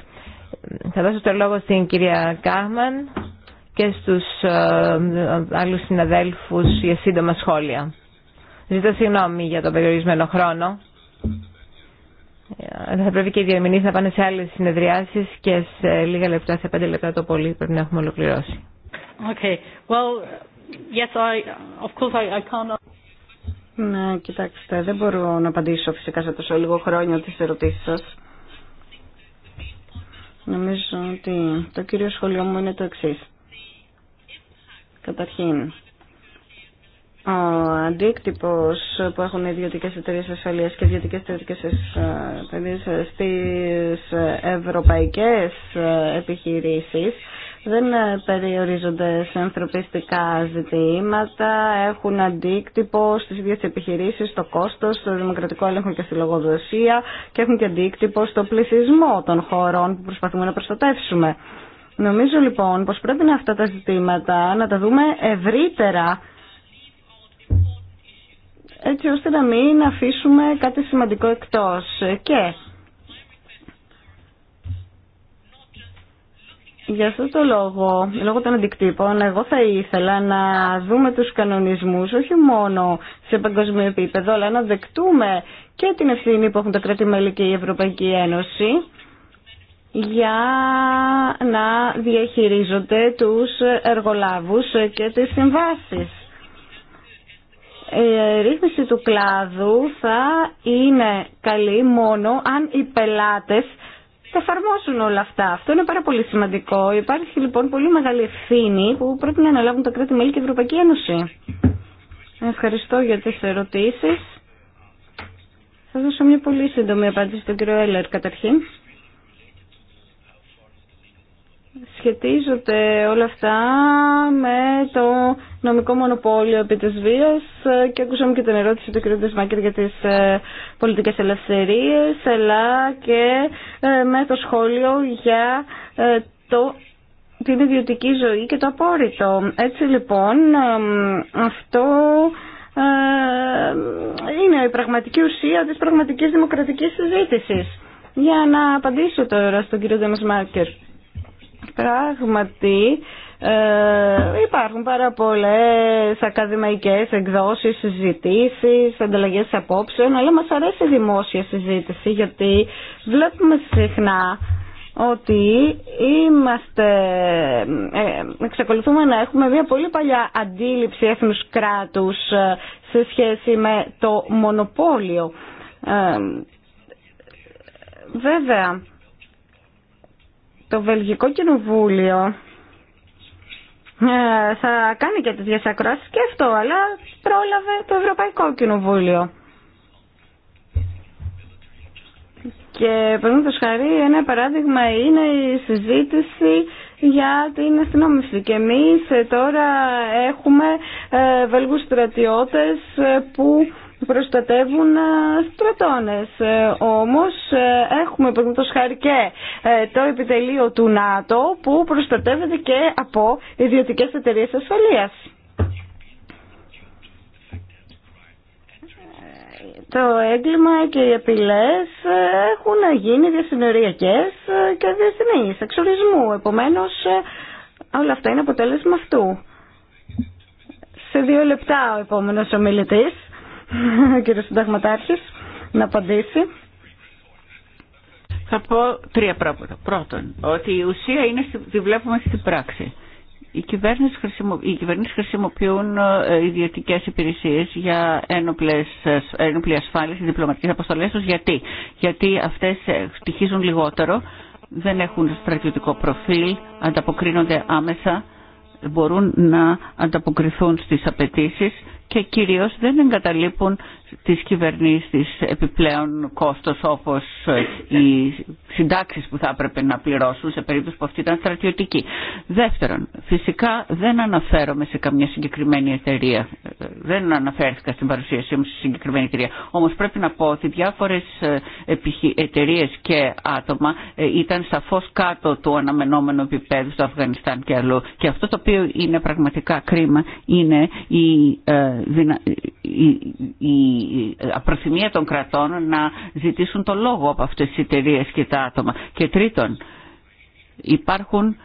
Θα δώσω το λόγο στην κυρία Κάχμαν και στους ε, ε, άλλους συναδέλφους για σύντομα σχόλια. Ζητώ συγγνώμη για τον περιορισμένο χρόνο. Θα πρέπει και οι διερμηνείς να πάνε σε άλλες συνεδριάσεις και σε λίγα λεπτά, σε πέντε λεπτά το πολύ πρέπει να έχουμε ολοκληρώσει. Okay. Well, yes, I, of course I, I cannot... Ναι, κοιτάξτε, δεν μπορώ να απαντήσω φυσικά σε τόσο λίγο χρόνο τις ερωτήσεις σας. Νομίζω ότι το κύριο σχολείο μου είναι το εξής. Καταρχήν, ο αντίκτυπο που έχουν οι ιδιωτικέ εταιρείε ασφαλεία και ιδιωτικέ ε, εταιρείες ασφαλεία στι ευρωπαϊκές ε, επιχειρήσεις δεν ε, περιορίζονται σε ανθρωπιστικά ζητήματα, έχουν αντίκτυπο στις ίδιε επιχειρήσεις, στο κόστος, στο δημοκρατικό έλεγχο και στη λογοδοσία και έχουν και αντίκτυπο στο πληθυσμό των χωρών που προσπαθούμε να προστατεύσουμε. Νομίζω λοιπόν πω πρέπει να αυτά τα ζητήματα να τα δούμε ευρύτερα έτσι ώστε να μην αφήσουμε κάτι σημαντικό εκτός. Και Για αυτό το λόγο, λόγω των αντικτύπων, εγώ θα ήθελα να δούμε τους κανονισμούς όχι μόνο σε παγκόσμιο επίπεδο, αλλά να δεκτούμε και την ευθύνη που έχουν τα κράτη-μέλη και η Ευρωπαϊκή Ένωση για να διαχειρίζονται τους εργολάβους και τις συμβάσεις η ε, ρύθμιση του κλάδου θα είναι καλή μόνο αν οι πελάτες θα εφαρμόσουν όλα αυτά. Αυτό είναι πάρα πολύ σημαντικό. Υπάρχει λοιπόν πολύ μεγάλη ευθύνη που πρέπει να αναλάβουν τα κράτη-μέλη και η Ευρωπαϊκή Ένωση. Ευχαριστώ για τις ερωτήσεις. Θα δώσω μια πολύ σύντομη απάντηση στον κύριο Έλερ καταρχήν σχετίζονται όλα αυτά με το νομικό μονοπόλιο επί της βίας και ακούσαμε και την ερώτηση του κ. Δεσμάκερ για τις ε, πολιτικές ελευθερίες αλλά και ε, με το σχόλιο για ε, το την ιδιωτική ζωή και το απόρριτο. Έτσι λοιπόν αυτό είναι η πραγματική ουσία της πραγματικής δημοκρατικής συζήτησης. Για να απαντήσω τώρα στον κύριο Μάκερ πράγματι ε, υπάρχουν πάρα πολλέ ακαδημαϊκές εκδόσει, συζητήσει, ανταλλαγέ απόψεων, αλλά μα αρέσει η δημόσια συζήτηση γιατί βλέπουμε συχνά ότι είμαστε, ε, εξακολουθούμε να έχουμε μια πολύ παλιά αντίληψη έθνους κράτους ε, σε σχέση με το μονοπόλιο. Ε, βέβαια, το Βελγικό Κοινοβούλιο ε, θα κάνει και τέτοιες ακροάσεις και αυτό, αλλά πρόλαβε το Ευρωπαϊκό Κοινοβούλιο. Και το χάρη ένα παράδειγμα είναι η συζήτηση για την αστυνόμευση. Και εμείς ε, τώρα έχουμε ε, Βέλγους στρατιώτες που προστατεύουν ε, στρατώνες. Ε, όμως ε, έχουμε παραδείγματος χάρη και το επιτελείο του ΝΑΤΟ που προστατεύεται και από ιδιωτικές εταιρείες ασφαλείας. Το έγκλημα και οι απειλές έχουν γίνει διασυνοριακές και διασυνεί εξορισμού. Επομένως, όλα αυτά είναι αποτέλεσμα αυτού. Σε δύο λεπτά ο επόμενος ομιλητής. κύριε Συνταγματάρχη, να απαντήσει. Θα πω τρία πράγματα. Πρώτον, ότι η ουσία είναι, τη βλέπουμε στην πράξη. Οι κυβερνήσει χρησιμοποιούν ε, ιδιωτικέ υπηρεσίε για ένοπλες, ε, ένοπλη ασφάλεια διπλωματικέ διπλωματικές αποστολές Γιατί? Γιατί αυτές ε, στοιχίζουν λιγότερο, δεν έχουν στρατιωτικό προφίλ, ανταποκρίνονται άμεσα, μπορούν να ανταποκριθούν στι απαιτήσει και κυρίως δεν εγκαταλείπουν τις κυβερνήσεις επιπλέον κόστος όπως οι συντάξεις που θα έπρεπε να πληρώσουν σε περίπτωση που αυτή ήταν στρατιωτική. Δεύτερον, φυσικά δεν αναφέρομαι σε καμιά συγκεκριμένη εταιρεία. Δεν αναφέρθηκα στην παρουσίασή μου σε συγκεκριμένη εταιρεία. Όμως πρέπει να πω ότι διάφορες ε, εταιρείε και άτομα ε, ήταν σαφώς κάτω του αναμενόμενου επίπεδου στο Αφγανιστάν και αλλού. Και αυτό το οποίο είναι πραγματικά κρίμα είναι η, ε, η, η η απροθυμία των κρατών να ζητήσουν το λόγο από αυτές τις εταιρείε και τα άτομα. Και τρίτον, υπάρχουν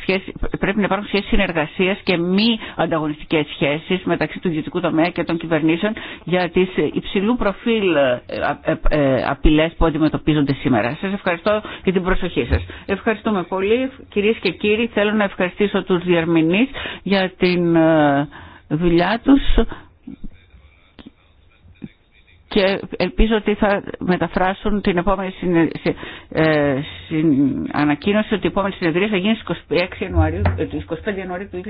σχέσεις, πρέπει να υπάρχουν σχέσεις συνεργασίας και μη ανταγωνιστικές σχέσεις μεταξύ του ιδιωτικού τομέα και των κυβερνήσεων για τις υψηλού προφίλ ε, ε, ε, απειλές που αντιμετωπίζονται σήμερα. Σας ευχαριστώ για την προσοχή σας. Ευχαριστούμε πολύ. Κυρίες και κύριοι, θέλω να ευχαριστήσω τους διερμηνείς για την δουλειά τους και ελπίζω ότι θα μεταφράσουν την επόμενη ε, ανακοίνωση ότι η επόμενη συνεδρία θα γίνει στις 26 Ιανουαρίου, 25 ε, Ιανουαρίου του 2016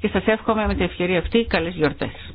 και σας εύχομαι με την ευκαιρία αυτή καλές γιορτές.